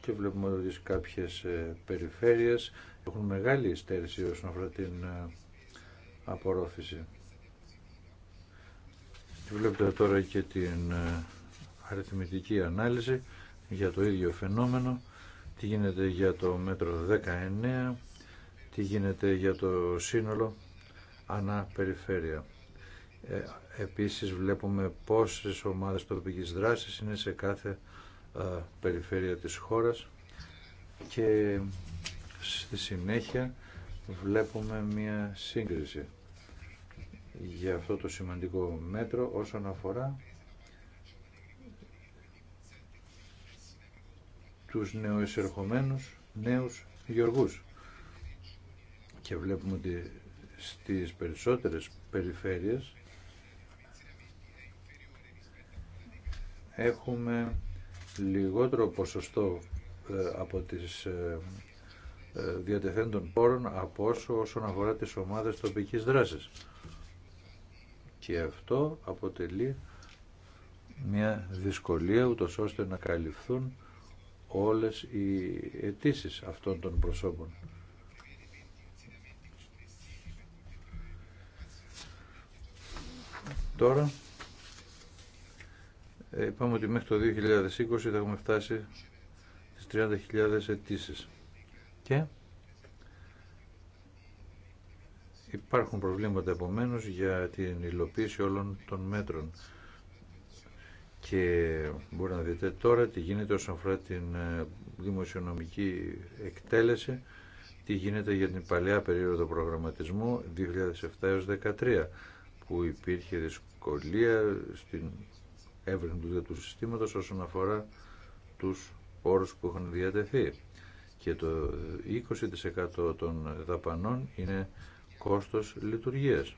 και βλέπουμε ότι κάποιες ε, περιφέρειες έχουν μεγάλη στέρηση όσον αφορά την ε, απορρόφηση. Βλέπετε τώρα και την ε, αριθμητική ανάλυση για το ίδιο φαινόμενο, τι γίνεται για το μέτρο 19, τι γίνεται για το σύνολο ανά περιφέρεια. Ε, επίσης βλέπουμε πόσες ομάδες τοπικής δράσης είναι σε κάθε ε, περιφέρεια της χώρας και στη συνέχεια βλέπουμε μία σύγκριση για αυτό το σημαντικό μέτρο όσον αφορά τους νεοεσερχομένους νέους γεωργούς. Και βλέπουμε ότι στις περισσότερες περιφέρειες έχουμε λιγότερο ποσοστό ε, από τις ε, ε, διατεθέντων πόρων από όσο όσον αφορά τις ομάδες τοπικής δράσης. Και αυτό αποτελεί μια δυσκολία ούτως ώστε να καλυφθούν όλες οι αιτήσει αυτών των προσώπων. Τώρα ε, είπαμε ότι μέχρι το 2020 θα έχουμε φτάσει στις 30.000 αιτήσει. Και Υπάρχουν προβλήματα επομένω για την υλοποίηση όλων των μέτρων. Και μπορεί να δείτε τώρα τι γίνεται όσον αφορά την ε, δημοσιονομική εκτέλεση, τι γίνεται για την παλια περιοδο περίοδο προγραμματισμού 2007-2013, που υπήρχε δυσκολία στην εύρυνση του συστήματος όσον αφορά τους όρους που έχουν διατεθεί. Και το 20% των δαπανών είναι κόστος λειτουργίας.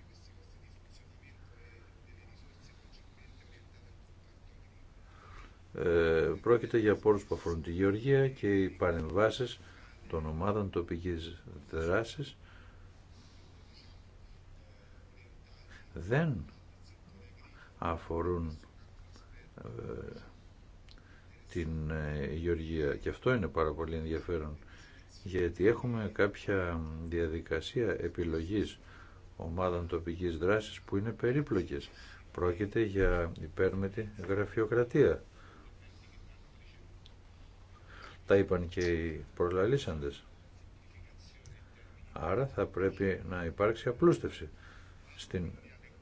Ε, πρόκειται για πόρους που αφορούν τη γεωργία και οι παρεμβάσεις των ομάδων τοπικής δράσης δεν αφορούν ε, την ε, γεωργία και αυτό είναι πάρα πολύ ενδιαφέρον γιατί έχουμε κάποια διαδικασία επιλογής ομάδων τοπικής δράσης που είναι περίπλοκες. Πρόκειται για υπέρμετη γραφειοκρατία. Τα είπαν και οι προλαλήσαντες. Άρα θα πρέπει να υπάρξει απλούστευση στην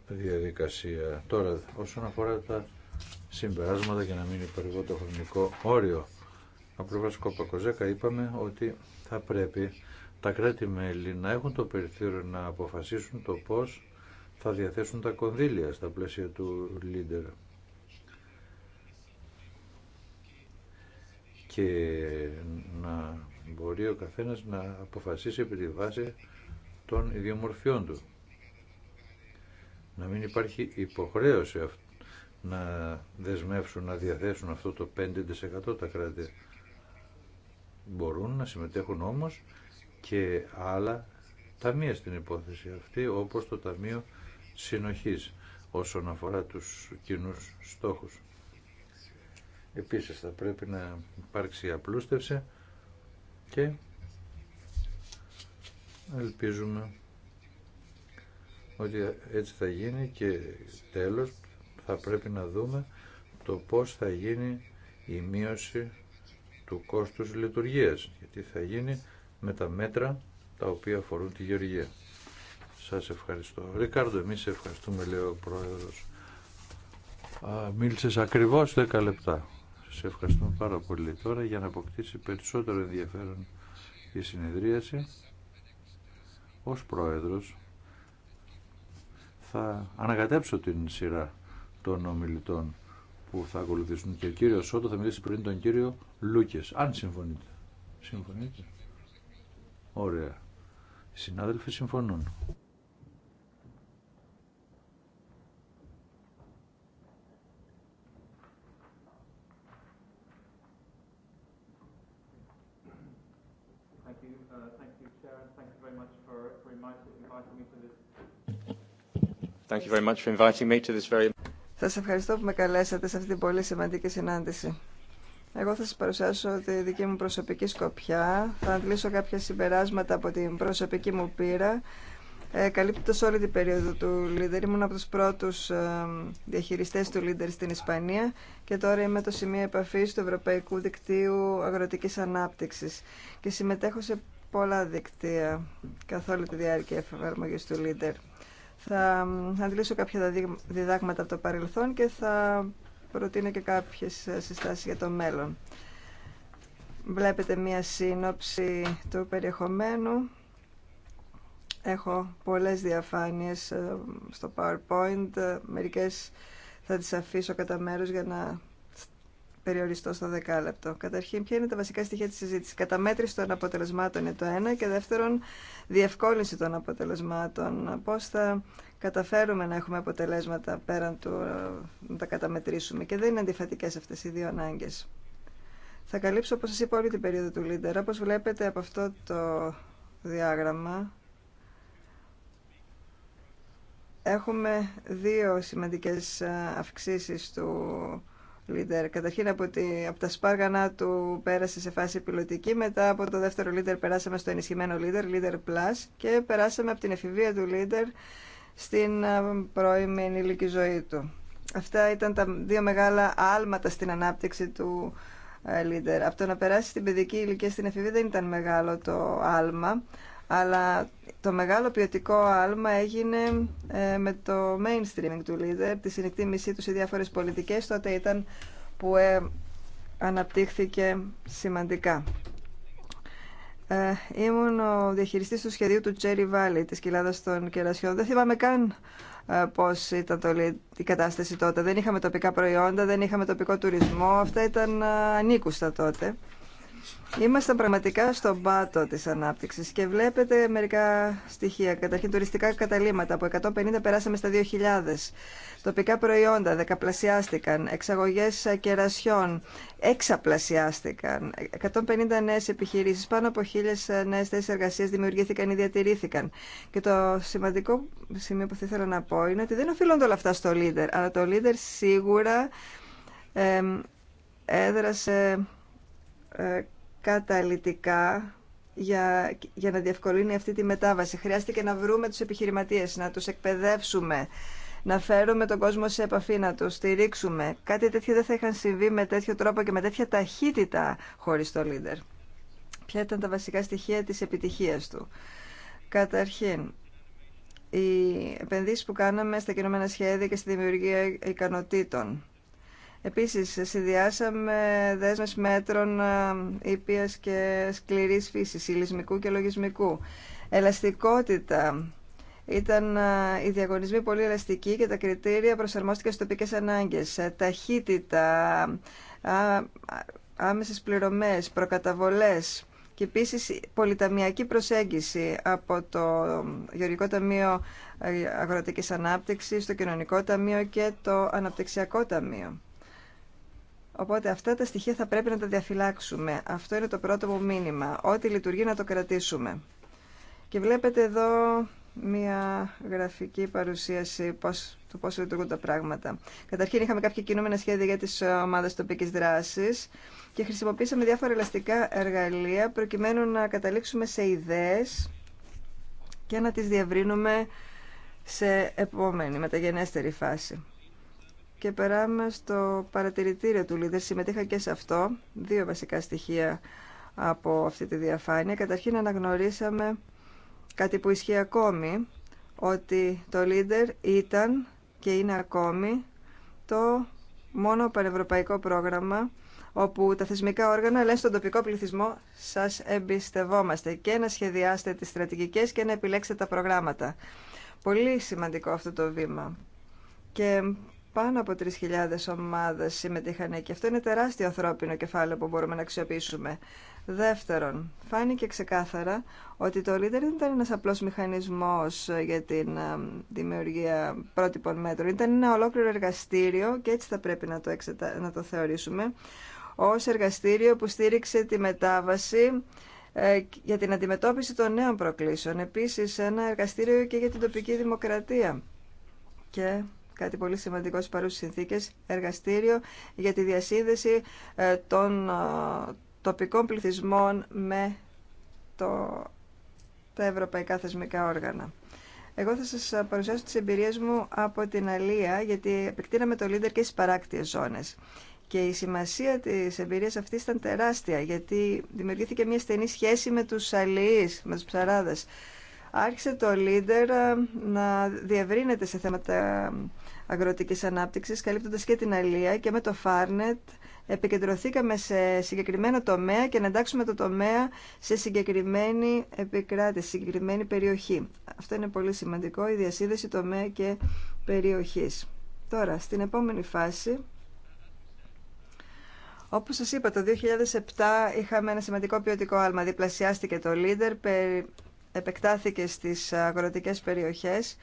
διαδικασία. Τώρα, όσον αφορά τα συμπεράσματα για να μην υπερβώ το χρονικό όριο, από πλευρά Κοπακοζέκα είπαμε ότι θα πρέπει τα κράτη-μέλη να έχουν το περιθώριο να αποφασίσουν το πώς θα διαθέσουν τα κονδύλια στα πλαίσια του Λίντερ. Και να μπορεί ο καθένας να αποφασίσει επί τη βάση των ιδιομορφιών του. Να μην υπάρχει υποχρέωση να δεσμεύσουν, να διαθέσουν αυτό το 5% τα κράτη. Μπορούν να συμμετέχουν όμως και άλλα ταμεία στην υπόθεση αυτή, όπως το Ταμείο Συνοχής, όσον αφορά τους κοινού στόχους. Επίσης θα πρέπει να υπάρξει απλούστευση και ελπίζουμε ότι έτσι θα γίνει και τέλος θα πρέπει να δούμε το πώς θα γίνει η μείωση του κόστους λειτουργίας, γιατί θα γίνει με τα μέτρα τα οποία αφορούν τη γεωργία. Σας ευχαριστώ. Ρικάρντο, εμείς ευχαριστούμε, λέει ο Πρόεδρος. Μίλησες ακριβώς 10 λεπτά. Σας ευχαριστούμε πάρα πολύ. Τώρα για να αποκτήσει περισσότερο ενδιαφέρον η συνεδρίαση, ως Πρόεδρος θα ανακατέψω την σειρά των ομιλητών που θα ακολουθήσουν. Και ο κύριο Σότο θα μιλήσει πριν τον κύριο Λούκε. Αν συμφωνείτε. Συμφωνείτε. Ωραία. Οι συνάδελφοι συμφωνούν. Thank you uh, uh, very much for inviting me to this very Σα ευχαριστώ που με καλέσατε σε αυτή την πολύ σημαντική συνάντηση. Εγώ θα σας παρουσιάσω τη δική μου προσωπική σκοπιά. Θα αντλήσω κάποια συμπεράσματα από την προσωπική μου πείρα. Ε, καλύπτοντας όλη την περίοδο του Λίντερ, Ήμουν από τους πρώτους ε, διαχειριστές του Λίντερ στην Ισπανία και τώρα είμαι το σημείο επαφής του Ευρωπαϊκού Δικτύου Αγροτικής Ανάπτυξης και συμμετέχω σε πολλά δικτύα καθ' όλη τη διάρκεια εφαρμογής του Λίντερ. Θα αντλήσω κάποια διδάγματα από το παρελθόν και θα προτείνω και κάποιες ε, συστάσεις για το μέλλον. Βλέπετε μία σύνοψη του περιεχομένου. Έχω πολλές διαφάνειες ε, στο PowerPoint. Ε, μερικές θα τις αφήσω κατά μέρους για να περιοριστώ στο δεκάλεπτο. Καταρχήν, ποια είναι τα βασικά στοιχεία τη συζήτηση. Καταμέτρηση των αποτελεσμάτων είναι το ένα και δεύτερον, διευκόλυνση των αποτελεσμάτων. Πώ θα καταφέρουμε να έχουμε αποτελέσματα πέραν του ε, να τα καταμετρήσουμε και δεν είναι αντιφατικέ αυτέ οι δύο ανάγκε. Θα καλύψω, όπω σας είπα, όλη την περίοδο του Λίντερ. Όπω βλέπετε από αυτό το διάγραμμα, έχουμε δύο σημαντικές ε, αυξήσεις του Leader. Καταρχήν από, τη, από τα σπάργανα του πέρασε σε φάση πιλωτική, μετά από το δεύτερο Leader περάσαμε στο ενισχυμένο Leader, Leader Plus και περάσαμε από την εφηβεία του Leader στην ε, πρώιμη ενήλικη ζωή του. Αυτά ήταν τα δύο μεγάλα άλματα στην ανάπτυξη του ε, Leader. Από το να περάσει στην παιδική ηλικία στην εφηβεία δεν ήταν μεγάλο το άλμα, αλλά το μεγάλο ποιοτικό άλμα έγινε ε, με το mainstreaming του Λίδερ, τη συνεκτίμησή του σε διάφορες πολιτικές, τότε ήταν που ε, αναπτύχθηκε σημαντικά. Ε, ήμουν ο διαχειριστής του σχεδίου του Cherry Valley, της κοιλάδας των κερασιών. Δεν θυμάμαι καν πώς ήταν το, η κατάσταση τότε. Δεν είχαμε τοπικά προϊόντα, δεν είχαμε τοπικό τουρισμό. Αυτά ήταν ανήκουστα τότε. Είμαστε πραγματικά στον πάτο της ανάπτυξη και βλέπετε μερικά στοιχεία. Καταρχήν τουριστικά καταλήμματα από 150 περάσαμε στα 2.000. Τοπικά προϊόντα δεκαπλασιάστηκαν, Εξαγωγέ κερασιών εξαπλασιάστηκαν, 150 νέες επιχειρήσεις, πάνω από 1.000 νέες θέσει εργασία δημιουργήθηκαν ή διατηρήθηκαν. Και το σημαντικό σημείο που θα ήθελα να πω είναι ότι δεν οφείλονται όλα αυτά στο leader, αλλά το leader σίγουρα έδρασε ε, καταλητικά για, για να διευκολύνει αυτή τη μετάβαση. Χρειάστηκε να βρούμε τους επιχειρηματίες, να τους εκπαιδεύσουμε, να φέρουμε τον κόσμο σε επαφή, να τους στηρίξουμε. Κάτι τέτοιο δεν θα είχαν συμβεί με τέτοιο τρόπο και με τέτοια ταχύτητα χωρίς το Λίντερ. Ποια ήταν τα βασικά στοιχεία της επιτυχίας του. Καταρχήν, οι επενδύσεις που κάναμε στα κοινωμένα σχέδια και στη δημιουργία ικανοτήτων Επίσης, συνδυάσαμε δέσμες μέτρων ε, ήπιας και σκληρής φύσης, ηλισμικού και λογισμικού. Ελαστικότητα. Ήταν η ε, διαγωνισμή πολύ ελαστική και τα κριτήρια προσαρμόστηκαν στις τοπικές ανάγκες. Ε, ταχύτητα, άμεσες πληρωμές, προκαταβολές και επίσης πολυταμιακή προσέγγιση από το Γεωργικό Ταμείο Αγροτικής Ανάπτυξης, το Κοινωνικό Ταμείο και το Αναπτυξιακό Ταμείο. Οπότε αυτά τα στοιχεία θα πρέπει να τα διαφυλάξουμε. Αυτό είναι το πρώτο μου μήνυμα. Ό,τι λειτουργεί να το κρατήσουμε. Και βλέπετε εδώ μια γραφική παρουσίαση πώς, του πώς λειτουργούν τα πράγματα. Καταρχήν είχαμε κάποια κινούμενα σχέδια για τις ε, ομάδες τοπικής δράσης και χρησιμοποίησαμε διάφορα ελαστικά εργαλεία προκειμένου να καταλήξουμε σε ιδέες και να τις διαβρύνουμε σε επόμενη μεταγενέστερη φάση. Και περάμε στο παρατηρητήριο του Λίδερ. Συμμετείχα και σε αυτό. Δύο βασικά στοιχεία από αυτή τη διαφάνεια. Καταρχήν αναγνωρίσαμε κάτι που ισχύει ακόμη, ότι το Λίδερ ήταν και είναι ακόμη το μόνο πανευρωπαϊκό πρόγραμμα όπου τα θεσμικά όργανα λένε στον τοπικό πληθυσμό σας εμπιστευόμαστε και να σχεδιάσετε τις στρατηγικές και να επιλέξετε τα προγράμματα. Πολύ σημαντικό αυτό το βήμα πάνω από 3.000 ομάδε συμμετείχαν και αυτό είναι τεράστιο ανθρώπινο κεφάλαιο που μπορούμε να αξιοποιήσουμε. Δεύτερον, φάνηκε ξεκάθαρα ότι το Leader δεν ήταν ένα απλό μηχανισμό ε, για την ε, δημιουργία πρότυπων μέτρων. Ήταν ένα ολόκληρο εργαστήριο και έτσι θα πρέπει να το, εξετα... να το θεωρήσουμε ω εργαστήριο που στήριξε τη μετάβαση ε, για την αντιμετώπιση των νέων προκλήσεων. Επίσης, ένα εργαστήριο και για την τοπική δημοκρατία. Και κάτι πολύ σημαντικό στις παρούσες συνθήκες, εργαστήριο για τη διασύνδεση ε, των ε, τοπικών πληθυσμών με το, τα ευρωπαϊκά θεσμικά όργανα. Εγώ θα σας ε, παρουσιάσω τις εμπειρίες μου από την Αλία, γιατί επεκτείναμε το Λίντερ και στις παράκτιες ζώνες. Και η σημασία της εμπειρίας αυτής ήταν τεράστια, γιατί δημιουργήθηκε μια στενή σχέση με τους αλληλείς, με τους ψαράδες. Άρχισε το Λίντερ να διευρύνεται σε θέματα Αγροτική ανάπτυξη, καλύπτοντα και την αλία και με το Φάρνετ, επικεντρωθήκαμε σε συγκεκριμένο τομέα και να εντάξουμε το τομέα σε συγκεκριμένη επικράτηση, συγκεκριμένη περιοχή. Αυτό είναι πολύ σημαντικό, η διασύνδεση τομέα και περιοχής. Τώρα, στην επόμενη φάση, όπως σας είπα, το 2007 είχαμε ένα σημαντικό ποιοτικό άλμα. Διπλασιάστηκε το Λίντερ, επεκτάθηκε στις αγροτικές περιοχές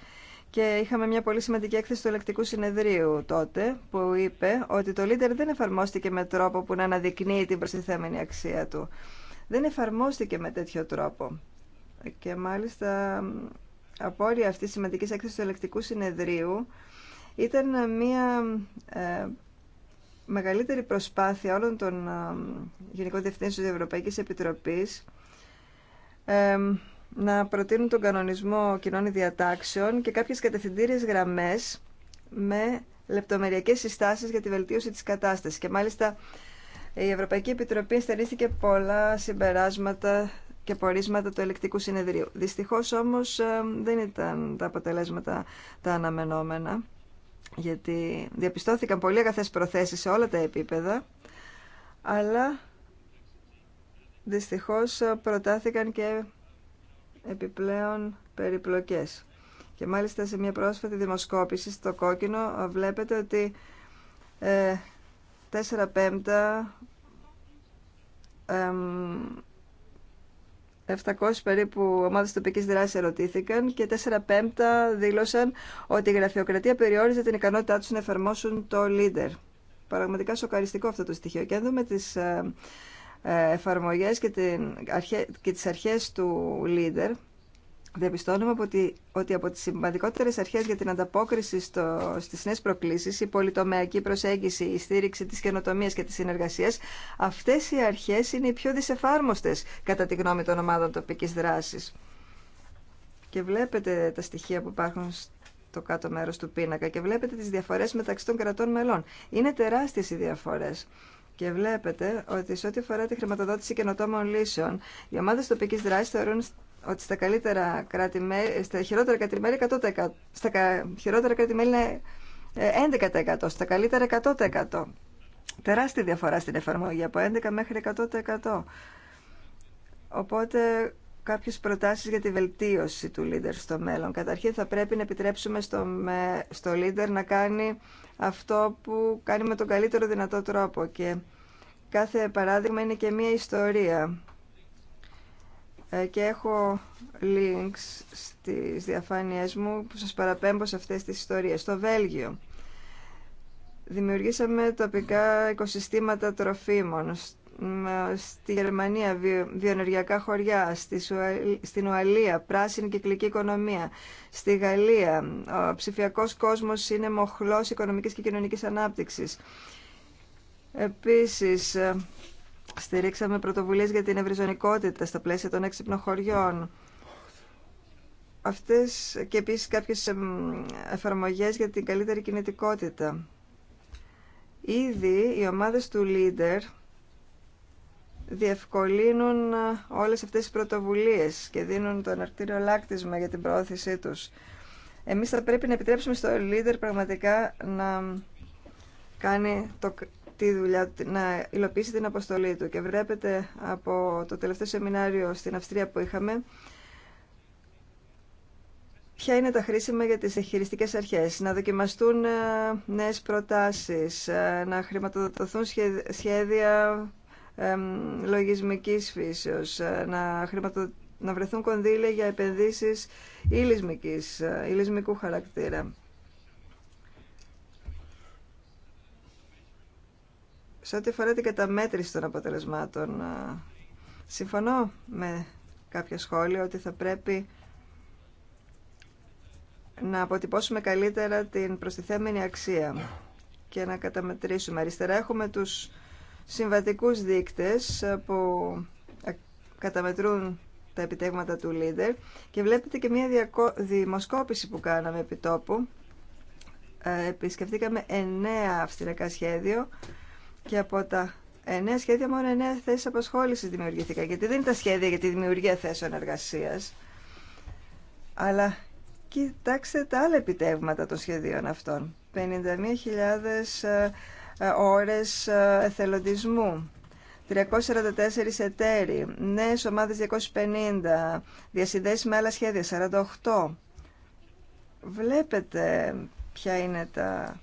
και είχαμε μια πολύ σημαντική έκθεση του ελεκτικού συνεδρίου τότε που είπε ότι το Λίντερ δεν εφαρμόστηκε με τρόπο που να αναδεικνύει την προστιθέμενη αξία του. Δεν εφαρμόστηκε με τέτοιο τρόπο. Και μάλιστα από όρια αυτή τη σημαντική έκθεση του ελεκτικού συνεδρίου ήταν μια ε, μεγαλύτερη προσπάθεια όλων των ε, Γενικών Διευθύνσεων της Ευρωπαϊκής Επιτροπής ε, να προτείνουν τον κανονισμό κοινών διατάξεων και κάποιες κατευθυντήριες γραμμές με λεπτομεριακές συστάσεις για τη βελτίωση της κατάστασης. Και μάλιστα η Ευρωπαϊκή Επιτροπή στενήθηκε πολλά συμπεράσματα και πορίσματα του ελεκτικού συνεδρίου. Δυστυχώς όμως ε, δεν ήταν τα αποτελέσματα τα αναμενόμενα, γιατί διαπιστώθηκαν πολλοί αγαθές προθέσεις σε όλα τα επίπεδα, αλλά δυστυχώς προτάθηκαν και επιπλέον περιπλοκές. Και μάλιστα σε μια πρόσφατη δημοσκόπηση στο κόκκινο βλέπετε ότι ε, 4 πέμπτα 700 περίπου ομάδες τοπικής δράσης ερωτήθηκαν και 4 πέμπτα δήλωσαν ότι η γραφειοκρατία περιόριζε την ικανότητά τους να εφαρμόσουν το leader. Πραγματικά σοκαριστικό αυτό το στοιχείο. Και εδώ με τις ε, ε, εφαρμογές και, την, και τις αρχές του leader, διαπιστώνουμε ότι, ότι από τις σημαντικότερες αρχές για την ανταπόκριση στο, στις νέες προκλήσεις, η πολυτομεακή προσέγγιση, η στήριξη της καινοτομίας και της συνεργασίας, αυτές οι αρχές είναι οι πιο δυσεφάρμοστες κατά τη γνώμη των ομάδων τοπικής δράσης. Και βλέπετε τα στοιχεία που υπάρχουν στο κάτω μέρος του πίνακα και βλέπετε τις διαφορές μεταξύ των κρατών μελών. Είναι τεράστιες οι διαφορές. Και βλέπετε ότι σε ό,τι αφορά τη χρηματοδότηση καινοτόμων λύσεων, οι ομάδε τοπική δράση θεωρούν ότι στα, καλύτερα στα χειρότερα κράτη-μέλη στα χειροτερα είναι 11%, ε, στα καλύτερα 100%. Τεράστια διαφορά στην εφαρμογή από 11 μέχρι 100%. Οπότε κάποιες προτάσεις για τη βελτίωση του leader στο μέλλον. Καταρχήν θα πρέπει να επιτρέψουμε στο, με, στο leader να κάνει αυτό που κάνει με τον καλύτερο δυνατό τρόπο και κάθε παράδειγμα είναι και μία ιστορία. Ε, και έχω links στις διαφάνειές μου που σας παραπέμπω σε αυτές τις ιστορίες. Στο Βέλγιο δημιουργήσαμε τοπικά οικοσυστήματα τροφίμων στη Γερμανία, βιοενεργειακά χωριά, στην Ουαλία, πράσινη κυκλική οικονομία, στη Γαλλία, ο ψηφιακός κόσμος είναι μοχλός οικονομικής και κοινωνικής ανάπτυξης. Επίσης, ε, στηρίξαμε πρωτοβουλίες για την ευρυζωνικότητα στα πλαίσια των έξυπνων χωριών. Αυτές και επίσης κάποιες εφαρμογές για την καλύτερη κινητικότητα. Ήδη οι ομάδες του Leader διευκολύνουν ε, όλες αυτές τις πρωτοβουλίες και δίνουν το αναρτήριο λάκτισμα για την προώθησή τους. Εμείς θα πρέπει να επιτρέψουμε στο leader πραγματικά να κάνει το, τη δουλειά, να υλοποιήσει την αποστολή του. Και βλέπετε από το τελευταίο σεμινάριο στην Αυστρία που είχαμε, ποια είναι τα χρήσιμα για τις εγχειριστικές αρχές. Να δοκιμαστούν ε, νέες προτάσεις, ε, να χρηματοδοτηθούν σχέδια λογισμικής φύσεως, ε, να, χρηματο... να βρεθούν κονδύλια για επενδύσεις ηλισμικής, ηλισμικού ε, χαρακτήρα. Σε ό,τι αφορά την καταμέτρηση των αποτελεσμάτων, ε, συμφωνώ με κάποια σχόλια ότι θα πρέπει να αποτυπώσουμε καλύτερα την προστιθέμενη αξία και να καταμετρήσουμε. Αριστερά έχουμε τους συμβατικούς δείκτες ε, που ε, καταμετρούν τα επιτέγματα του Λίντερ και βλέπετε και μια δημοσκόπηση που κάναμε επί τόπου. Ε, επισκεφτήκαμε εννέα αυστηριακά σχέδιο και από τα εννέα σχέδια μόνο εννέα θέσεις απασχόλησης δημιουργήθηκαν. Γιατί δεν είναι τα σχέδια για τη δημιουργία θέσεων εργασίας, αλλά κοιτάξτε τα άλλα επιτεύγματα των σχεδίων αυτών. Ε, ώρες ε, εθελοντισμού. 344 εταίροι, νέες ομάδες 250, διασυνδέσεις με άλλα σχέδια 48. Βλέπετε ποια είναι τα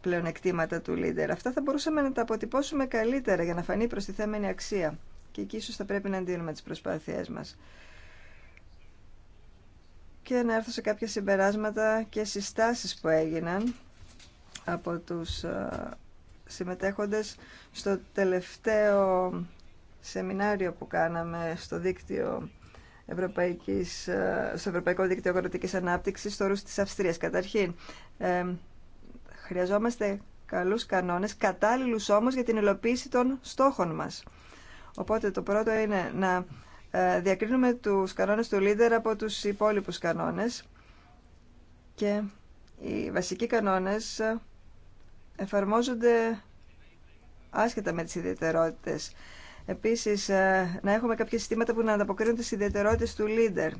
πλεονεκτήματα του Leader. Αυτά θα μπορούσαμε να τα αποτυπώσουμε καλύτερα για να φανεί θέμενη αξία. Και εκεί ίσως θα πρέπει να εντείνουμε τις προσπάθειές μας. Και να έρθω σε κάποια συμπεράσματα και συστάσεις που έγιναν από τους ε, συμμετέχοντες στο τελευταίο σεμινάριο που κάναμε στο δίκτυο Ευρωπαϊκής, ε, στο Ευρωπαϊκό Δίκτυο Αγροτικής Ανάπτυξης στο ρούς της Αυστρίας. Καταρχήν, ε, χρειαζόμαστε καλούς κανόνες, κατάλληλους όμως για την υλοποίηση των στόχων μας. Οπότε το πρώτο είναι να ε, διακρίνουμε τους κανόνες του leader από τους υπόλοιπους κανόνες και οι βασικοί κανόνες ε, εφαρμόζονται άσχετα με τις ιδιαιτερότητες. Επίσης, ε, να έχουμε κάποια συστήματα που να ανταποκρίνονται στις ιδιαιτερότητες του leader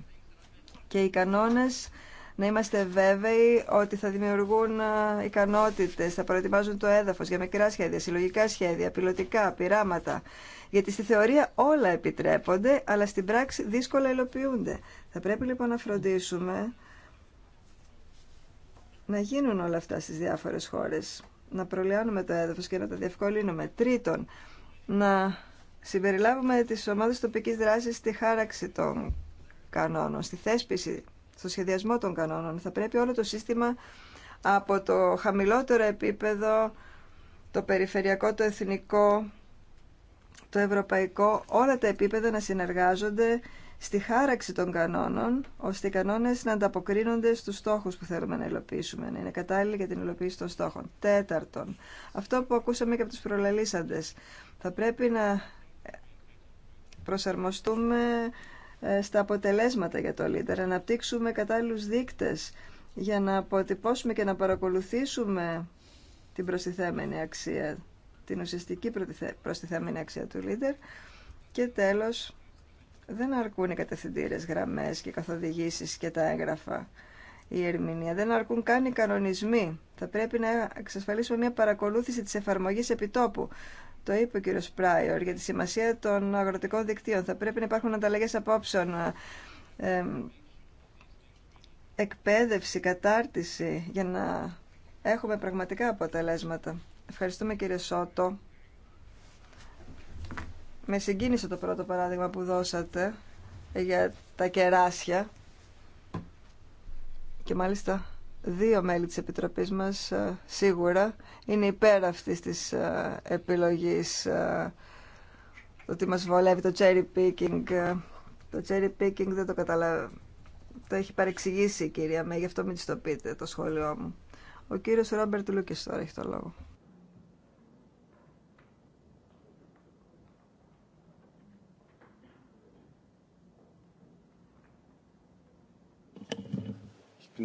και οι κανόνες να είμαστε βέβαιοι ότι θα δημιουργούν ε, ικανότητες, θα προετοιμάζουν το έδαφος για μικρά σχέδια, συλλογικά σχέδια, πιλωτικά, πειράματα. Γιατί στη θεωρία όλα επιτρέπονται, αλλά στην πράξη δύσκολα υλοποιούνται. Θα πρέπει λοιπόν να φροντίσουμε να γίνουν όλα αυτά στις διάφορες χώρες να προλιάνουμε το έδαφος και να τα διευκολύνουμε. Τρίτον, να συμπεριλάβουμε τις ομάδες τοπικής δράσης στη χάραξη των κανόνων, στη θέσπιση, στο σχεδιασμό των κανόνων. Θα πρέπει όλο το σύστημα από το χαμηλότερο επίπεδο, το περιφερειακό, το εθνικό, το ευρωπαϊκό, όλα τα επίπεδα να συνεργάζονται στη χάραξη των κανόνων, ώστε οι κανόνες να ανταποκρίνονται στους στόχους που θέλουμε να υλοποιήσουμε, να είναι κατάλληλοι για την υλοποίηση των στόχων. Τέταρτον, αυτό που ακούσαμε και από τους προλαλήσαντε, θα πρέπει να προσαρμοστούμε ε, στα αποτελέσματα για το leader, να αναπτύξουμε κατάλληλους δείκτες για να αποτυπώσουμε και να παρακολουθήσουμε την προστιθέμενη αξία, την ουσιαστική προστιθέμενη αξία του leader και τέλος δεν αρκούν οι κατευθυντήρες γραμμές και καθοδηγήσεις και τα έγγραφα η ερμηνεία. Δεν αρκούν καν οι κανονισμοί. Θα πρέπει να εξασφαλίσουμε μια παρακολούθηση της εφαρμογής επιτόπου. Το είπε ο κύριος Πράιορ για τη σημασία των αγροτικών δικτύων. Θα πρέπει να υπάρχουν ανταλλαγές απόψεων, ε, ε εκπαίδευση, κατάρτιση για να έχουμε πραγματικά αποτελέσματα. Ευχαριστούμε κύριε Σότο με συγκίνησε το πρώτο παράδειγμα που δώσατε ε, για τα κεράσια και μάλιστα δύο μέλη της Επιτροπής μας ε, σίγουρα είναι υπέρ αυτής της ε, επιλογής το ότι μας βολεύει το cherry picking το cherry picking δεν το καταλαβαίνω το έχει παρεξηγήσει η κυρία Μέ γι' αυτό μην το πείτε το σχόλιο μου ο κύριος Ρόμπερτ Λούκης τώρα έχει το λόγο Ε,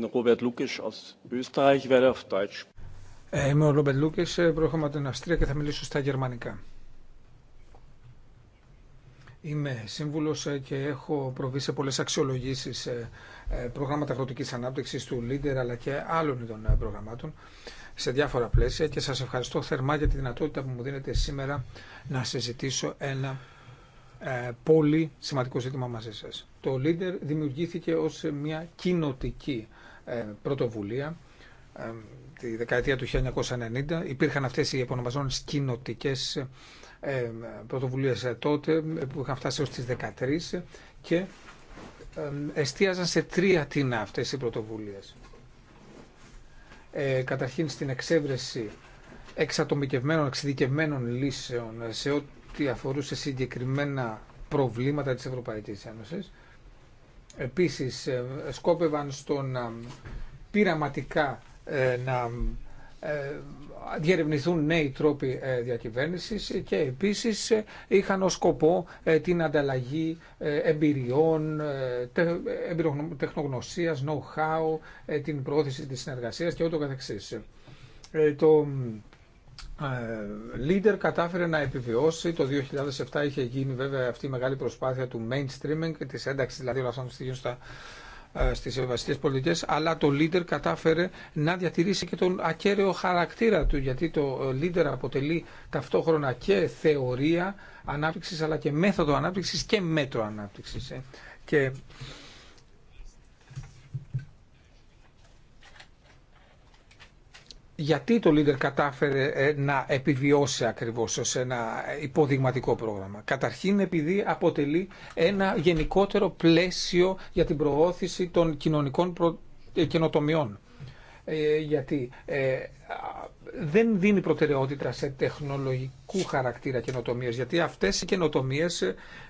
είμαι ο Ρόμπερτ Λούκε, προέρχομαι από την Αυστρία και θα μιλήσω στα γερμανικά. Είμαι σύμβουλος ε, και έχω προβεί σε πολλές αξιολογήσεις ε, προγράμματα αγροτική ανάπτυξης του Λίντερ αλλά και άλλων ειδών προγραμμάτων σε διάφορα πλαίσια και σας ευχαριστώ θερμά για τη δυνατότητα που μου δίνετε σήμερα να συζητήσω ένα πολύ σημαντικό ζήτημα μαζί σα. Το Leader δημιουργήθηκε ω μια κοινοτική ε, πρωτοβουλία ε, τη δεκαετία του 1990. Υπήρχαν αυτές οι επωνομαζόμενες κοινοτικές ε, πρωτοβουλίες τότε που είχαν φτάσει ως τις 13 και εστίαζαν σε τρία τίνα αυτές οι πρωτοβουλίες. Ε, καταρχήν στην εξέβρεση εξατομικευμένων, εξειδικευμένων λύσεων σε ό,τι αφορούσε συγκεκριμένα προβλήματα της Ευρωπαϊκής Ένωσης επίσης ε, σκόπευαν στο ε, ε, να πειραματικά να διερευνηθούν νέοι τρόποι διακυβέρνησης και επίσης είχαν ως σκοπό την ανταλλαγή εμπειριών, τεχνογνωσίας, know-how, την πρόθεση της συνεργασίας και ούτω καθεξής. Ε, leader κατάφερε να επιβιώσει. Το 2007 είχε γίνει βέβαια αυτή η μεγάλη προσπάθεια του mainstreaming, της ένταξη δηλαδή όλων αυτών των στοιχείων στα, ε, στις ευαστικές πολιτικές, αλλά το leader κατάφερε να διατηρήσει και τον ακέραιο χαρακτήρα του, γιατί το ε, leader αποτελεί ταυτόχρονα και θεωρία ανάπτυξη, αλλά και μέθοδο ανάπτυξη και μέτρο ανάπτυξης. Και γιατί το Λίντερ κατάφερε ε, να επιβιώσει ακριβώς ως ένα υποδειγματικό πρόγραμμα. Καταρχήν επειδή αποτελεί ένα γενικότερο πλαίσιο για την προώθηση των κοινωνικών προ... Ε, καινοτομιών. Ε, γιατί ε, δεν δίνει προτεραιότητα σε τεχνολογικού χαρακτήρα καινοτομίε, γιατί αυτές οι καινοτομίε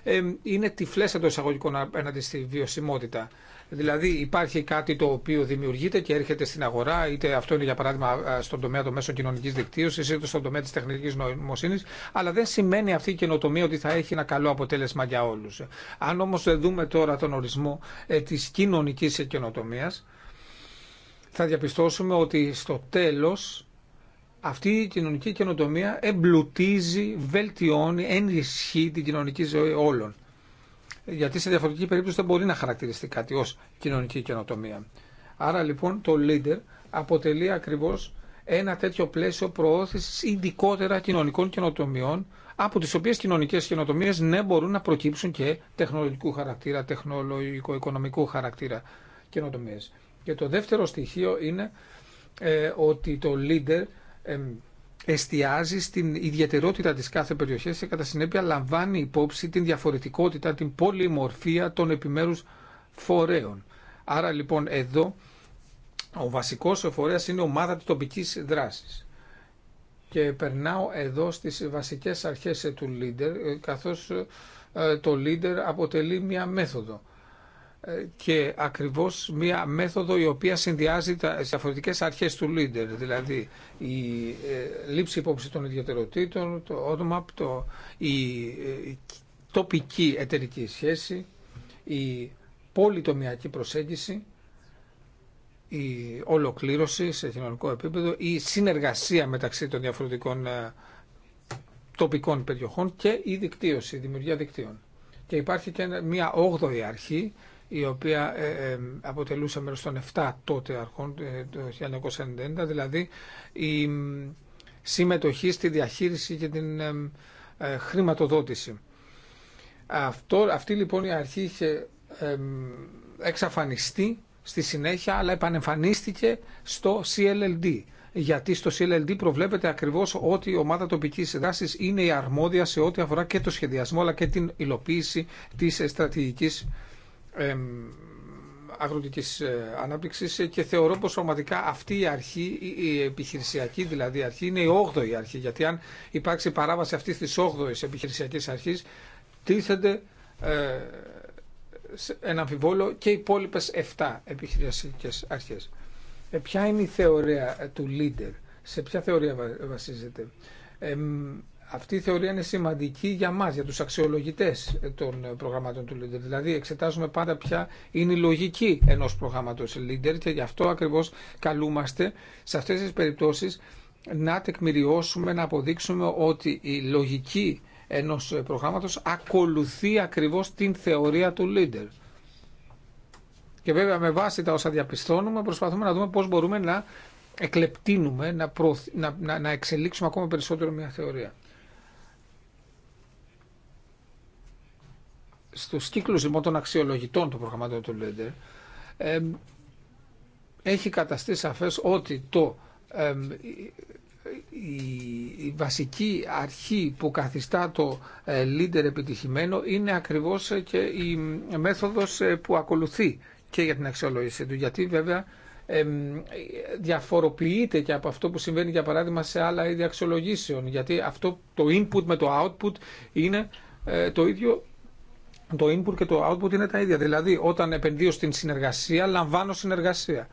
ε, είναι τυφλές εντό εισαγωγικών απέναντι στη βιωσιμότητα. Δηλαδή υπάρχει κάτι το οποίο δημιουργείται και έρχεται στην αγορά, είτε αυτό είναι για παράδειγμα στον τομέα των μέσων κοινωνική δικτύωση, είτε στον τομέα τη τεχνητική νοημοσύνη, αλλά δεν σημαίνει αυτή η καινοτομία ότι θα έχει ένα καλό αποτέλεσμα για όλου. Αν όμω δούμε τώρα τον ορισμό ε, τη κοινωνική καινοτομία, θα διαπιστώσουμε ότι στο τέλο αυτή η κοινωνική καινοτομία εμπλουτίζει, βελτιώνει, ενισχύει την κοινωνική ζωή όλων γιατί σε διαφορετική περίπτωση δεν μπορεί να χαρακτηριστεί κάτι ως κοινωνική καινοτομία. Άρα λοιπόν το leader αποτελεί ακριβώς ένα τέτοιο πλαίσιο προώθησης ειδικότερα κοινωνικών καινοτομιών από τις οποίες κοινωνικές καινοτομίε ναι μπορούν να προκύψουν και τεχνολογικού χαρακτήρα, τεχνολογικο-οικονομικού χαρακτήρα καινοτομίε. Και το δεύτερο στοιχείο είναι ε, ότι το leader εστιάζει στην ιδιαιτερότητα της κάθε περιοχής και κατά συνέπεια λαμβάνει υπόψη την διαφορετικότητα, την πολυμορφία των επιμέρους φορέων. Άρα λοιπόν εδώ ο βασικός φορέας είναι ομάδα της τοπικής δράσης. Και περνάω εδώ στις βασικές αρχές του Λίντερ καθώς ε, το Λίντερ αποτελεί μια μέθοδο και ακριβώς μία μέθοδο η οποία συνδυάζει τα διαφορετικέ αρχές του leader, δηλαδή η ε, λήψη υπόψη των ιδιωτεροτήτων το ονόμα, το, η ε, τοπική εταιρική σχέση, η πολυτομιακή προσέγγιση, η ολοκλήρωση σε κοινωνικό επίπεδο, η συνεργασία μεταξύ των διαφορετικών ε, τοπικών περιοχών και η δικτύωση, η δημιουργία δικτύων. Και υπάρχει και μια όγδοη αρχή, η οποία ε, ε, αποτελούσε μέρος των 7 τότε αρχών ε, το 1990, δηλαδή η συμμετοχή στη διαχείριση και την χρηματοδότηση. Αυτό, αυτή λοιπόν η αρχή είχε εξαφανιστεί στη συνέχεια, αλλά επανεμφανίστηκε στο CLLD. Γιατί στο CLLD προβλέπεται ακριβώς ότι η ομάδα τοπικής δράση είναι η αρμόδια σε ό,τι αφορά και το σχεδιασμό, αλλά και την υλοποίηση τη στρατηγική αγροτικής ε, ανάπτυξης και θεωρώ πως πραγματικά αυτή η αρχή, η επιχειρησιακή δηλαδή αρχή, είναι η 8η αρχή. Γιατί αν υπάρξει παράβαση αυτής της 8ης επιχειρησιακής αρχής, τίθενται ε, ένα αμφιβόλο και οι υπόλοιπε 7 επιχειρησιακές αρχές. Ε, ποια είναι η θεωρία ε, του leader, σε ποια θεωρία βασίζεται αυτή η θεωρία είναι σημαντική για μα, για του αξιολογητέ των προγραμμάτων του Λίντερ. Δηλαδή, εξετάζουμε πάντα ποια είναι η λογική ενό προγράμματο Leader και γι' αυτό ακριβώ καλούμαστε σε αυτέ τι περιπτώσει να τεκμηριώσουμε, να αποδείξουμε ότι η λογική ενό προγράμματο ακολουθεί ακριβώ την θεωρία του Λίντερ. Και βέβαια με βάση τα όσα διαπιστώνουμε προσπαθούμε να δούμε πώς μπορούμε να εκλεπτύνουμε, να, να, να εξελίξουμε ακόμα περισσότερο μια θεωρία. στους κύκλους λοιπόν των αξιολογητών των προγραμμάτων του Λέντερ έχει καταστεί σαφές ότι το, η, βασική αρχή που καθιστά το ε, leader επιτυχημένο είναι ακριβώς ε, και η ε, μέθοδος ε, που ακολουθεί και για την αξιολόγηση του. Γιατί βέβαια διαφοροποιείται και από αυτό που συμβαίνει για παράδειγμα σε άλλα είδη αξιολογήσεων. Γιατί αυτό το input με το output είναι το ίδιο το input και το output είναι τα ίδια. Δηλαδή, όταν επενδύω στην συνεργασία, λαμβάνω συνεργασία.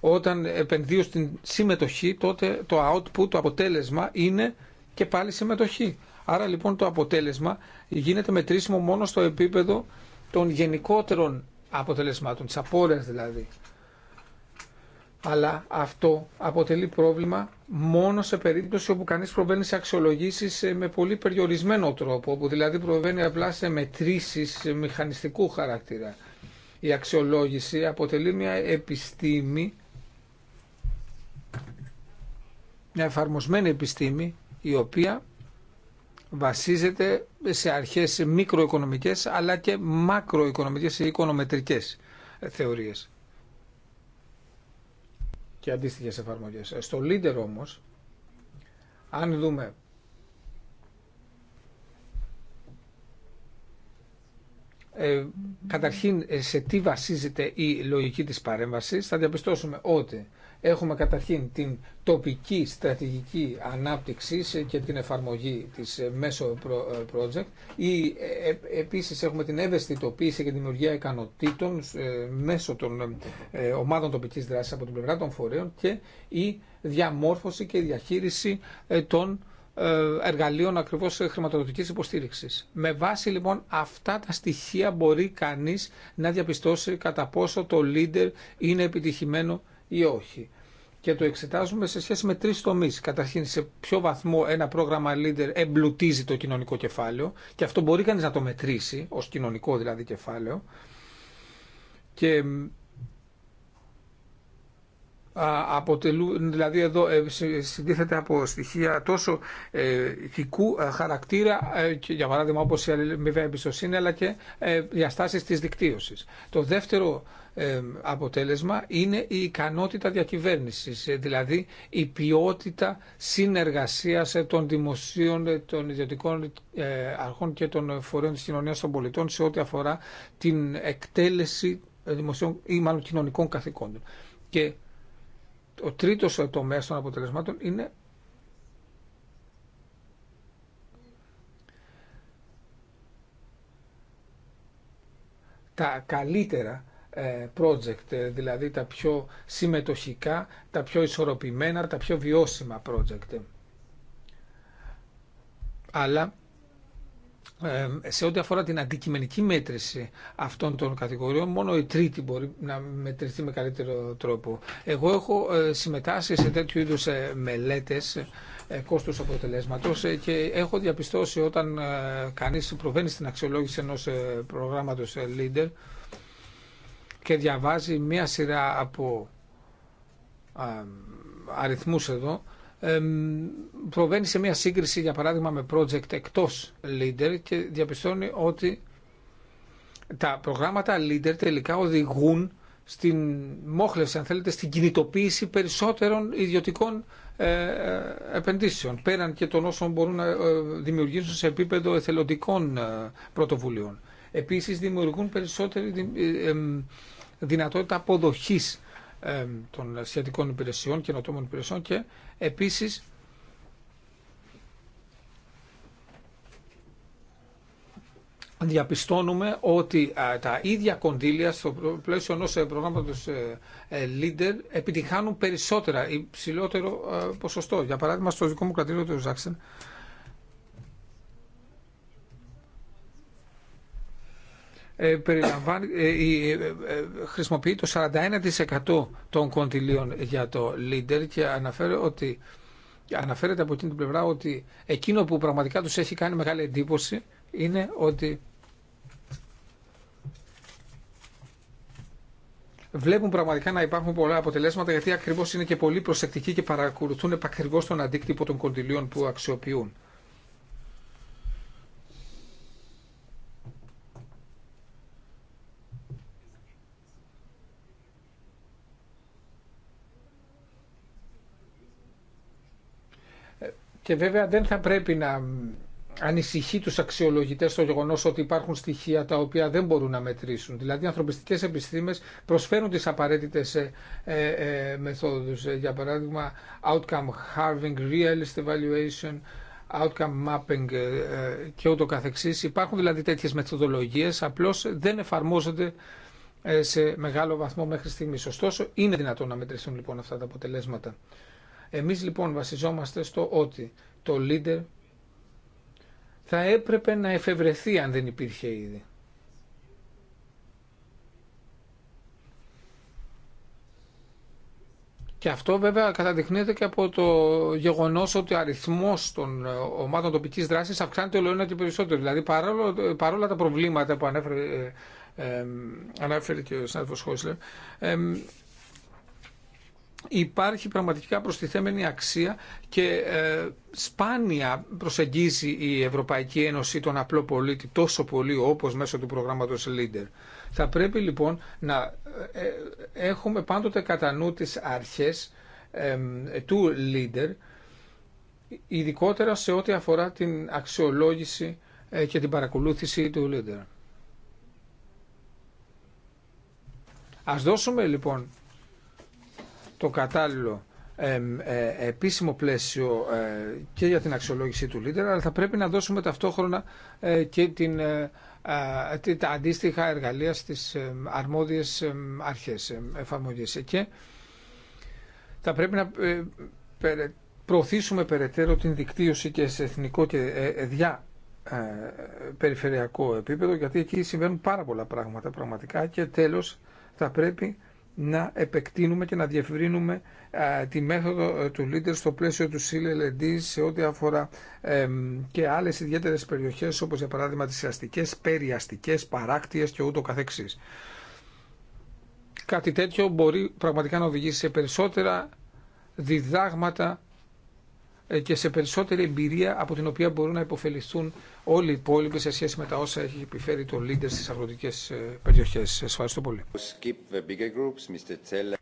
Όταν επενδύω στην συμμετοχή, τότε το output, το αποτέλεσμα είναι και πάλι συμμετοχή. Άρα λοιπόν το αποτέλεσμα γίνεται μετρήσιμο μόνο στο επίπεδο των γενικότερων αποτελεσμάτων, τη απόρριας δηλαδή αλλά αυτό αποτελεί πρόβλημα μόνο σε περίπτωση όπου κανείς προβαίνει σε αξιολογήσεις ε, με πολύ περιορισμένο τρόπο, όπου δηλαδή προβαίνει απλά σε μετρήσεις μηχανιστικού χαρακτήρα. Η αξιολόγηση αποτελεί μια επιστήμη, μια εφαρμοσμένη επιστήμη, η οποία βασίζεται σε αρχές μικροοικονομικές αλλά και μακροοικονομικές ή οικονομετρικές ε, θεωρίες και αντίστοιχες εφαρμογές. Ε, στο Leader όμως, αν δούμε Ε, καταρχήν ε, σε τι βασίζεται η λογική της παρέμβασης θα διαπιστώσουμε ότι Έχουμε καταρχήν την τοπική στρατηγική ανάπτυξη ε, και την εφαρμογή της ε, μέσω ε, project Επίση επίσης έχουμε την ευαισθητοποίηση και δημιουργία ικανοτήτων μέσω των ομάδων τοπικής δράσης από την πλευρά των φορέων και η διαμόρφωση και η διαχείριση των εργαλείων ακριβώς χρηματοδοτικής υποστήριξης. Με βάση λοιπόν αυτά τα στοιχεία μπορεί κανείς να διαπιστώσει κατά πόσο το leader είναι επιτυχημένο ή όχι. Και το εξετάζουμε σε σχέση με τρει τομεί. Καταρχήν, σε ποιο βαθμό ένα πρόγραμμα leader εμπλουτίζει το κοινωνικό κεφάλαιο και αυτό μπορεί κανεί να το μετρήσει, ω κοινωνικό δηλαδή κεφάλαιο. Και αποτελούν, δηλαδή εδώ ε, συντίθεται από στοιχεία τόσο ηθικού ε, ε, χαρακτήρα, για παράδειγμα όπως η αλληλεμιβαία εμπιστοσύνη, αλλά και διαστάσεις της δικτύωσης. Το δεύτερο αποτέλεσμα είναι η ικανότητα διακυβέρνησης, ε, δηλαδή η ποιότητα συνεργασίας ε, των δημοσίων, ε, των ιδιωτικών αρχών και των φορέων της κοινωνίας των πολιτών σε ό,τι αφορά την εκτέλεση δημοσίων ή μάλλον κοινωνικών καθηκόντων. Και ο τρίτος τομέας των αποτελεσμάτων είναι τα καλύτερα ε, project, ε, δηλαδή τα πιο συμμετοχικά, τα πιο ισορροπημένα, τα πιο βιώσιμα project. Αλλά σε ό,τι αφορά την αντικειμενική μέτρηση αυτών των κατηγοριών, μόνο η τρίτη μπορεί να μετρηθεί με καλύτερο τρόπο. Εγώ έχω ε, συμμετάσχει σε τέτοιου είδου μελέτε κόστου αποτελέσματο και έχω διαπιστώσει όταν κανεί προβαίνει στην αξιολόγηση ενό προγράμματο leader και διαβάζει μία σειρά από αριθμούς εδώ, προβαίνει σε μία σύγκριση για παράδειγμα με project εκτός leader και διαπιστώνει ότι τα προγράμματα leader τελικά οδηγούν στην μόχλευση, αν θέλετε, στην κινητοποίηση περισσότερων ιδιωτικών ε, ε, επενδύσεων, πέραν και των όσων μπορούν να ε, δημιουργήσουν σε επίπεδο εθελοντικών πρωτοβουλίων. Επίσης, δημιουργούν περισσότερη δυνατότητα αποδοχής των σχετικών υπηρεσιών, καινοτόμων υπηρεσιών και επίσης διαπιστώνουμε ότι τα ίδια κονδύλια στο πλαίσιο ενός ε, προγράμματος ε, ε, Leader επιτυχάνουν περισσότερα, υψηλότερο ποσοστό. Για παράδειγμα, στο δικό μου κρατήριο του Ζάξεν, Ε, περιλαμβάνει, ε, ε, χρησιμοποιεί το 41% των κοντιλίων για το Leader και αναφέρει ότι αναφέρεται από εκείνη την πλευρά ότι εκείνο που πραγματικά τους έχει κάνει μεγάλη εντύπωση είναι ότι βλέπουν πραγματικά να υπάρχουν πολλά αποτελέσματα γιατί ακριβώς είναι και πολύ προσεκτικοί και παρακολουθούν επακριβώς τον αντίκτυπο των κοντιλίων που αξιοποιούν. Και βέβαια δεν θα πρέπει να ανησυχεί τους αξιολογητές το γεγονός ότι υπάρχουν στοιχεία τα οποία δεν μπορούν να μετρήσουν. Δηλαδή οι ανθρωπιστικές επιστήμες προσφέρουν τις απαραίτητες ε, ε, ε μεθόδους. Ε, για παράδειγμα, outcome harving, realist evaluation, outcome mapping ε, ε, και ούτω καθεξής. Υπάρχουν δηλαδή τέτοιες μεθοδολογίες, απλώς δεν εφαρμόζονται σε μεγάλο βαθμό μέχρι στιγμής. Ωστόσο, είναι δυνατόν να μετρήσουν λοιπόν αυτά τα αποτελέσματα. Εμείς λοιπόν βασιζόμαστε στο ότι το leader θα έπρεπε να εφευρεθεί αν δεν υπήρχε ήδη. Και αυτό βέβαια καταδεικνύεται και από το γεγονό ότι ο αριθμό των ομάδων τοπική δράση αυξάνεται όλο ένα και περισσότερο. Δηλαδή παρόλο, παρόλα τα προβλήματα που ανέφερε, ε, ε, ε ανέφερε και ο συνάδελφο Χόισλερ, ε, υπάρχει πραγματικά προστιθέμενη αξία και ε, σπάνια προσεγγίζει η Ευρωπαϊκή Ένωση τον απλό πολίτη τόσο πολύ όπως μέσω του προγράμματος Leader. Θα πρέπει λοιπόν να ε, ε, έχουμε πάντοτε κατά νου τις αρχές του Leader ειδικότερα σε ό,τι αφορά την αξιολόγηση και την παρακολούθηση του Leader. Ας δώσουμε λοιπόν το κατάλληλο ε, επίσημο πλαίσιο ε, και για την αξιολόγηση του leader, αλλά θα πρέπει να δώσουμε ταυτόχρονα ε, και την, τα αντίστοιχα εργαλεία στις αρμόδιες αρχές εφαρμογής. Και θα πρέπει να προωθήσουμε περαιτέρω την δικτύωση και σε εθνικό και διά περιφερειακό επίπεδο, γιατί εκεί συμβαίνουν πάρα πολλά πράγματα πραγματικά και τέλος θα πρέπει να επεκτείνουμε και να διευρύνουμε τη μέθοδο ε, του Λίντερ στο πλαίσιο του CLLD σε ό,τι αφορά και άλλες ιδιαίτερες περιοχές όπως για παράδειγμα τις αστικές, περιαστικές, παράκτιες και ούτω καθεξής. Κάτι τέτοιο μπορεί πραγματικά να οδηγήσει σε περισσότερα διδάγματα ε, και σε περισσότερη εμπειρία από την οποία μπορούν να υποφεληθούν όλοι οι υπόλοιποι σε σχέση με τα όσα έχει επιφέρει το Leader στις αγροτικές ε, περιοχές. Σας ευχαριστώ πολύ.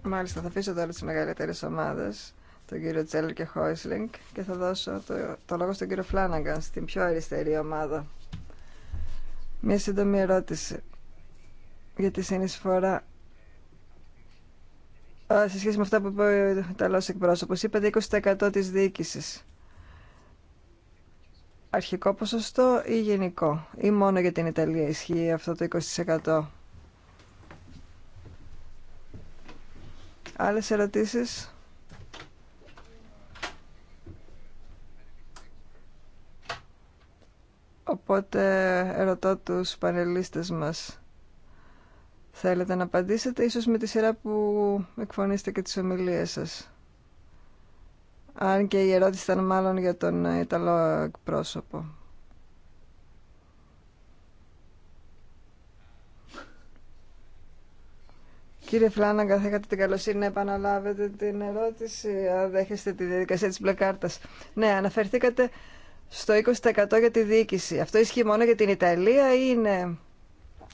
Μάλιστα, θα αφήσω τώρα τις μεγαλύτερες ομάδες, τον κύριο Τσέλερ και Χόισλινγκ και θα δώσω το, το λόγο στον κύριο Φλάναγκαν, στην πιο αριστερή ομάδα. Μια σύντομη ερώτηση για τη συνεισφορά σε σχέση με αυτά που είπε ο Ιταλός εκπρόσωπος. Είπατε 20% της διοίκησης. Αρχικό ποσοστό ή γενικό. Ή μόνο για την Ιταλία ισχύει αυτό το 20%. Άλλες ερωτήσεις. Οπότε ερωτώ τους πανελίστες μας. Θέλετε να απαντήσετε, ίσως με τη σειρά που εκφωνήσετε και τις ομιλίες σας. Αν και η ερώτηση ήταν μάλλον για τον Ιταλό εκπρόσωπο. Κύριε φλάνα, θα είχατε την καλοσύνη να επαναλάβετε την ερώτηση, αν δέχεστε τη διαδικασία της μπλε κάρτας. Ναι, αναφερθήκατε στο 20% για τη διοίκηση. Αυτό ισχύει μόνο για την Ιταλία ή είναι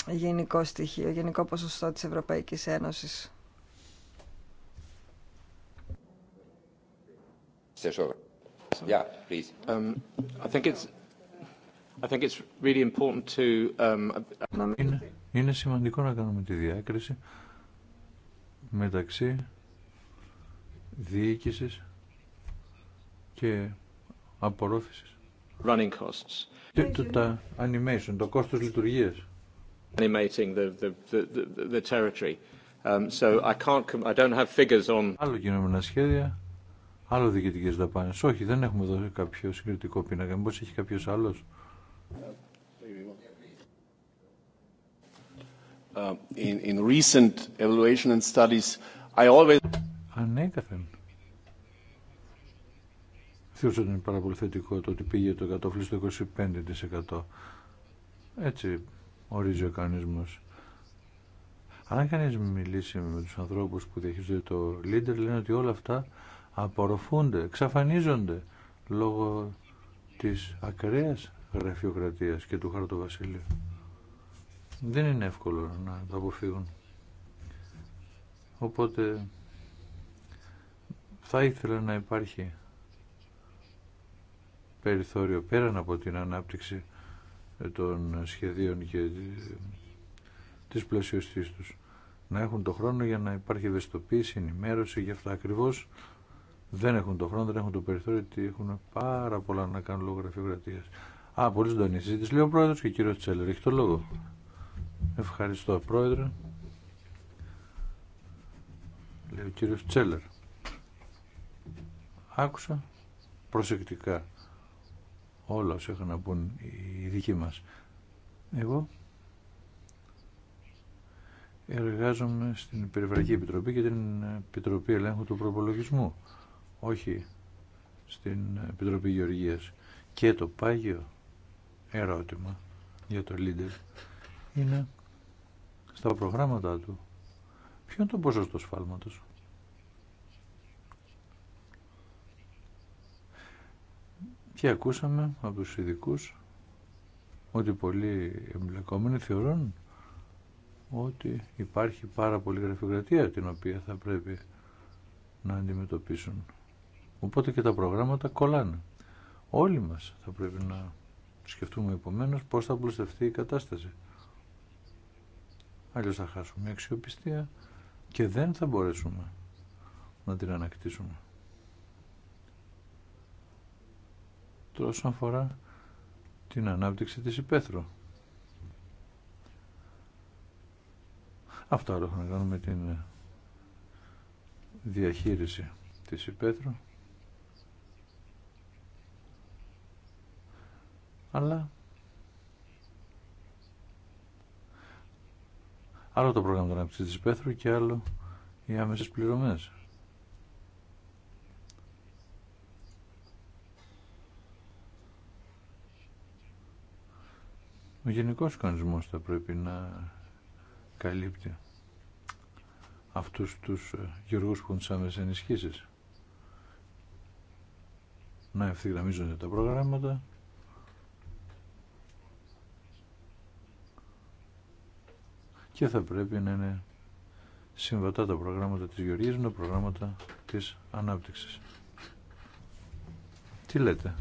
γενικό στοιχείο, γενικό ποσοστό της Ευρωπαϊκής Ένωσης. Yeah, please. Um, I think it's I think it's really important to um... είναι, είναι σημαντικό να κάνουμε τη διάκριση μεταξύ διοίκησης και απορρόφησης. Running costs. το, τα animation, το κόστος λειτουργίας animating the, the, the, the territory. Um, so I, can't, com- I don't have figures on... Άλλο γινόμενα σχέδια, άλλο διοικητικές δαπάνες. Όχι, δεν έχουμε εδώ κάποιο συγκριτικό πίνακα. Μήπως έχει κάποιος άλλος. Uh, in, in recent evaluation and studies, I always... Ανέκαθεν. Θεωρούσα ότι είναι πάρα πολύ θετικό το ότι πήγε το κατόφλι στο 25%. Έτσι ορίζει ο κανονισμός. αν κανείς μιλήσει με τους ανθρώπους που διαχειρίζονται το Leader, λένε ότι όλα αυτά απορροφούνται, εξαφανίζονται λόγω της ακραία γραφειοκρατίας και του χαρτοβασιλείου. Δεν είναι εύκολο να τα αποφύγουν. Οπότε θα ήθελα να υπάρχει περιθώριο πέραν από την ανάπτυξη των σχεδίων και της πλαισιωστής τους. Να έχουν το χρόνο για να υπάρχει ευαισθητοποίηση, ενημέρωση για αυτά ακριβώς. Δεν έχουν το χρόνο, δεν έχουν το περιθώριο, γιατί έχουν πάρα πολλά να κάνουν λόγω γραφειοκρατίας. Α, πολύ ζωντανή συζήτηση, λέει ο Πρόεδρος και ο κύριος Τσέλερ. Έχει το λόγο. Ευχαριστώ, Πρόεδρε. Λέει ο κύριος Τσέλερ. Άκουσα προσεκτικά όλα όσα είχαν να πούν οι δικοί μας. Εγώ εργάζομαι στην Περιφερειακή Επιτροπή και την Επιτροπή Ελέγχου του Προπολογισμού, όχι στην Επιτροπή Γεωργίας. Και το πάγιο ερώτημα για το Λίντερ είναι στα προγράμματα του. Ποιο είναι το ποσοστό σφάλματος. Και ακούσαμε από τους ειδικού ότι πολλοί εμπλεκόμενοι θεωρούν ότι υπάρχει πάρα πολύ γραφειοκρατία την οποία θα πρέπει να αντιμετωπίσουν. Οπότε και τα προγράμματα κολλάνε. Όλοι μας θα πρέπει να σκεφτούμε επομένως πώς θα πλουστευτεί η κατάσταση. Αλλιώς θα χάσουμε αξιοπιστία και δεν θα μπορέσουμε να την ανακτήσουμε. όσον αφορά την ανάπτυξη της υπαίθρου. Αυτό άλλο να με την διαχείριση της υπαίθρου. Αλλά άλλο το πρόγραμμα των ανάπτυξης της υπαίθρου και άλλο οι άμεσες πληρωμές. Ο γενικός κανονισμός θα πρέπει να καλύπτει αυτούς τους ε, γεωργούς που έχουν τις ενισχύσεις. Να ευθυγραμμίζονται τα προγράμματα και θα πρέπει να είναι συμβατά τα προγράμματα της γεωργίας με τα προγράμματα της ανάπτυξης. Τι λέτε.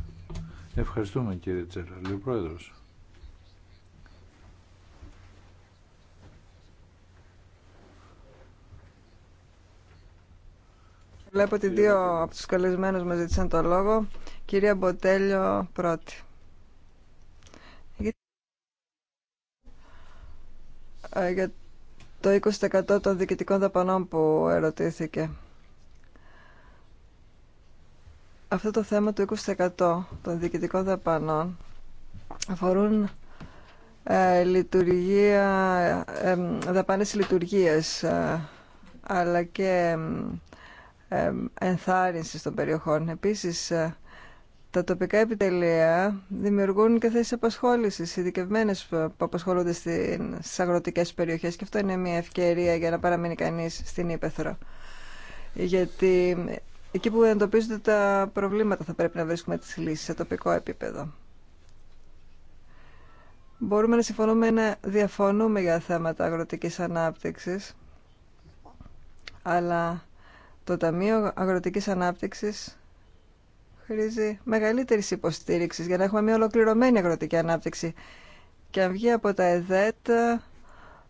Ευχαριστούμε κύριε Τσέρα, λέει ο Πρόεδρος. Βλέπω ότι δύο από τους καλεσμένους μας ζήτησαν το λόγο. Κυρία Μποτέλιο πρώτη. Ε, για το 20% των διοικητικών δαπανών που ερωτήθηκε. Αυτό το θέμα του 20% των διοικητικών δαπανών αφορούν ε, λειτουργία, ε, ε δαπάνες λειτουργίας ε, αλλά και ενθάρρυνσης των περιοχών. Επίσης, ε, τα τοπικά επιτελεία δημιουργούν και θέσει απασχόληση, ειδικευμένε που απασχολούνται στι αγροτικέ περιοχέ και αυτό είναι μια ευκαιρία για να παραμείνει κανεί στην Ήπεθρο. Γιατί εκεί που εντοπίζονται τα προβλήματα θα πρέπει να βρίσκουμε τι λύσει σε τοπικό επίπεδο. Μπορούμε να συμφωνούμε να διαφωνούμε για θέματα αγροτικής ανάπτυξης, αλλά το Ταμείο Αγροτικής Ανάπτυξης χρήζει μεγαλύτερη υποστήριξη για να έχουμε μια ολοκληρωμένη αγροτική ανάπτυξη. Και αν βγει από τα ΕΔΕΤ,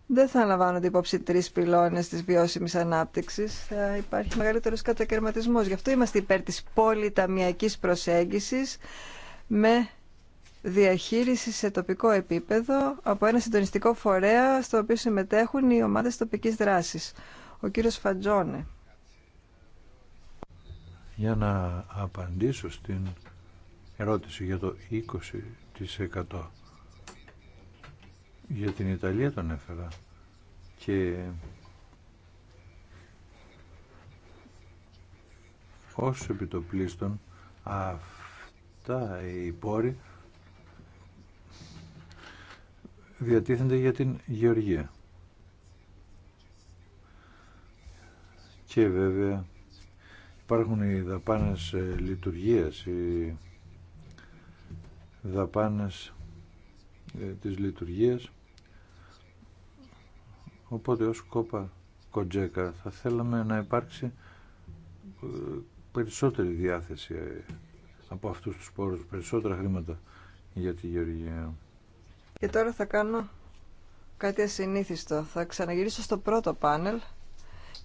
δεν θα αναλαμβάνονται υπόψη τρει πυλώνε τη βιώσιμη ανάπτυξη. Θα υπάρχει μεγαλύτερο κατακαιρματισμό. Γι' αυτό είμαστε υπέρ τη πολυταμιακή προσέγγιση με διαχείριση σε τοπικό επίπεδο από ένα συντονιστικό φορέα στο οποίο συμμετέχουν οι ομάδες τοπικής δράση Ο κύριο Φατζόνε για να απαντήσω στην ερώτηση για το 20% για την Ιταλία τον έφερα και ως επιτοπλίστων αυτά οι πόροι διατίθενται για την γεωργία. Και βέβαια Υπάρχουν οι δαπάνες ε, λειτουργίας, οι δαπάνες ε, της λειτουργίας. Οπότε ως κόπα κοντζέκα θα θέλαμε να υπάρξει ε, περισσότερη διάθεση από αυτούς τους πόρους, περισσότερα χρήματα για τη Γεωργία. Και τώρα θα κάνω κάτι ασυνήθιστο. Θα ξαναγυρίσω στο πρώτο πάνελ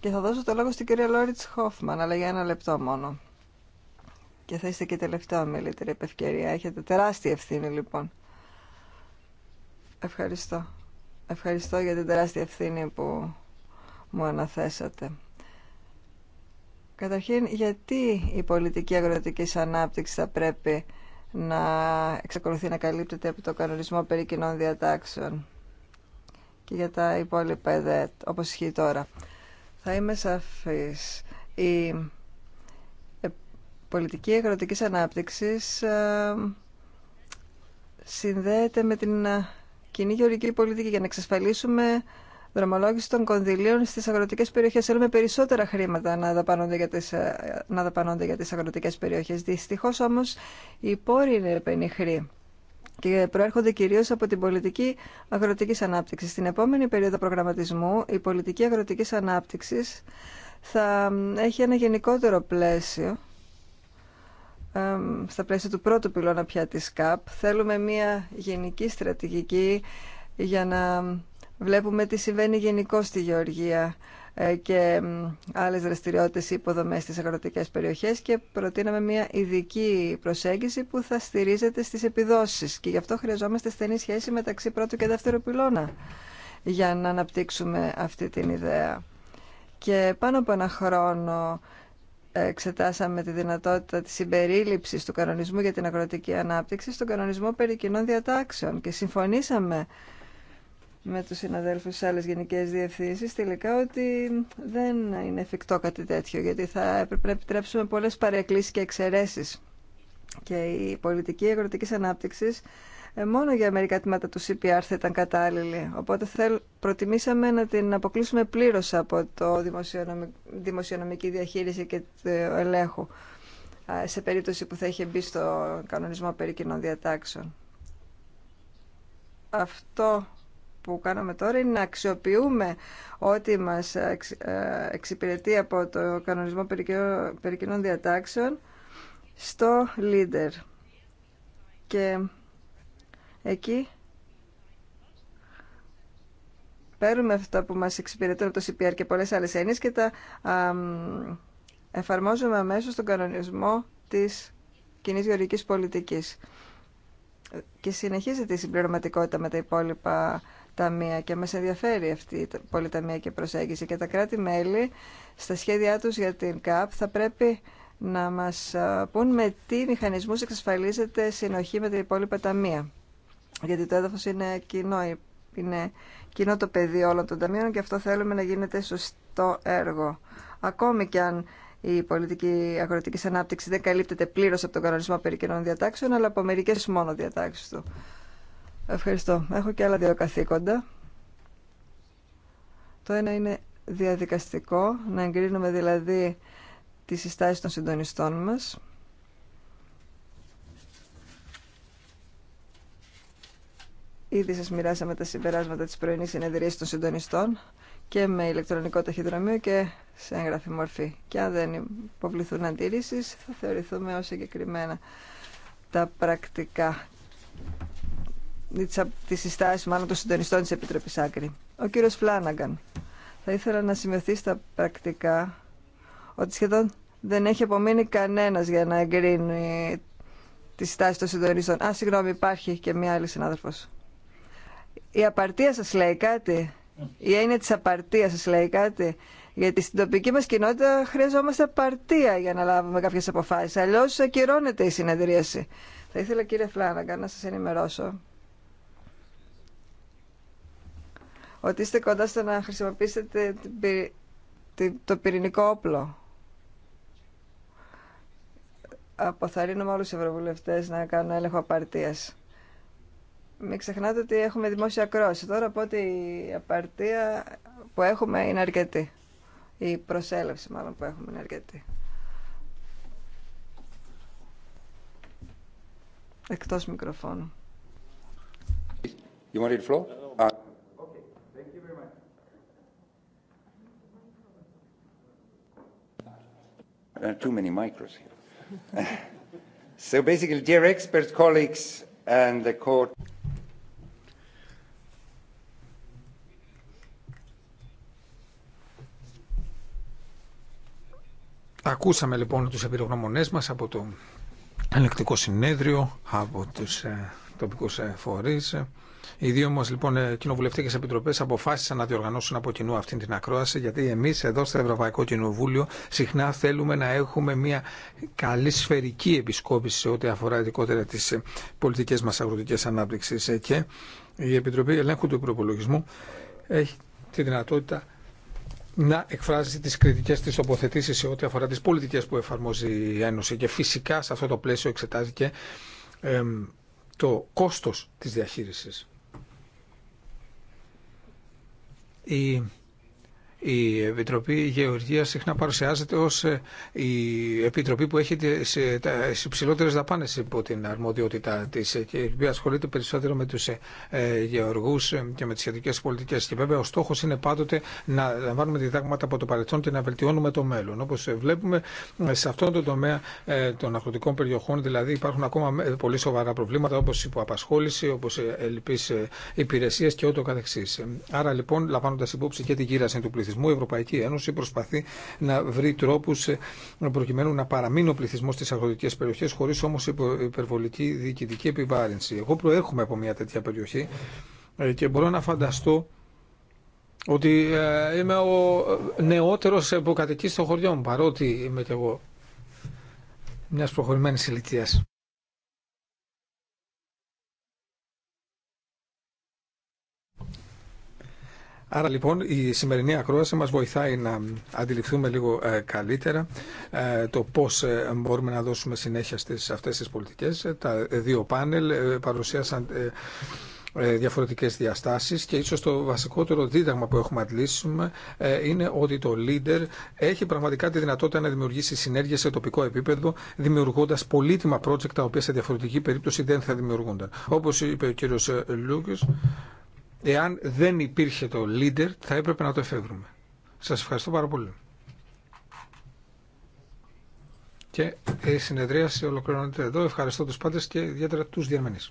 και θα δώσω το λόγο στην κυρία Λόριτς Χόφμαν, αλλά για ένα λεπτό μόνο. Και θα είστε και τελευταία ομιλήτρια επ' Έχετε τεράστια ευθύνη λοιπόν. Ευχαριστώ. Ευχαριστώ για την τεράστια ευθύνη που μου αναθέσατε. Καταρχήν, γιατί η πολιτική αγροτική ανάπτυξη θα πρέπει να εξακολουθεί να καλύπτεται από το κανονισμό περί κοινών διατάξεων και για τα υπόλοιπα ΕΔΕΤ, όπως ισχύει τώρα. Θα είμαι σαφής. Η ε, πολιτική αγροτικής ανάπτυξης ε, συνδέεται με την ε, κοινή γεωργική πολιτική για να εξασφαλίσουμε δρομολόγηση των κονδυλίων στις αγροτικές περιοχές. Θέλουμε περισσότερα χρήματα να δαπανώνται για τις, να δαπανώνται για τις αγροτικές περιοχές. Δυστυχώς όμως οι πόροι είναι επενιχροί και προέρχονται κυρίως από την πολιτική αγροτικής ανάπτυξης. Στην επόμενη περίοδο προγραμματισμού η πολιτική αγροτικής ανάπτυξης θα έχει ένα γενικότερο πλαίσιο στα πλαίσια του πρώτου πυλώνα πια της ΚΑΠ. Θέλουμε μια γενική στρατηγική για να βλέπουμε τι συμβαίνει γενικώ στη Γεωργία ε, και άλλες δραστηριότητες ή υποδομές στις αγροτικές περιοχές και προτείναμε μια ειδική προσέγγιση που θα στηρίζεται στις επιδόσεις και γι' αυτό χρειαζόμαστε στενή σχέση μεταξύ πρώτου και δεύτερου πυλώνα για να αναπτύξουμε αυτή την ιδέα. Και πάνω από ένα χρόνο ε, εξετάσαμε τη δυνατότητα της συμπερίληψης του κανονισμού για την αγροτική ανάπτυξη στον κανονισμό περί κοινών διατάξεων και συμφωνήσαμε με τους συναδέλφους σε άλλες γενικές διευθύνσεις τελικά ότι δεν είναι εφικτό κάτι τέτοιο γιατί θα έπρεπε να επιτρέψουμε πολλές παρεκκλήσεις και εξαιρέσεις και η πολιτική αγροτικής ανάπτυξης ε, μόνο για μερικά τμήματα του CPR θα ήταν κατάλληλη. Οπότε θέλ, προτιμήσαμε να την αποκλείσουμε πλήρως από το δημοσιονομική διαχείριση και το ελέγχου σε περίπτωση που θα είχε μπει στο κανονισμό περί κοινών διατάξεων. Αυτό που κάνουμε τώρα είναι να αξιοποιούμε ό,τι μας ε, εξυπηρετεί από το κανονισμό περί κοινών διατάξεων στο leader. Και εκεί παίρνουμε αυτά που μας εξυπηρετούν από το CPR και πολλές άλλες έννοιες και τα εφαρμόζουμε αμέσως στον κανονισμό της κοινή γεωργικής πολιτικής. Και συνεχίζεται η συμπληρωματικότητα με τα υπόλοιπα ταμεία και μας ενδιαφέρει αυτή η πολυταμία και προσέγγιση και τα κράτη-μέλη στα σχέδιά τους για την ΚΑΠ θα πρέπει να μας πούν με τι μηχανισμούς εξασφαλίζεται συνοχή με την υπόλοιπα ταμεία. Γιατί το έδαφος είναι κοινό, είναι κοινό το πεδίο όλων των ταμείων και αυτό θέλουμε να γίνεται σωστό έργο. Ακόμη και αν η πολιτική αγροτική ανάπτυξη δεν καλύπτεται πλήρω από τον κανονισμό περί κοινών διατάξεων, αλλά από μερικέ μόνο διατάξει του. Ευχαριστώ. Έχω και άλλα δύο καθήκοντα. Το ένα είναι διαδικαστικό, να εγκρίνουμε δηλαδή τις συστάσεις των συντονιστών μας. Ήδη σας μοιράσαμε τα συμπεράσματα της πρωινής συνεδρίας των συντονιστών και με ηλεκτρονικό ταχυδρομείο και σε έγγραφη μορφή. Και αν δεν υποβληθούν αντιρρήσεις θα θεωρηθούμε ως συγκεκριμένα τα πρακτικά τις συστάσεις μάλλον των συντονιστών της Επιτροπής Άκρη. Ο κύριος Φλάναγκαν. Θα ήθελα να σημειωθεί στα πρακτικά ότι σχεδόν δεν έχει απομείνει κανένας για να εγκρίνει τη στάση των συντονιστών. Α, συγγνώμη, υπάρχει και μία άλλη συνάδελφος. Η απαρτία σας λέει κάτι. Η έννοια της απαρτίας σας λέει κάτι. Γιατί στην τοπική μας κοινότητα χρειαζόμαστε απαρτία για να λάβουμε κάποιες αποφάσεις. Αλλιώς ακυρώνεται η συνεδρίαση. Θα ήθελα κύριε Φλάναγκα να σας ενημερώσω ότι είστε κοντά στο να χρησιμοποιήσετε το πυρηνικό όπλο. Αποθαρρύνουμε όλους τους ευρωβουλευτές να κάνουν έλεγχο απαρτίας. Μην ξεχνάτε ότι έχουμε δημόσια κρόση. Τώρα από ότι η απαρτία που έχουμε είναι αρκετή. Η προσέλευση μάλλον που έχουμε είναι αρκετή. Εκτός μικροφώνου. You There are too many micros here. so basically, dear experts, colleagues, and the court. Ακούσαμε λοιπόν τους εμπειρογνωμονές μας από το ελεκτικό συνέδριο, από τους ε, τοπικούς ε, φορείς οι δύο μα λοιπόν ε, κοινοβουλευτικέ επιτροπέ αποφάσισαν να διοργανώσουν από κοινού αυτή την ακρόαση, γιατί εμεί εδώ στο Ευρωπαϊκό Κοινοβούλιο συχνά θέλουμε να έχουμε μια καλή σφαιρική επισκόπηση σε ό,τι αφορά ειδικότερα τι ε, πολιτικέ μα αγροτικέ ανάπτυξη. Ε, και η Επιτροπή Ελέγχου του Προπολογισμού έχει τη δυνατότητα να εκφράζει τις κριτικές της τοποθετήσεις σε ό,τι αφορά τις πολιτικές που εφαρμόζει η Ένωση και φυσικά σε αυτό το πλαίσιο εξετάζει και το κόστος της διαχείρισης η η Επιτροπή Γεωργίας συχνά παρουσιάζεται ως ε, η Επιτροπή που έχει ε, τις υψηλότερες δαπάνες υπό την αρμοδιότητά της ε, και η οποία ασχολείται περισσότερο με τους γεωργούς και με τις σχετικές πολιτικές. Και βέβαια ο στόχος είναι πάντοτε να λαμβάνουμε διδάγματα από το παρελθόν και να βελτιώνουμε το μέλλον. Όπως βλέπουμε σε αυτόν τον τομέα των αγροτικών περιοχών δηλαδή υπάρχουν ακόμα πολύ σοβαρά προβλήματα όπως υποαπασχόληση, όπως ελλειπείς υπηρεσίες και ούτω Άρα λοιπόν υπόψη και την κύραση του πληθυσμού πληθυσμού, η Ευρωπαϊκή Ένωση προσπαθεί να βρει τρόπου ε, προκειμένου να παραμείνει ο πληθυσμό στι αγροτικέ περιοχέ, χωρί όμω υπερβολική διοικητική επιβάρυνση. Εγώ προέρχομαι από μια τέτοια περιοχή ε, και μπορώ να φανταστώ ότι ε, είμαι ο νεότερο που κατοικεί στο χωριό μου, παρότι είμαι κι εγώ μιας προχωρημένη ηλικία. Άρα λοιπόν η σημερινή ακρόαση μας βοηθάει να αντιληφθούμε λίγο ε, καλύτερα ε, το πώς ε, μπορούμε να δώσουμε συνέχεια στις αυτές τις πολιτικές. Τα δύο πάνελ παρουσίασαν διαφορετικές διαστάσεις και ίσως το βασικότερο δίδαγμα που έχουμε αντλήσουμε είναι ότι το leader έχει πραγματικά τη δυνατότητα να δημιουργήσει συνέργειες σε τοπικό επίπεδο δημιουργώντας πολύτιμα project τα οποία σε διαφορετική περίπτωση δεν θα δημιουργούνταν. Όπως είπε ο κύριος Λούκης, εάν δεν υπήρχε το leader θα έπρεπε να το εφεύρουμε. Σας ευχαριστώ πάρα πολύ. Και η συνεδρίαση ολοκληρώνεται εδώ. Ευχαριστώ τους πάντες και ιδιαίτερα τους διαμενείς.